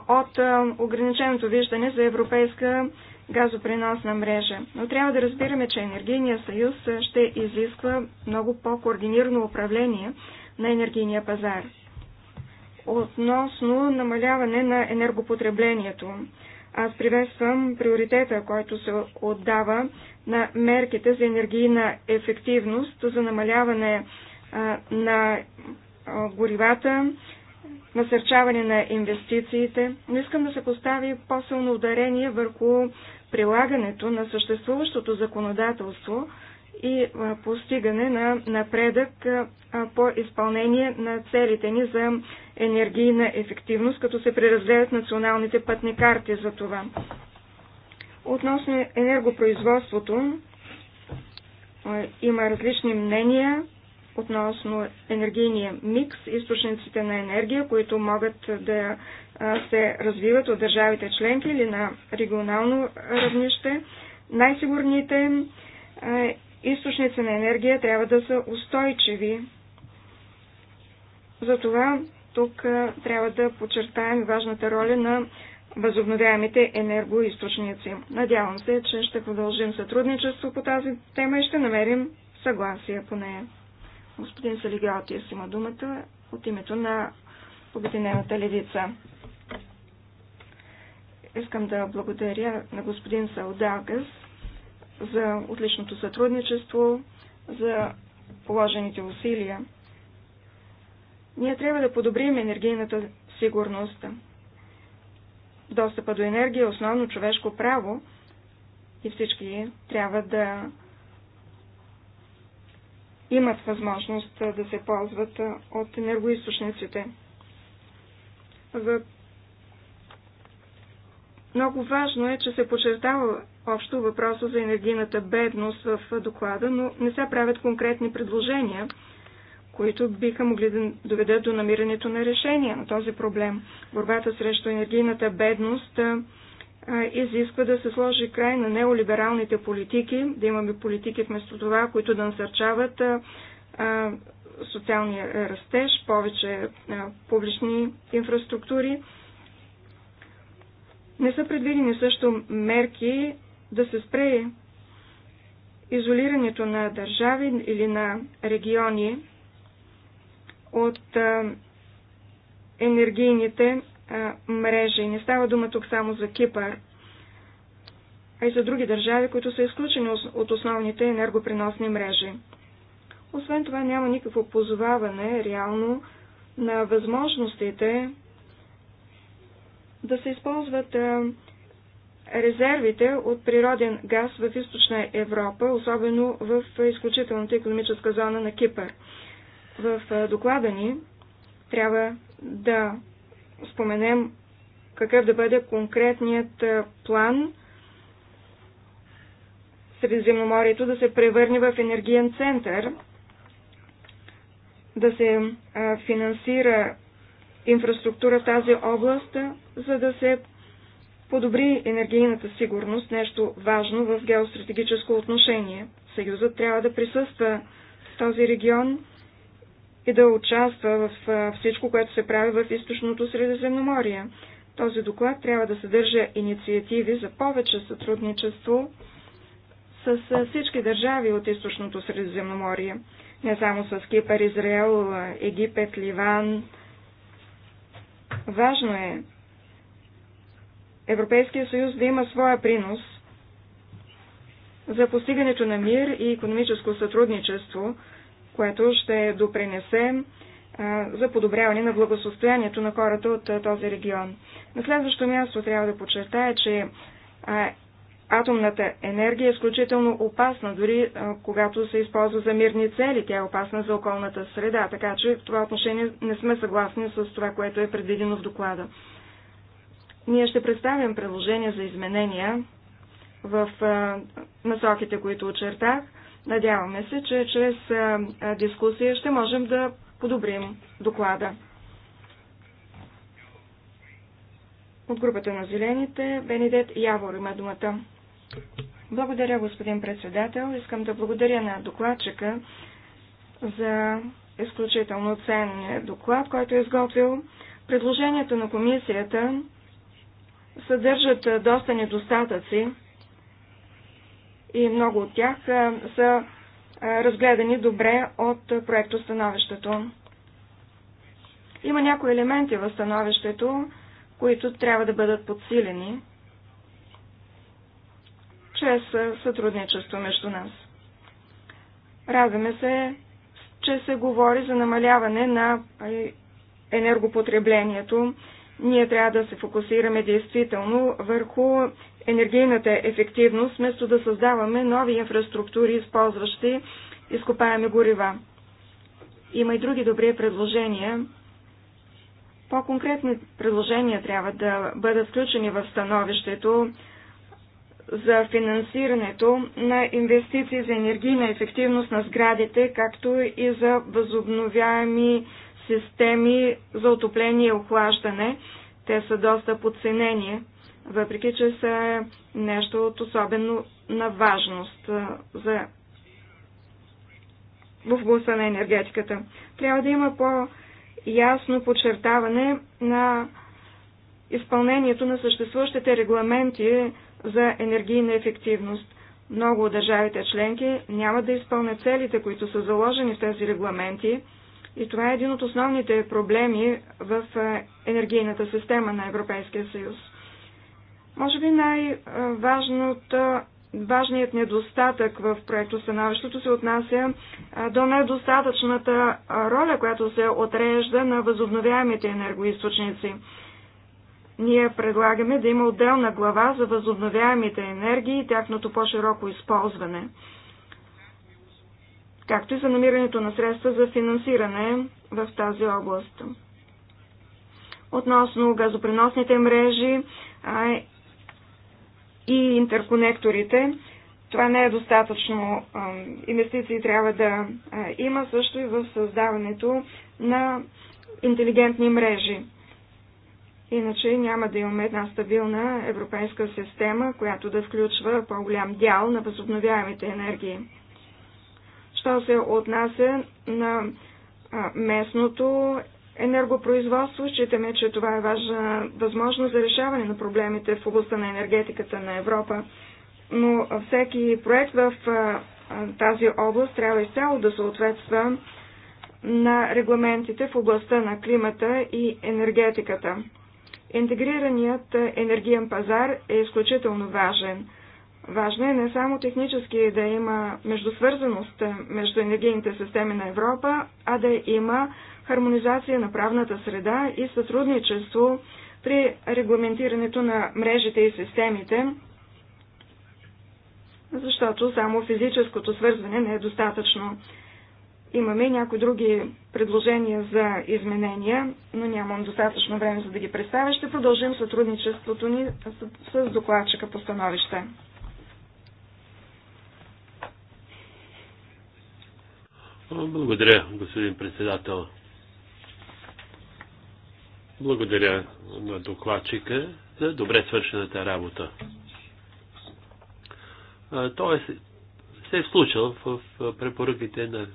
от ограниченото виждане за европейска газопреносна мрежа. Но трябва да разбираме, че енергийния съюз ще изисква много по-координирано управление на енергийния пазар относно намаляване на енергопотреблението. Аз приветствам приоритета, който се отдава на мерките за енергийна ефективност, за намаляване на горивата, насърчаване на инвестициите, но искам да се постави по-силно ударение върху прилагането на съществуващото законодателство, и постигане на напредък по изпълнение на целите ни за енергийна ефективност, като се преразгледат националните пътни карти за това. Относно енергопроизводството, има различни мнения относно енергийния микс, източниците на енергия, които могат да се развиват от държавите членки или на регионално равнище. Най-сигурните източници на енергия трябва да са устойчиви. Затова тук трябва да подчертаем важната роля на възобновяемите енергоисточници. Надявам се, че ще продължим сътрудничество по тази тема и ще намерим съгласие по нея. Господин Салигиотис има думата от името на Обединената левица. Искам да благодаря на господин Саудагас за отличното сътрудничество, за положените усилия. Ние трябва да подобрим енергийната сигурност. Достъпа до енергия е основно човешко право и всички трябва да имат възможност да се ползват от енергоисточниците. Много важно е, че се подчертава общо въпроса за енергийната бедност в доклада, но не се правят конкретни предложения, които биха могли да доведат до намирането на решение на този проблем. Борбата срещу енергийната бедност изисква да се сложи край на неолибералните политики, да имаме политики вместо това, които да насърчават социалния растеж, повече публични инфраструктури. Не са предвидени също мерки да се спре изолирането на държави или на региони от енергийните мрежи. Не става дума тук само за Кипър, а и за други държави, които са изключени от основните енергопреносни мрежи. Освен това няма никакво позоваване реално на възможностите да се използват а, резервите от природен газ в източна Европа, особено в изключителната економическа зона на Кипър. В доклада ни трябва да споменем какъв да бъде конкретният план Средиземноморието да се превърне в енергиен център, да се финансира инфраструктура в тази област, за да се подобри енергийната сигурност, нещо важно в геостратегическо отношение. Съюзът трябва да присъства в този регион и да участва в всичко, което се прави в източното Средиземноморие. Този доклад трябва да съдържа инициативи за повече сътрудничество с всички държави от източното Средиземноморие, не само с Кипър, Израел, Египет, Ливан. Важно е Европейския съюз да има своя принос за постигането на мир и економическо сътрудничество, което ще допринесе за подобряване на благосостоянието на хората от този регион. На следващо място трябва да подчертая, че атомната енергия е изключително опасна, дори когато се използва за мирни цели. Тя е опасна за околната среда, така че в това отношение не сме съгласни с това, което е предвидено в доклада. Ние ще представим предложения за изменения в насоките, които очертах. Надяваме се, че чрез дискусия ще можем да подобрим доклада. От групата на зелените Бенедет Явор има думата. Благодаря, господин председател. Искам да благодаря на докладчика за изключително ценния доклад, който е изготвил. Предложението на комисията съдържат доста недостатъци и много от тях са разгледани добре от проекто становището. Има някои елементи в становището, които трябва да бъдат подсилени чрез сътрудничество между нас. Радваме се, че се говори за намаляване на енергопотреблението ние трябва да се фокусираме действително върху енергийната ефективност, вместо да създаваме нови инфраструктури, използващи изкопаеми горива. Има и други добри предложения. По-конкретни предложения трябва да бъдат включени в становището за финансирането на инвестиции за енергийна ефективност на сградите, както и за възобновяеми системи за отопление и охлаждане. Те са доста подценени, въпреки че са нещо от особено на важност за в областта на енергетиката. Трябва да има по-ясно подчертаване на изпълнението на съществуващите регламенти за енергийна ефективност. Много от държавите членки няма да изпълнят целите, които са заложени в тези регламенти и това е един от основните проблеми в е, енергийната система на Европейския съюз. Може би най-важният недостатък в проекто становището се отнася е, до недостатъчната роля, която се отрежда на възобновяемите енергоисточници. Ние предлагаме да има отделна глава за възобновяемите енергии и тяхното по-широко използване както и за намирането на средства за финансиране в тази област. Относно газопреносните мрежи а, и интерконекторите, това не е достатъчно. Инвестиции трябва да има също и в създаването на интелигентни мрежи. Иначе няма да имаме една стабилна европейска система, която да включва по-голям дял на възобновяемите енергии що се отнася на местното енергопроизводство. Считаме, че това е важна възможност за решаване на проблемите в областта на енергетиката на Европа. Но всеки проект в тази област трябва изцяло да съответства на регламентите в областта на климата и енергетиката. Интегрираният енергиен пазар е изключително важен – Важно е не само технически да има междусвързаност между енергийните системи на Европа, а да има хармонизация на правната среда и сътрудничество при регламентирането на мрежите и системите, защото само физическото свързване не е достатъчно. Имаме някои други предложения за изменения, но нямам достатъчно време за да ги представя. Ще продължим сътрудничеството ни с докладчика по становище. Благодаря, господин председател. Благодаря на докладчика за добре свършената работа. Той е, се е случил в препоръките на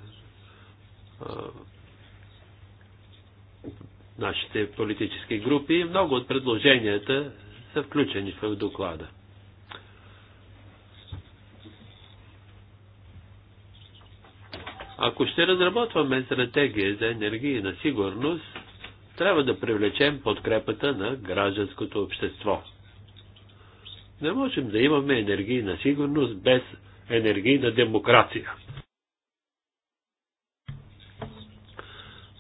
нашите политически групи и много от предложенията са включени в доклада. Ако ще разработваме стратегия за енергийна сигурност, трябва да привлечем подкрепата на гражданското общество. Не можем да имаме енергийна сигурност без енергийна демокрация.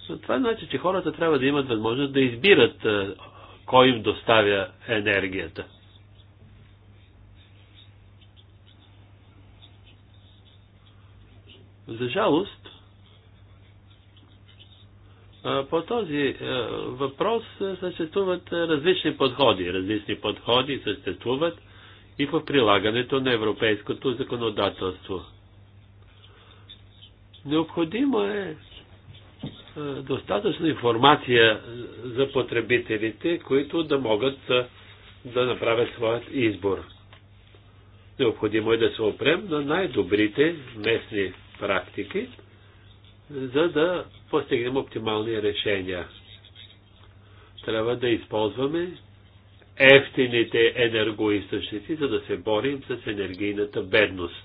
Но това значи, че хората трябва да имат възможност да избират кой им доставя енергията. За жалост, по този въпрос съществуват различни подходи. Различни подходи съществуват и в прилагането на европейското законодателство. Необходимо е достатъчно информация за потребителите, които да могат да направят своят избор. Необходимо е да се опрем на най-добрите местни практики, за да постигнем оптимални решения. Трябва да използваме ефтините енергоисточници, за да се борим с енергийната бедност.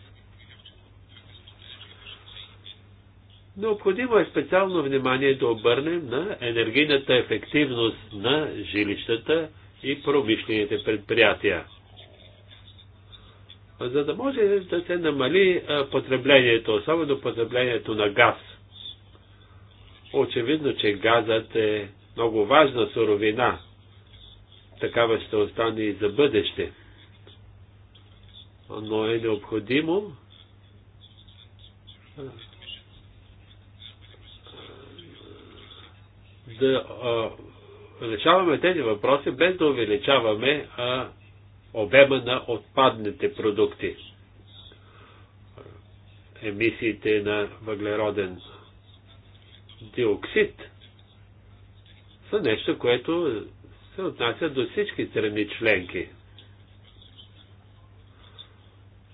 Необходимо е специално внимание да обърнем на енергийната ефективност на жилищата и промишлените предприятия за да може да се намали потреблението, особено потреблението на газ. Очевидно, че газът е много важна суровина. Такава ще остане и за бъдеще. Но е необходимо да решаваме тези въпроси без да увеличаваме обема на отпадните продукти, емисиите на въглероден диоксид, са нещо, което се отнася до всички страни членки.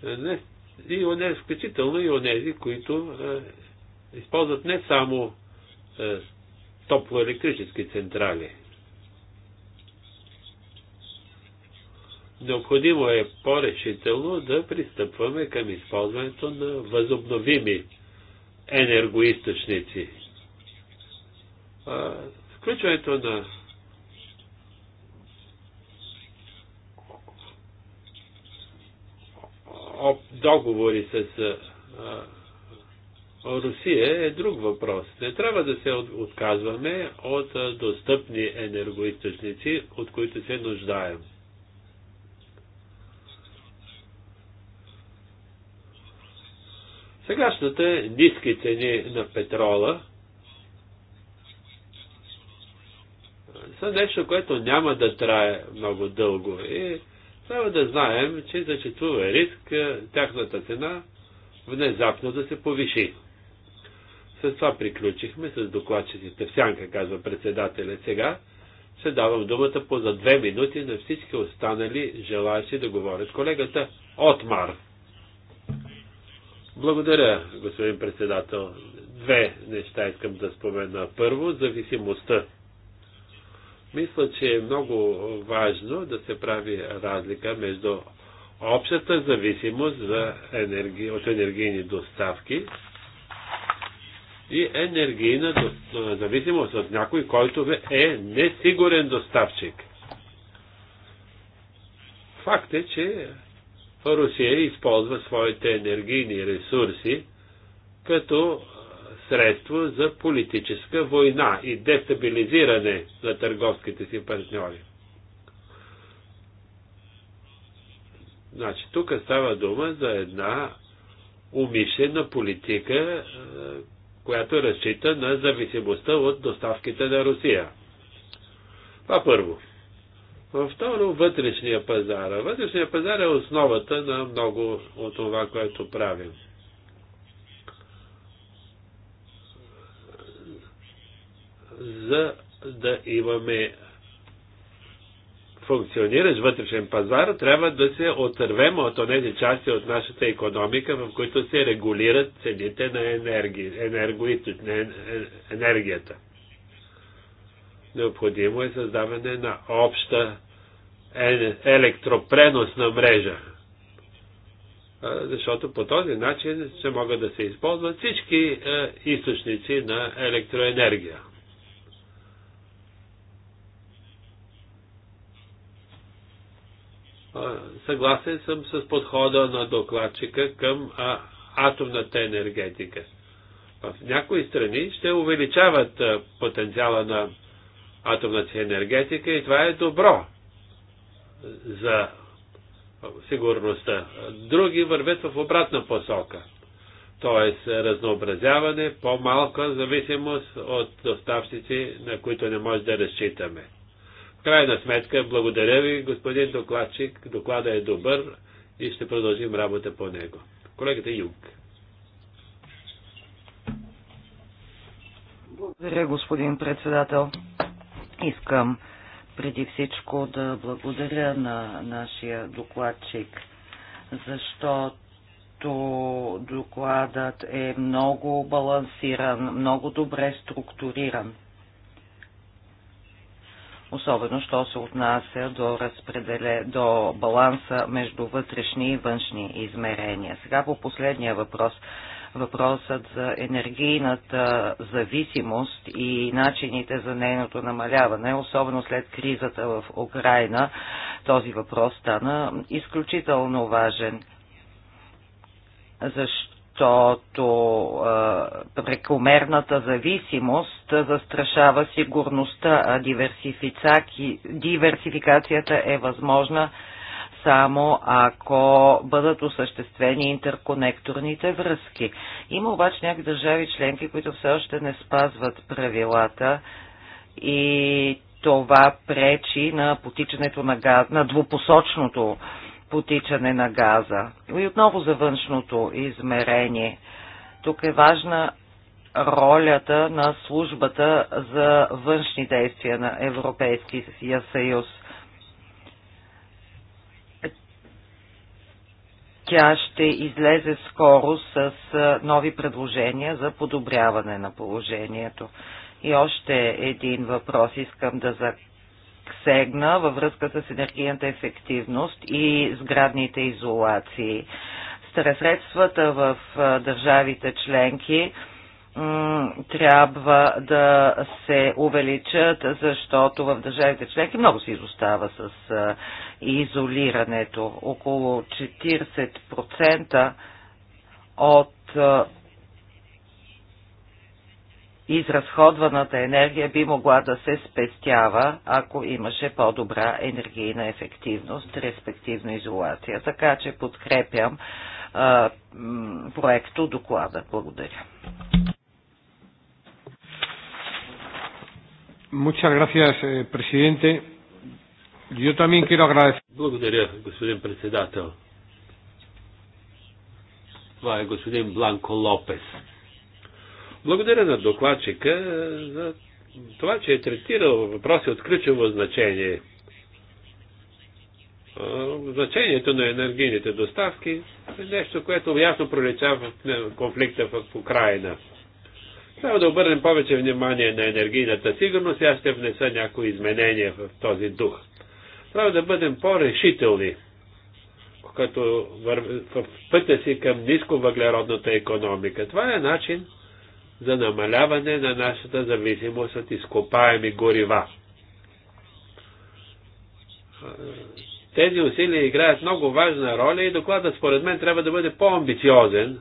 И и онези, включително и онези, които е, използват не само е, топлоелектрически централи. Необходимо е по-решително да пристъпваме към използването на възобновими енергоисточници. Включването на договори с Русия е друг въпрос. Не трябва да се отказваме от достъпни енергоисточници, от които се нуждаем. Сегашната ниски цени на петрола са нещо, което няма да трае много дълго. И трябва да знаем, че съществува риск е, тяхната цена внезапно да се повиши. С това приключихме с докладчиците Всянка, сянка, казва председателя сега. Ще давам думата по за две минути на всички останали желаящи да говорят. Колегата Отмар. Благодаря, господин председател. Две неща искам да спомена. Първо, зависимостта. Мисля, че е много важно да се прави разлика между общата зависимост за енерги... от енергийни доставки и енергийна до... зависимост от някой, който е несигурен доставчик. Факт е, че Русия използва своите енергийни ресурси като средство за политическа война и дестабилизиране на търговските си партньори. Значи, тук става дума за една умишлена политика, е, която разчита на зависимостта от доставките на Русия. Това първо. Второ, вътрешния пазар. Вътрешния пазар е основата на много от това, което правим. За да имаме функциониращ вътрешен пазар, трябва да се отървем от тези части от нашата економика, в които се регулират цените на енергия, е, е, енергията. Необходимо е създаване на обща електропреносна мрежа. Защото по този начин ще могат да се използват всички източници на електроенергия. Съгласен съм с подхода на докладчика към атомната енергетика. В някои страни ще увеличават потенциала на атомната енергетика и това е добро за сигурността. Други вървят в обратна посока. Тоест разнообразяване, по-малка зависимост от доставчици, на които не може да разчитаме. В крайна сметка, благодаря ви, господин докладчик. Доклада е добър и ще продължим работа по него. Колегата Юг. Благодаря, господин председател. Искам преди всичко да благодаря на нашия докладчик, защото докладът е много балансиран, много добре структуриран. Особено, що се отнася до, разпределе, до баланса между вътрешни и външни измерения. Сега по последния въпрос въпросът за енергийната зависимост и начините за нейното намаляване, особено след кризата в Украина, този въпрос стана изключително важен. Защо? защото прекомерната зависимост застрашава сигурността, а диверсификацията е възможна само ако бъдат осъществени интерконекторните връзки. Има обаче някакви държави членки, които все още не спазват правилата и това пречи на потичането на газ, на двупосочното потичане на газа. И отново за външното измерение. Тук е важна ролята на службата за външни действия на Европейския съюз. Тя ще излезе скоро с нови предложения за подобряване на положението. И още един въпрос искам да засегна във връзка с енергийната ефективност и сградните изолации. Средствата в държавите членки трябва да се увеличат, защото в държавите членки много се изостава с изолирането. Около 40% от изразходваната енергия би могла да се спестява, ако имаше по-добра енергийна ефективност, респективно изолация. Така че подкрепям проекто доклада. Благодаря. Muchas gracias, eh, presidente. Yo también quiero agradecer. Благодаря, господин председател. Това е господин Бланко Лопес. Благодаря на докладчика е, за това, че е третирал въпроси от ключово значение. Е, значението на енергийните доставки е нещо, което ясно пролича в е, конфликта в Украина. Трябва да обърнем повече внимание на енергийната сигурност и аз ще внеса някои изменения в този дух. Трябва да бъдем по-решителни като в пътя си към нисковъглеродната економика. Това е начин за намаляване на нашата зависимост от изкопаеми горива. Тези усилия играят много важна роля и докладът според мен трябва да бъде по-амбициозен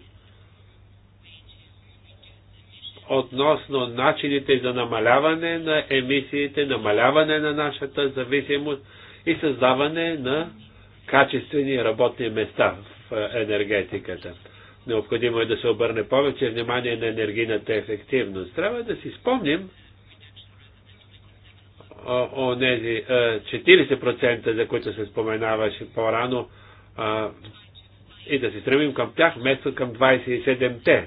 относно начините за намаляване на емисиите, намаляване на нашата зависимост и създаване на качествени работни места в енергетиката. Необходимо е да се обърне повече внимание на енергийната ефективност. Трябва да си спомним нези 40%, е, за които се споменаваше по-рано, и да се стремим към тях, вместо към 27-те.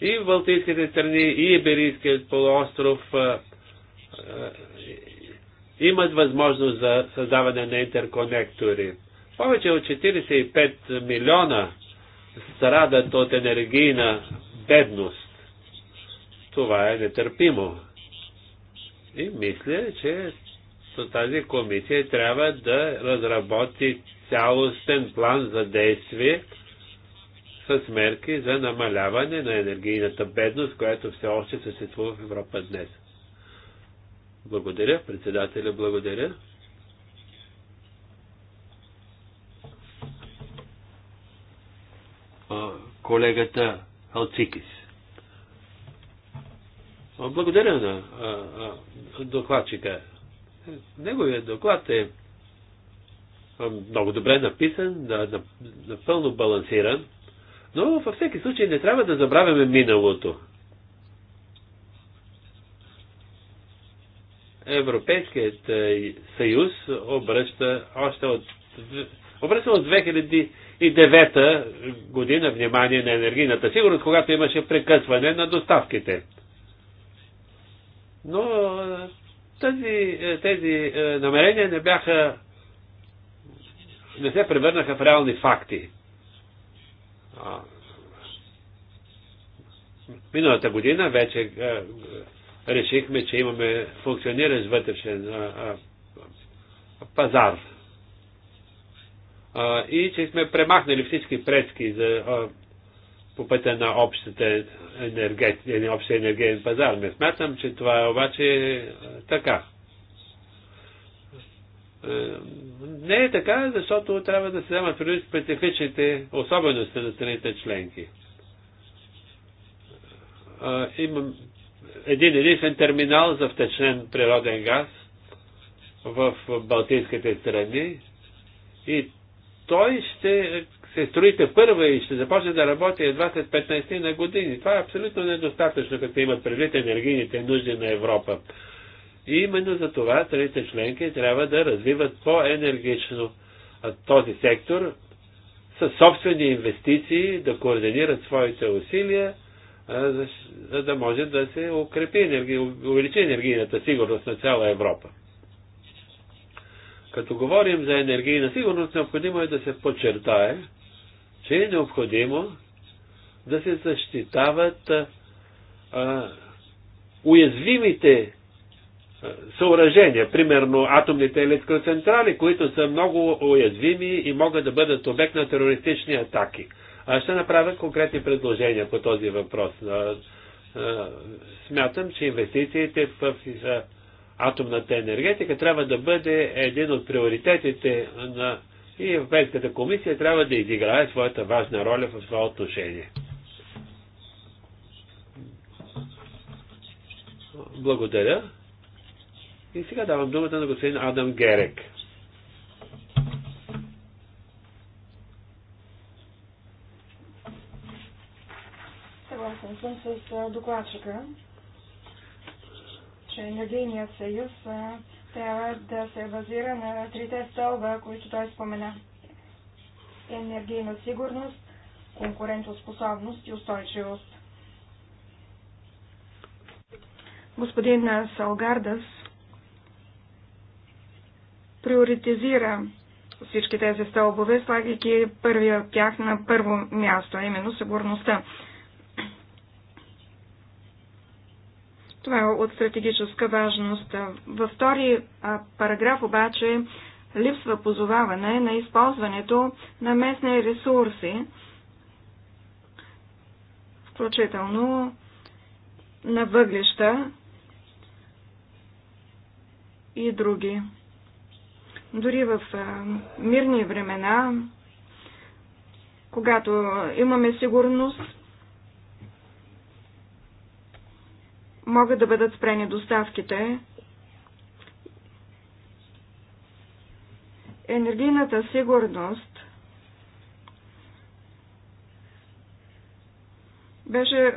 и в Балтийските страни, и Иберийският полуостров имат възможност за създаване на интерконектори. Повече от 45 милиона страдат от енергийна бедност. Това е нетърпимо. И мисля, че тази комисия трябва да разработи цялостен план за действие, с мерки за намаляване на енергийната бедност, която все още съществува в Европа днес. Благодаря, председателя, благодаря. Колегата Алцикис. Благодаря на докладчика. Неговият доклад е много добре написан, напълно балансиран. Но във всеки случай не трябва да забравяме миналото. Европейският е, съюз обръща още от, обръща от 2009 година внимание на енергийната сигурност, когато имаше прекъсване на доставките. Но е, е, тези, тези намерения не бяха не се превърнаха в реални факти. Миналата година вече решихме, че имаме функциониращ вътрешен пазар и че сме премахнали всички пречки за, по пътя на общата общия енергиен пазар. Не смятам, че това е обаче е така. Е, не е така, защото трябва да се вземат предвид специфичните особености на страните членки. Е, имам един единствен терминал за втечнен природен газ в Балтийските страни и той ще се строите първа и ще започне да работи едва след 15 на години. Това е абсолютно недостатъчно, като имат предвид енергийните нужди на Европа. И именно за това страните членки трябва да развиват по-енергично този сектор със собствени инвестиции, да координират своите усилия, за да може да се укрепи увеличи енергийната сигурност на цяла Европа. Като говорим за енергийна сигурност, необходимо е да се подчертае, че е необходимо да се защитават а, уязвимите съоръжения, примерно атомните електроцентрали, които са много уязвими и могат да бъдат обект на терористични атаки. Ще направя конкретни предложения по този въпрос. Смятам, че инвестициите в атомната енергетика трябва да бъде един от приоритетите на и Европейската комисия трябва да изиграе своята важна роля в това отношение. Благодаря. И сега давам думата на господин Адам Герек. Съгласен съм с докладчика, че енергийният съюз трябва да се базира на трите стълба, които той спомена. Енергийна сигурност, конкурентоспособност и устойчивост. Господин Салгардас приоритизира всички тези стълбове, слагайки първия от тях на първо място, а именно сигурността. Това е от стратегическа важност. Във втори параграф обаче липсва позоваване на използването на местни ресурси, включително на въглища и други. Дори в мирни времена, когато имаме сигурност, могат да бъдат спрени доставките. Енергийната сигурност беше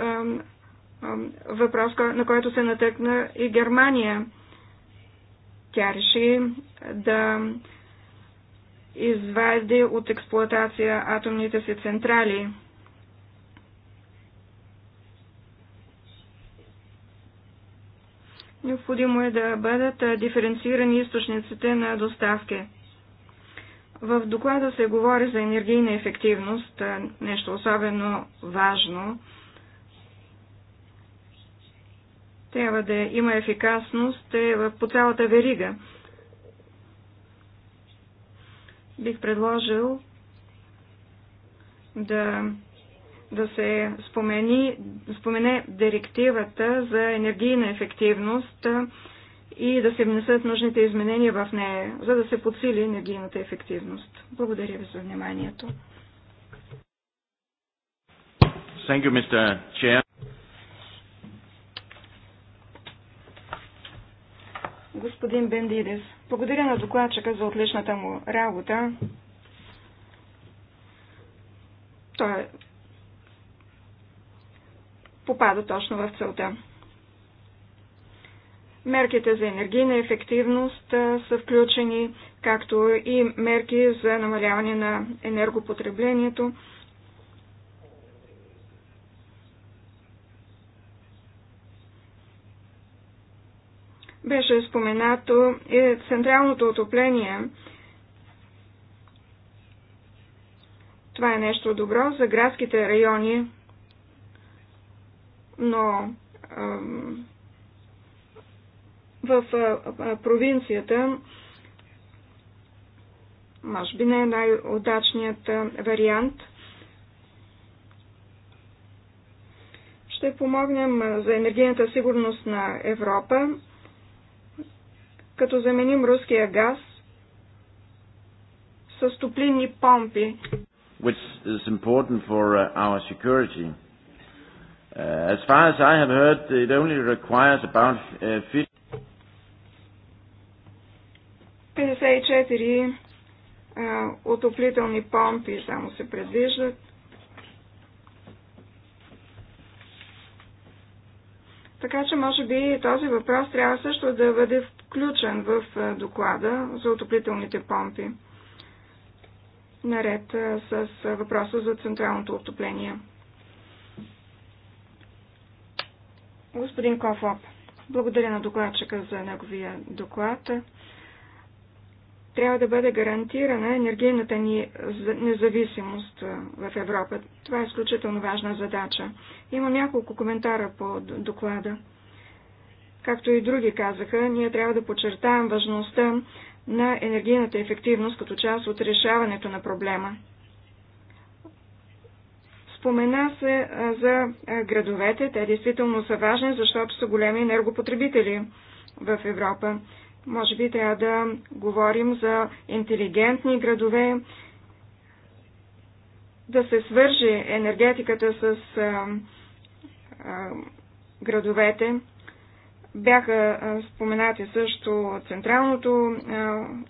въпрос, на който се натъкна и Германия – тя реши да извади от експлоатация атомните си централи. Необходимо е да бъдат диференцирани източниците на доставки. В доклада се говори за енергийна ефективност, нещо особено важно – Трябва да има ефикасност е по цялата верига. Бих предложил да, да се спомени, спомене директивата за енергийна ефективност и да се внесат нужните изменения в нея, за да се подсили енергийната ефективност. Благодаря ви за вниманието. Thank you, Mr. Chair. господин Бендидес. Благодаря на докладчика за отличната му работа. Той попада точно в целта. Мерките за енергийна ефективност са включени, както и мерки за намаляване на енергопотреблението. беше споменато е централното отопление. Това е нещо добро за градските райони, но в провинцията може би не е най-удачният вариант. Ще помогнем за енергийната сигурност на Европа като заменим руския газ с топлинни помпи. Which is important for uh, our security. Uh, as far as I have heard, it only requires about uh, 50 54 uh, отоплителни помпи само се предвиждат. Така че може би този въпрос трябва също да бъде включен в е, доклада за отоплителните помпи, наред е, с е, въпроса за централното отопление. Господин Кофоп, благодаря на докладчика за неговия доклад. Трябва да бъде гарантирана енергийната ни независимост в Европа. Това е изключително важна задача. Има няколко коментара по доклада. Както и други казаха, ние трябва да подчертаем важността на енергийната ефективност като част от решаването на проблема. Спомена се за градовете. Те действително са важни, защото са големи енергопотребители в Европа. Може би трябва да говорим за интелигентни градове, да се свържи енергетиката с а, а, градовете. Бяха споменати също централното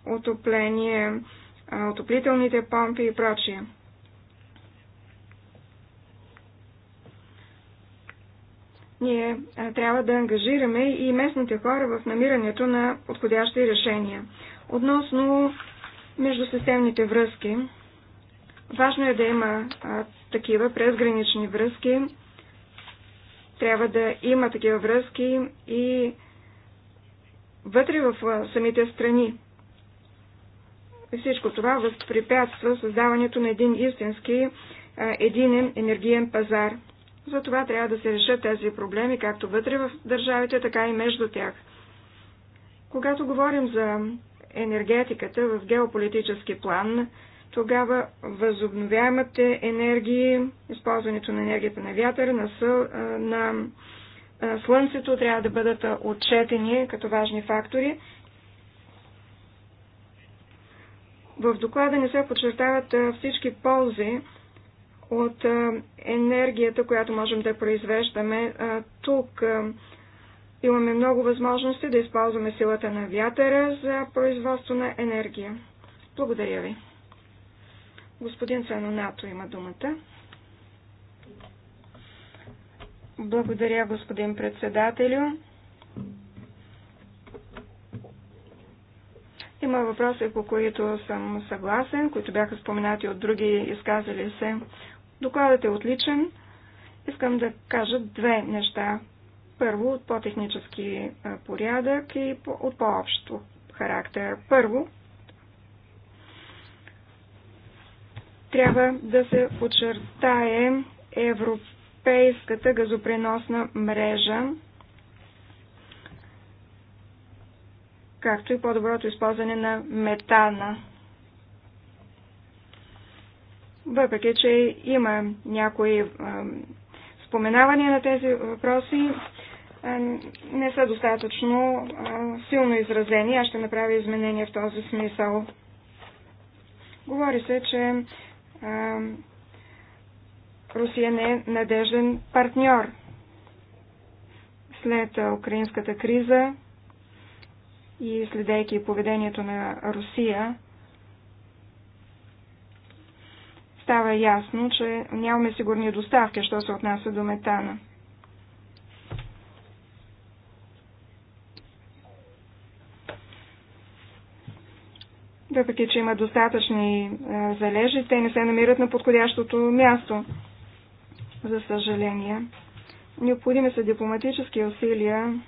отопление, отоплителните помпи и прочие. Ние трябва да ангажираме и местните хора в намирането на подходящи решения. Относно междусистемните връзки, важно е да има такива презгранични връзки, трябва да има такива връзки и вътре в самите страни. И всичко това възпрепятства създаването на един истински единен енергиен пазар. Затова трябва да се решат тези проблеми както вътре в държавите, така и между тях. Когато говорим за енергетиката в геополитически план, тогава възобновяемите енергии, използването на енергията на вятъра, на, съл, на слънцето трябва да бъдат отчетени като важни фактори. В доклада не се подчертават всички ползи от енергията, която можем да произвеждаме тук. Имаме много възможности да използваме силата на вятъра за производство на енергия. Благодаря ви. Господин Цанонато има думата. Благодаря, господин председателю. Има въпроси, по които съм съгласен, които бяха споменати от други изказали се. Докладът е отличен. Искам да кажа две неща. Първо, от по-технически порядък и от по-общо характер. Първо, трябва да се подчертае европейската газопреносна мрежа, както и по-доброто използване на метана. Въпреки, че има някои споменавания на тези въпроси, не са достатъчно силно изразени. Аз ще направя изменения в този смисъл. Говори се, че Русия не е надежден партньор. След украинската криза и следейки поведението на Русия, става ясно, че нямаме сигурни доставки, що се отнася до метана. Въпреки, че има достатъчни е, залежи, те не се намират на подходящото място, за съжаление. Необходими са дипломатически усилия.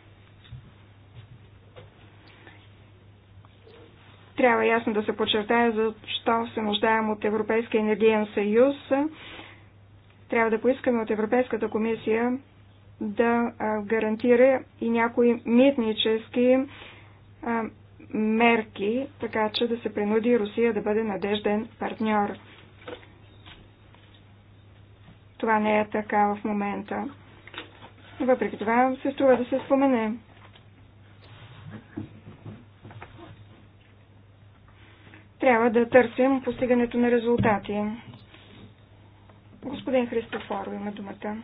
Трябва ясно да се подчертая, защо се нуждаем от Европейския енергиен съюз. Трябва да поискаме от Европейската комисия да гарантира и някои митнически мерки, така че да се принуди Русия да бъде надежден партньор. Това не е така в момента. Въпреки това се струва да се спомене. Трябва да търсим постигането на резултати. Господин Христофор, има думата.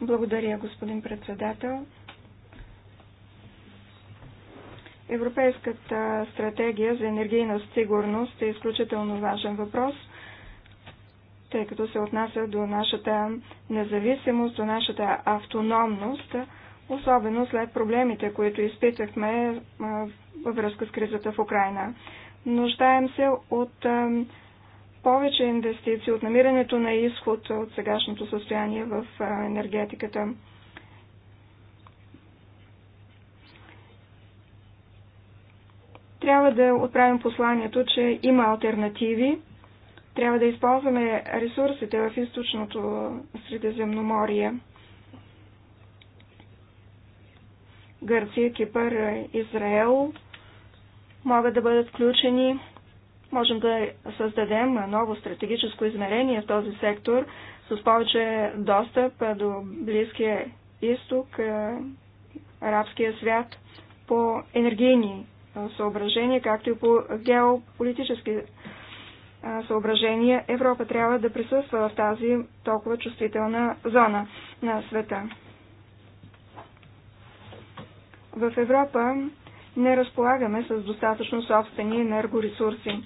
Благодаря, господин председател. Европейската стратегия за енергийна сигурност е изключително важен въпрос, тъй като се отнася до нашата независимост, до нашата автономност, особено след проблемите, които изпитахме във връзка с кризата в Украина. Нуждаем се от повече инвестиции, от намирането на изход от сегашното състояние в енергетиката. Трябва да отправим посланието, че има альтернативи. Трябва да използваме ресурсите в източното Средиземноморие. Гърция, Кипър, Израел могат да бъдат включени. Можем да създадем ново стратегическо измерение в този сектор с повече достъп до Близкия изток, е, арабския свят по енергийни съображения, както и по геополитически съображения, Европа трябва да присъства в тази толкова чувствителна зона на света. В Европа не разполагаме с достатъчно собствени енергоресурси.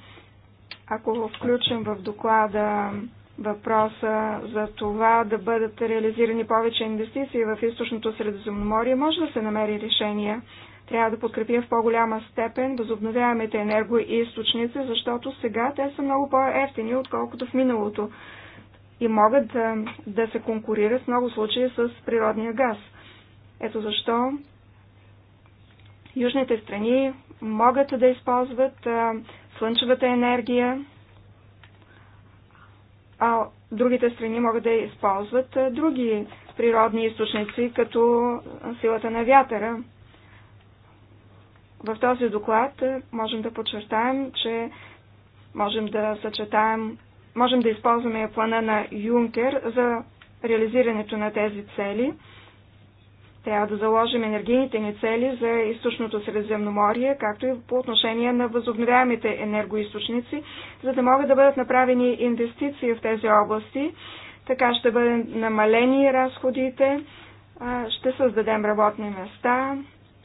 Ако включим в доклада въпроса за това да бъдат реализирани повече инвестиции в източното Средиземноморие, може да се намери решение. Трябва да подкрепим в по-голяма степен възобновяемите енергоисточници, защото сега те са много по-ефтини, отколкото в миналото и могат да, да се конкурират в много случаи с природния газ. Ето защо южните страни могат да използват а, слънчевата енергия, а другите страни могат да използват а, други природни източници, като силата на вятъра. В този доклад е, можем да подчертаем, че можем да съчетаем, можем да използваме плана на Юнкер за реализирането на тези цели. Трябва да заложим енергийните ни цели за източното Средиземноморие, както и по отношение на възобновяемите енергоисточници, за да могат да бъдат направени инвестиции в тези области. Така ще бъдат намалени разходите, ще създадем работни места,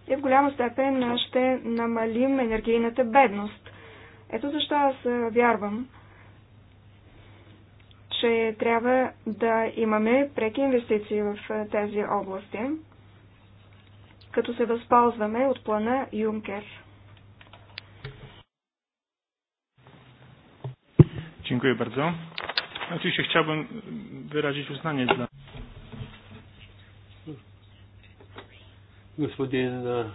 и в голяма степен ще намалим енергийната бедност. Ето защо аз вярвам, че трябва да имаме преки инвестиции в тези области, като се възползваме от плана Юнкер. Dziękuję bardzo. Oczywiście chciałbym wyrazić uznanie dla... господин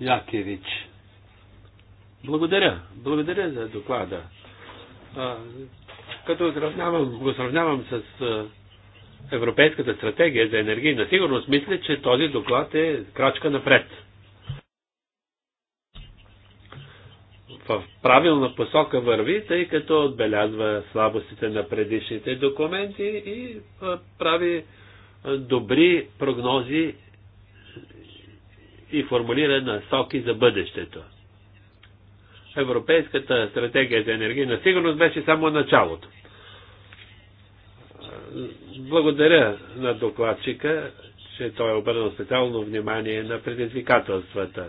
Якевич. Благодаря. Благодаря за доклада. като сравнявам, го сравнявам с Европейската стратегия за енергийна сигурност, мисля, че този доклад е крачка напред. В правилна посока върви, тъй като отбелязва слабостите на предишните документи и прави добри прогнози и формулира насоки за бъдещето. Европейската стратегия за енергийна сигурност беше само началото. Благодаря на докладчика, че той е обърнал специално внимание на предизвикателствата.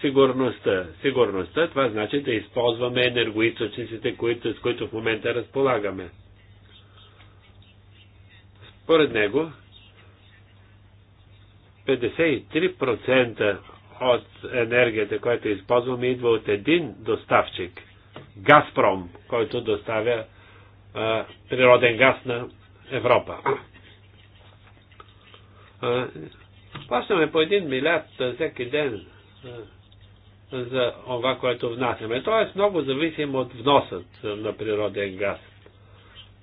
Сигурността. Сигурността, това значи да използваме енергоисточниците, които, с които в момента разполагаме. Според него, 53% от енергията, която използваме, идва от един доставчик Газпром, който доставя а, природен газ на Европа. А, плащаме по един милиард всеки ден а, за това, което внасяме. Тоест много зависим от вносът на природен газ.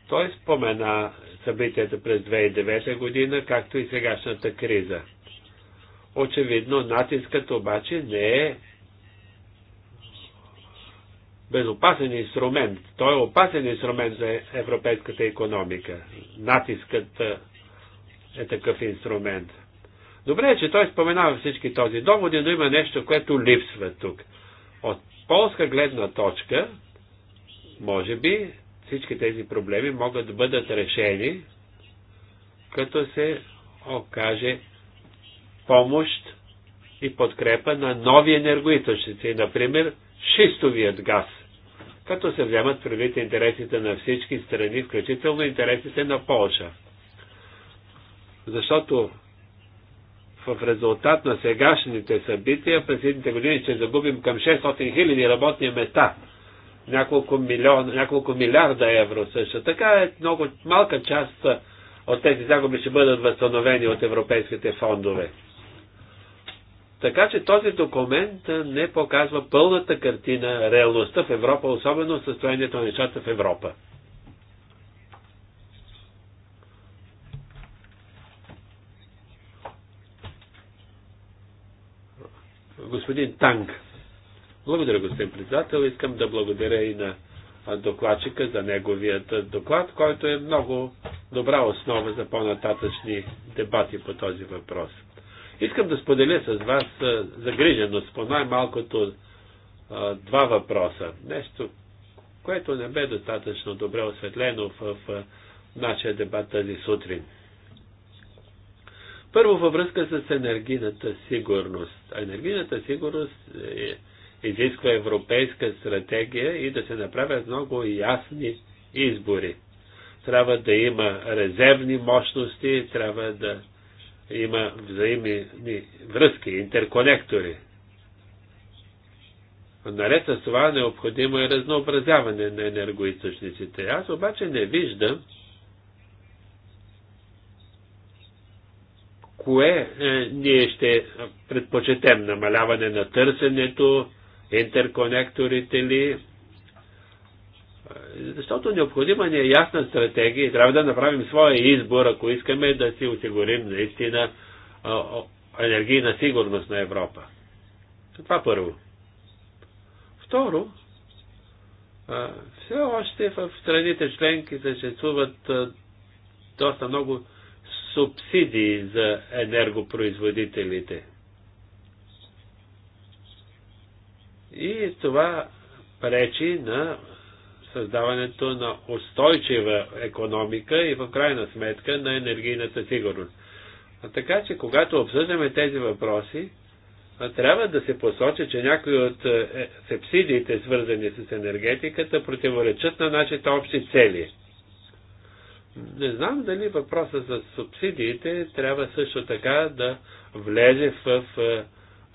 Той спомена събитията през 2009 година, както и сегашната криза. Очевидно, натискът обаче не е безопасен инструмент. Той е опасен инструмент за европейската економика. Натискът е такъв инструмент. Добре е, че той споменава всички този доводи, но има нещо, което липсва тук. От полска гледна точка, може би, всички тези проблеми могат да бъдат решени, като се окаже помощ и подкрепа на нови енергоисточници, например шистовият газ, като се вземат предвид интересите на всички страни, включително интересите на Полша. Защото в резултат на сегашните събития през следните години ще загубим към 600 хиляди работни места, няколко, милион, няколко милиарда евро също. Така е много малка част от тези загуби ще бъдат възстановени от европейските фондове. Така че този документ не показва пълната картина, реалността в Европа, особено състоянието на нещата в Европа. Господин Танг. Благодаря, господин председател. Искам да благодаря и на докладчика за неговият доклад, който е много добра основа за по-нататъчни дебати по този въпрос. Искам да споделя с вас загриженост по най-малкото два въпроса. Нещо, което не бе достатъчно добре осветлено в, в нашия дебат тази сутрин. Първо във връзка с енергийната сигурност. Енергийната сигурност е, изисква европейска стратегия и да се направят много ясни избори. Трябва да има резервни мощности, трябва да има взаимни връзки, интерконектори. Наред с това необходимо е разнообразяване на енергоисточниците. Аз обаче не виждам кое е, ние ще предпочетем. Намаляване на търсенето, интерконекторите ли, защото необходима ни е ясна стратегия и трябва да направим своя избор, ако искаме да си осигурим наистина енергийна сигурност на Европа. Това първо. Второ, все още в страните членки съществуват доста много субсидии за енергопроизводителите. И това пречи на създаването на устойчива економика и в крайна сметка на енергийната сигурност. А така че, когато обсъждаме тези въпроси, трябва да се посочи, че някои от е, е, субсидиите, свързани с енергетиката, противоречат на нашите общи цели. Не знам дали въпроса за субсидиите трябва също така да влезе в е,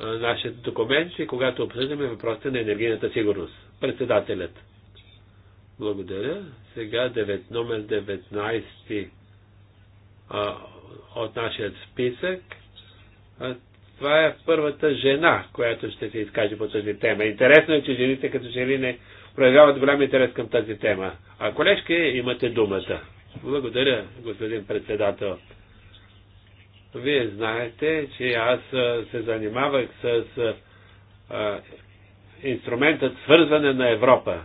нашите документи, когато обсъждаме въпросите на енергийната сигурност. Председателят. Благодаря. Сега 9, номер 19 а, от нашия списък. А, това е първата жена, която ще се изкаже по тази тема. Интересно е, че жените като жени, не проявяват голям интерес към тази тема. А колежки, имате думата. Благодаря, господин председател. Вие знаете, че аз се занимавах с а, инструментът свързване на Европа.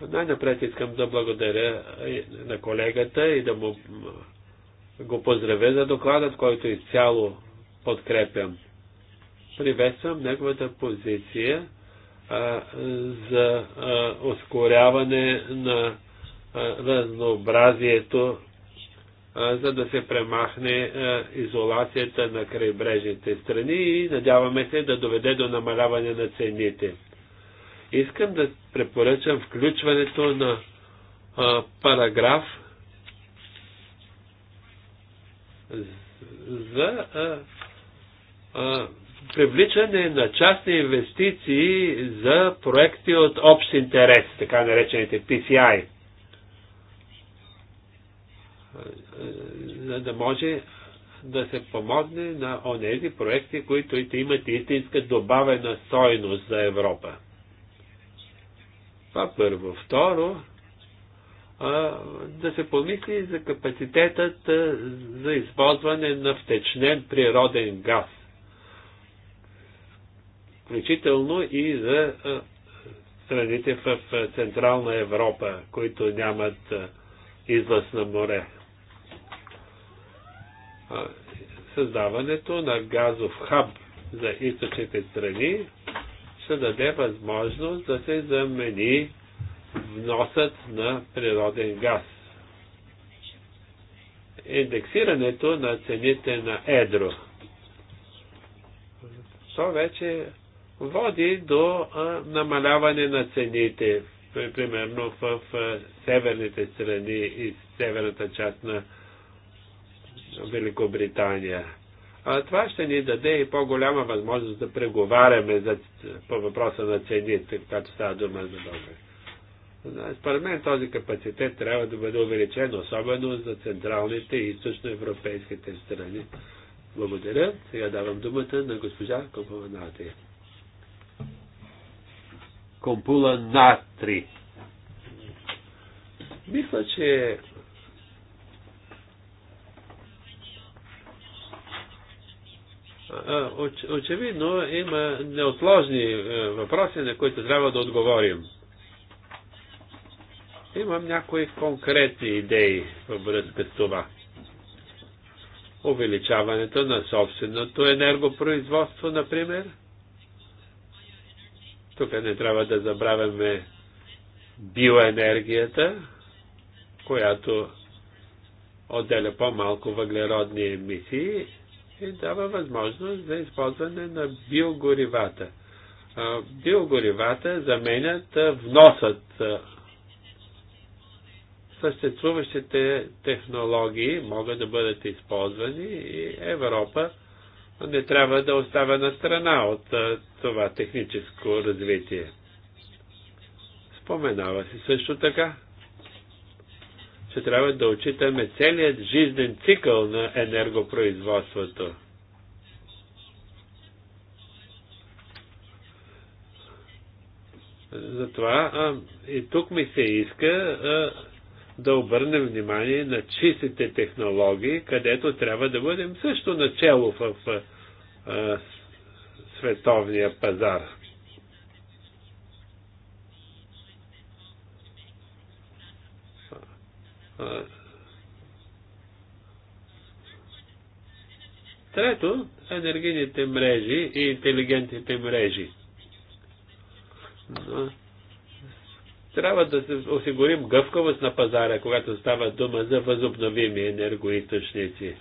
Най-напред искам да благодаря на колегата и да му го поздравя за докладът, който изцяло подкрепям. Приветствам неговата позиция а, за а, ускоряване на а, разнообразието, а, за да се премахне а, изолацията на крайбрежните страни и надяваме се да доведе до намаляване на цените. Искам да препоръчам включването на а, параграф за а, а, привличане на частни инвестиции за проекти от общ интерес, така наречените PCI. За да може да се помогне на онези проекти, които имат истинска добавена стойност за Европа. Това първо. Второ, да се помисли за капацитетът за използване на втечнен природен газ. Включително и за страните в Централна Европа, които нямат излъз на море. Създаването на газов хаб за източните страни ще даде възможност да се замени вносът на природен газ. Индексирането на цените на едро. То вече води до а, намаляване на цените, примерно в, в северните страни и северната част на Великобритания това ще ни даде и по-голяма възможност да преговаряме за, по въпроса на цените, когато става дума за България. Според мен този капацитет трябва да бъде увеличен, особено за централните и източноевропейските страни. Благодаря. Сега давам думата на госпожа Компула Натри. Компула Натри. Мисля, че очевидно има неотложни е, въпроси, на които трябва да отговорим. Имам някои конкретни идеи във връзка с това. Увеличаването на собственото енергопроизводство, например. Тук не трябва да забравяме биоенергията, която отделя по-малко въглеродни емисии и дава възможност за използване на биогоривата. Биогоривата заменят вносът съществуващите технологии могат да бъдат използвани и Европа не трябва да остава на страна от това техническо развитие. Споменава се също така ще трябва да отчитаме целият жизнен цикъл на енергопроизводството. Затова а, и тук ми се иска а, да обърнем внимание на чистите технологии, където трябва да бъдем също начало в а, световния пазар. Трето, енергийните мрежи и интелигентните мрежи. Трябва да се осигурим гъвкавост на пазара, когато става дума за възобновими енергоисточници.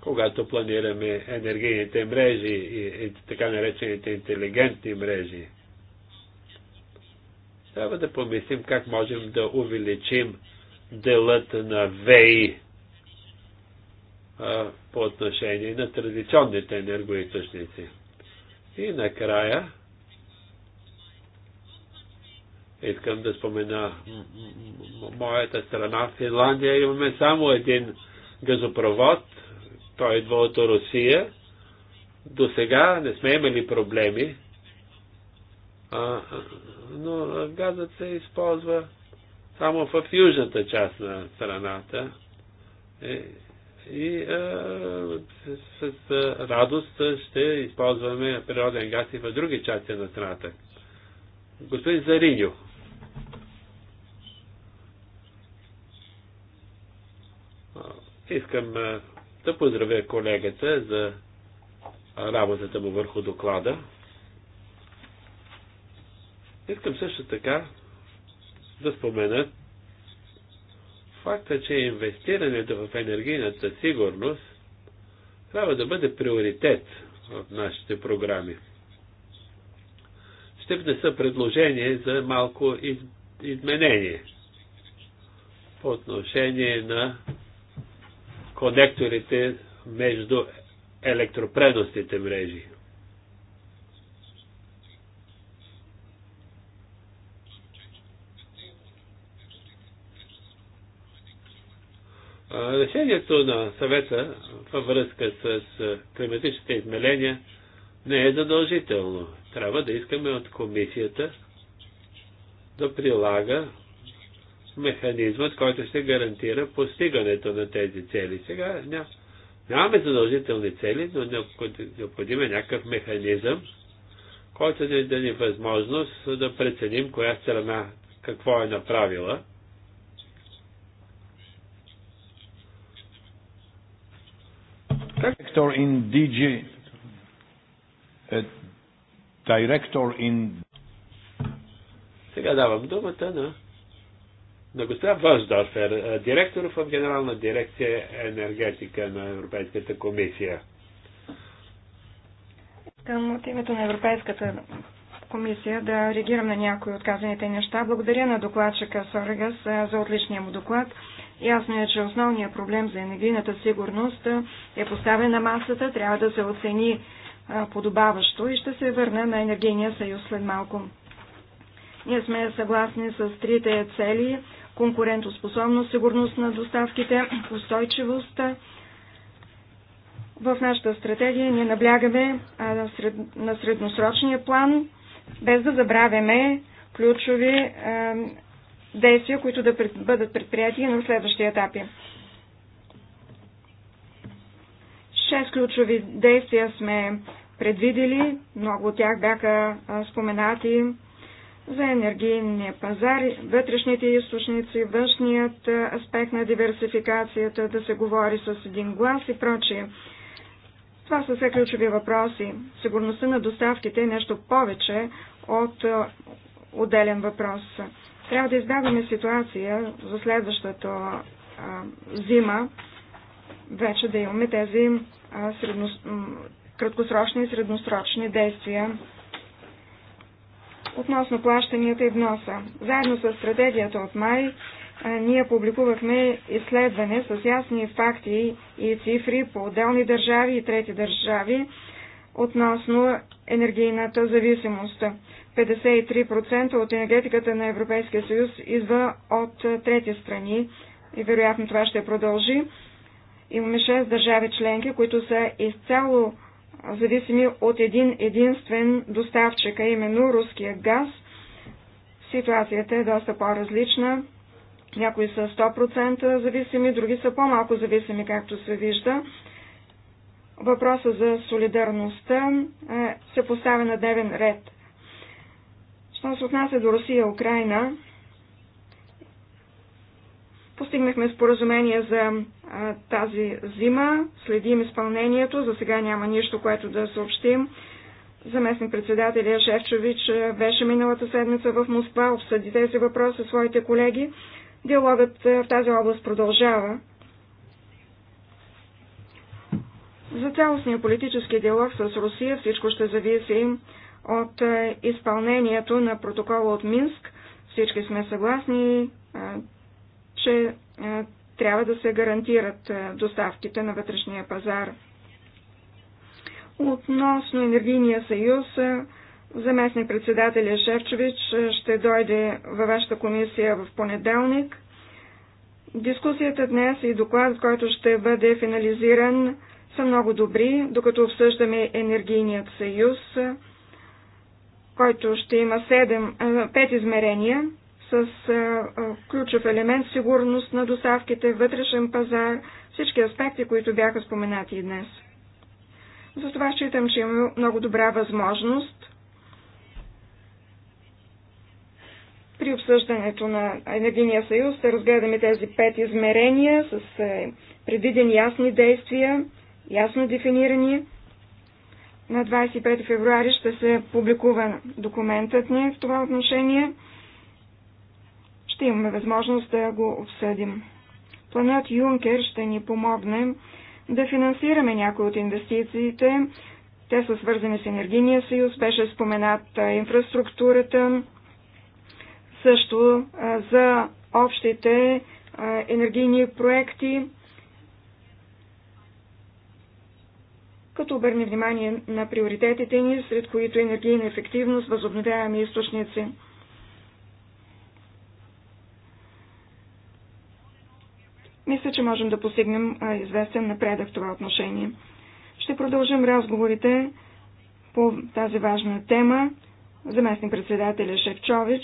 Когато планираме енергийните мрежи и, и така наречените интелигентни мрежи, трябва да помислим как можем да увеличим делът на ВЕИ а, по отношение на традиционните енергоисточници. И накрая искам да спомена моята страна Финландия. Имаме само един газопровод. Той идва от Русия. До сега не сме имали проблеми, а, но газът се използва само в южната част на страната. Е, и, с, с радост ще използваме природен газ и в други части на страната. Господин Зариньо. Искам да поздравя колегата за работата му върху доклада. Искам също така да спомена факта, че инвестирането в енергийната сигурност трябва да бъде приоритет в нашите програми. Ще внеса предложение за малко изменение по отношение на конекторите между електропреносните мрежи. Решението на съвета във връзка с климатичните измерения не е задължително. Трябва да искаме от комисията да прилага механизмът, който ще гарантира постигането на тези цели. Сега ням, нямаме задължителни цели, но необходим е някакъв механизъм, който да ни даде възможност да преценим коя страна какво е направила director in DG, uh, director in... Сега давам думата на, на госпожа Въздорфер, е, директор в Генерална дирекция енергетика на Европейската комисия. Искам от името на Европейската комисия да реагирам на някои от казаните неща. Благодаря на докладчика Сорегас е, за отличния му доклад. Ясно е, че основният проблем за енергийната сигурност е поставен на масата, трябва да се оцени подобаващо и ще се върна на енергийния съюз след малко. Ние сме съгласни с трите цели – конкурентоспособност, сигурност на доставките, устойчивост. В нашата стратегия ние наблягаме на средносрочния план, без да забравяме ключови действия, които да бъдат предприяти на следващия етапи. Е. Шест ключови действия сме предвидели, много от тях бяха споменати за енергийния пазар, вътрешните източници, външният аспект на диверсификацията, да се говори с един глас и прочие. Това са все ключови въпроси. Сигурността на доставките е нещо повече от отделен въпрос. Трябва да издаваме ситуация за следващата а, зима, вече да имаме тези а, средно, краткосрочни и средносрочни действия относно плащанията и вноса. Заедно с стратегията от май ние публикувахме изследване с ясни факти и цифри по отделни държави и трети държави относно енергийната зависимост. 53% от енергетиката на Европейския съюз идва от трети страни и вероятно това ще продължи. Имаме 6 държави членки, които са изцяло зависими от един единствен доставчик, а именно руския газ. Ситуацията е доста по-различна. Някои са 100% зависими, други са по-малко зависими, както се вижда. Въпроса за солидарността се поставя на дневен ред Що се отнася до Русия и Украина, постигнахме споразумение за а, тази зима, следим изпълнението, за сега няма нищо, което да съобщим. Заместник председателя Шевчович беше миналата седмица в Москва, обсъди тези въпроси със своите колеги. Диалогът в тази област продължава. За цялостния политически диалог с Русия всичко ще зависи от е, изпълнението на протокола от Минск. Всички сме съгласни, е, че е, трябва да се гарантират доставките на вътрешния пазар. Относно енергийния съюз, заместник председателя Шевчевич ще дойде във вашата комисия в понеделник. Дискусията днес и докладът, който ще бъде финализиран, са много добри, докато обсъждаме енергийният съюз който ще има 7, 5 измерения с ключов елемент сигурност на доставките, вътрешен пазар, всички аспекти, които бяха споменати и днес. Затова считам, че има много добра възможност при обсъждането на Енергийния съюз да разгледаме тези пет измерения с е, предвидени ясни действия, ясно дефинирани на 25 февруари ще се публикува документът ни в това отношение. Ще имаме възможност да го обсъдим. Планът Юнкер ще ни помогне да финансираме някои от инвестициите. Те са свързани с енергийния съюз, беше спомената инфраструктурата, също за общите енергийни проекти. като обърне внимание на приоритетите ни, сред които енергийна ефективност, възобновяеми източници. Мисля, че можем да постигнем известен напредък в това отношение. Ще продължим разговорите по тази важна тема. Заместник председателя Шевчович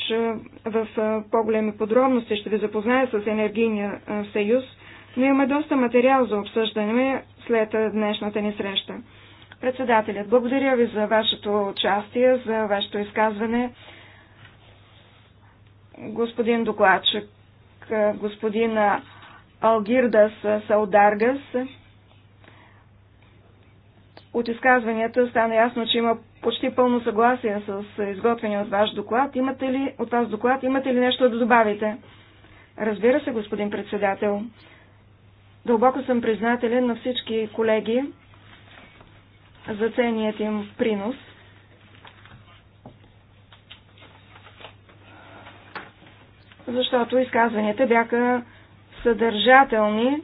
в по-големи подробности ще ви запозная с Енергийния съюз – но има доста материал за обсъждане след днешната ни среща. Председателят, благодаря ви за вашето участие, за вашето изказване. Господин докладчик, господин Алгирдас Саударгас, от изказванията стана ясно, че има почти пълно съгласие с изготвения от ваш доклад. Имате ли, от вас доклад, имате ли нещо да добавите? Разбира се, господин председател. Дълбоко съм признателен на всички колеги за ценният им принос. Защото изказванията бяха съдържателни.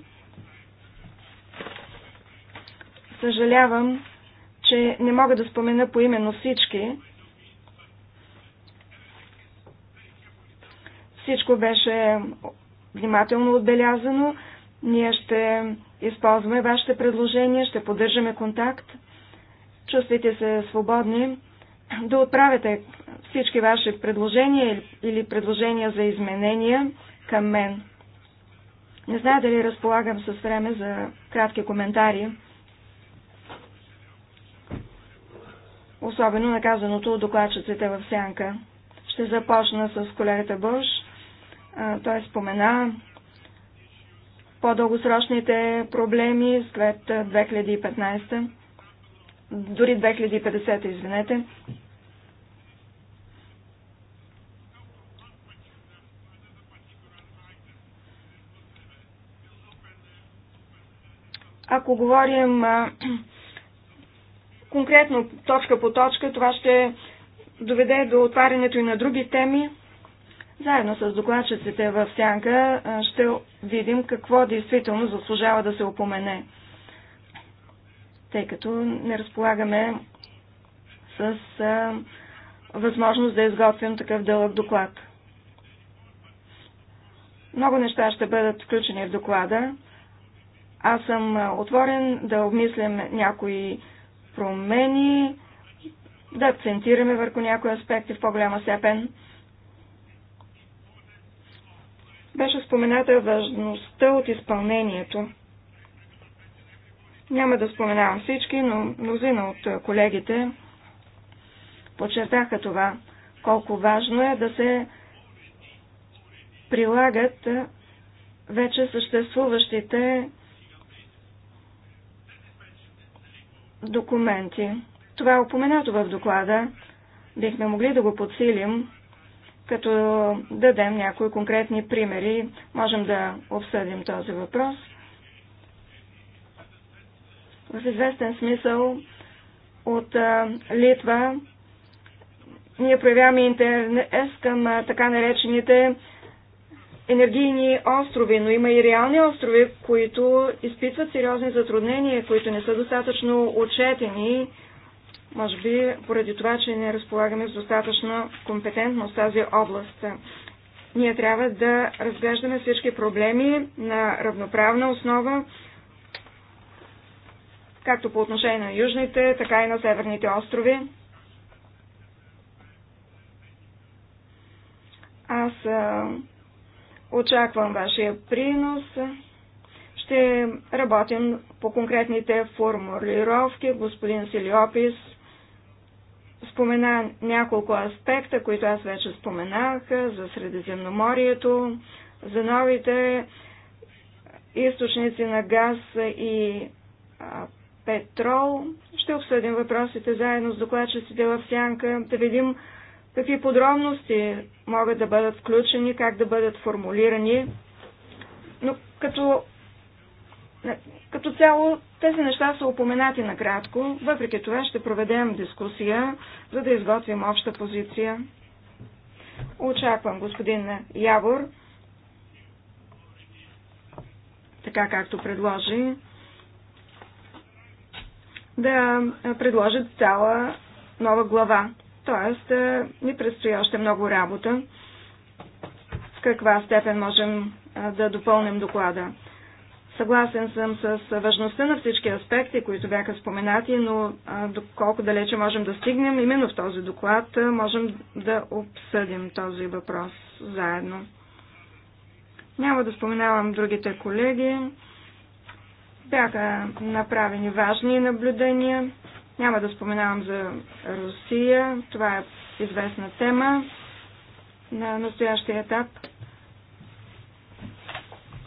Съжалявам, че не мога да спомена поименно всички. Всичко беше внимателно отбелязано. Ние ще използваме вашите предложения, ще поддържаме контакт. Чувствайте се свободни да отправяте всички ваши предложения или предложения за изменения към мен. Не зная дали разполагам с време за кратки коментари. Особено наказаното от докладчиците в сянка. Ще започна с колегата Бош. Той спомена по-дългосрочните проблеми след 2015, дори 2050, извинете. Ако говорим конкретно точка по точка, това ще доведе до отварянето и на други теми. Заедно с докладчиците в сянка ще видим какво действително заслужава да се опомене, тъй като не разполагаме с а, възможност да изготвим такъв дълъг доклад. Много неща ще бъдат включени в доклада. Аз съм отворен да обмислям някои промени, да акцентираме върху някои аспекти в по-голяма степен. Беше спомената важността от изпълнението. Няма да споменавам всички, но мнозина от колегите подчертаха това, колко важно е да се прилагат вече съществуващите документи. Това е упоменато в доклада. Бихме могли да го подсилим като дадем някои конкретни примери, можем да обсъдим този въпрос. В известен смисъл от Литва ние проявяваме интерес към така наречените енергийни острови, но има и реални острови, които изпитват сериозни затруднения, които не са достатъчно отчетени може би поради това, че не разполагаме с достатъчна компетентност в тази област. Ние трябва да разглеждаме всички проблеми на равноправна основа, както по отношение на южните, така и на северните острови. Аз очаквам вашия принос. Ще работим по конкретните формулировки. Господин Силиопис спомена няколко аспекта, които аз вече споменах, за Средиземноморието, за новите източници на газ и а, петрол. Ще обсъдим въпросите заедно с докладчиците в сянка, да видим какви подробности могат да бъдат включени, как да бъдат формулирани. Но като, като цяло тези неща са упоменати накратко, въпреки това ще проведем дискусия, за да изготвим обща позиция. Очаквам господин Явор, така както предложи, да предложи цяла нова глава. Тоест, е, ни предстои още много работа. В каква степен можем е, да допълним доклада? Съгласен съм с важността на всички аспекти, които бяха споменати, но доколко далече можем да стигнем, именно в този доклад можем да обсъдим този въпрос заедно. Няма да споменавам другите колеги. Бяха направени важни наблюдения. Няма да споменавам за Русия. Това е известна тема на настоящия етап.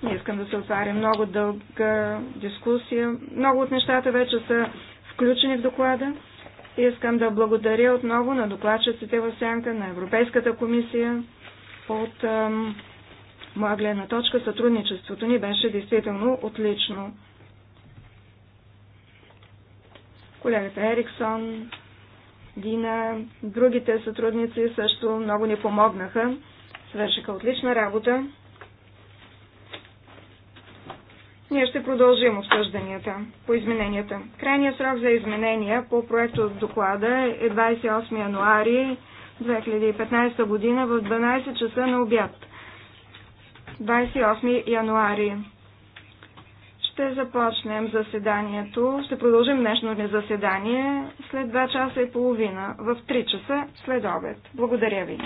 Не искам да се отваря много дълга дискусия. Много от нещата вече са включени в доклада. Искам да благодаря отново на докладчиците в сянка на Европейската комисия. От ам, моя гледна точка сътрудничеството ни беше действително отлично. Колегата Ериксон, Дина, другите сътрудници също много ни помогнаха. Свършиха отлична работа. Ние ще продължим обсъжданията по измененията. Крайният срок за изменения по проекта от доклада е 28 януари 2015 година в 12 часа на обяд. 28 януари. Ще започнем заседанието. Ще продължим днешно ни заседание след 2 часа и половина в 3 часа след обед. Благодаря ви.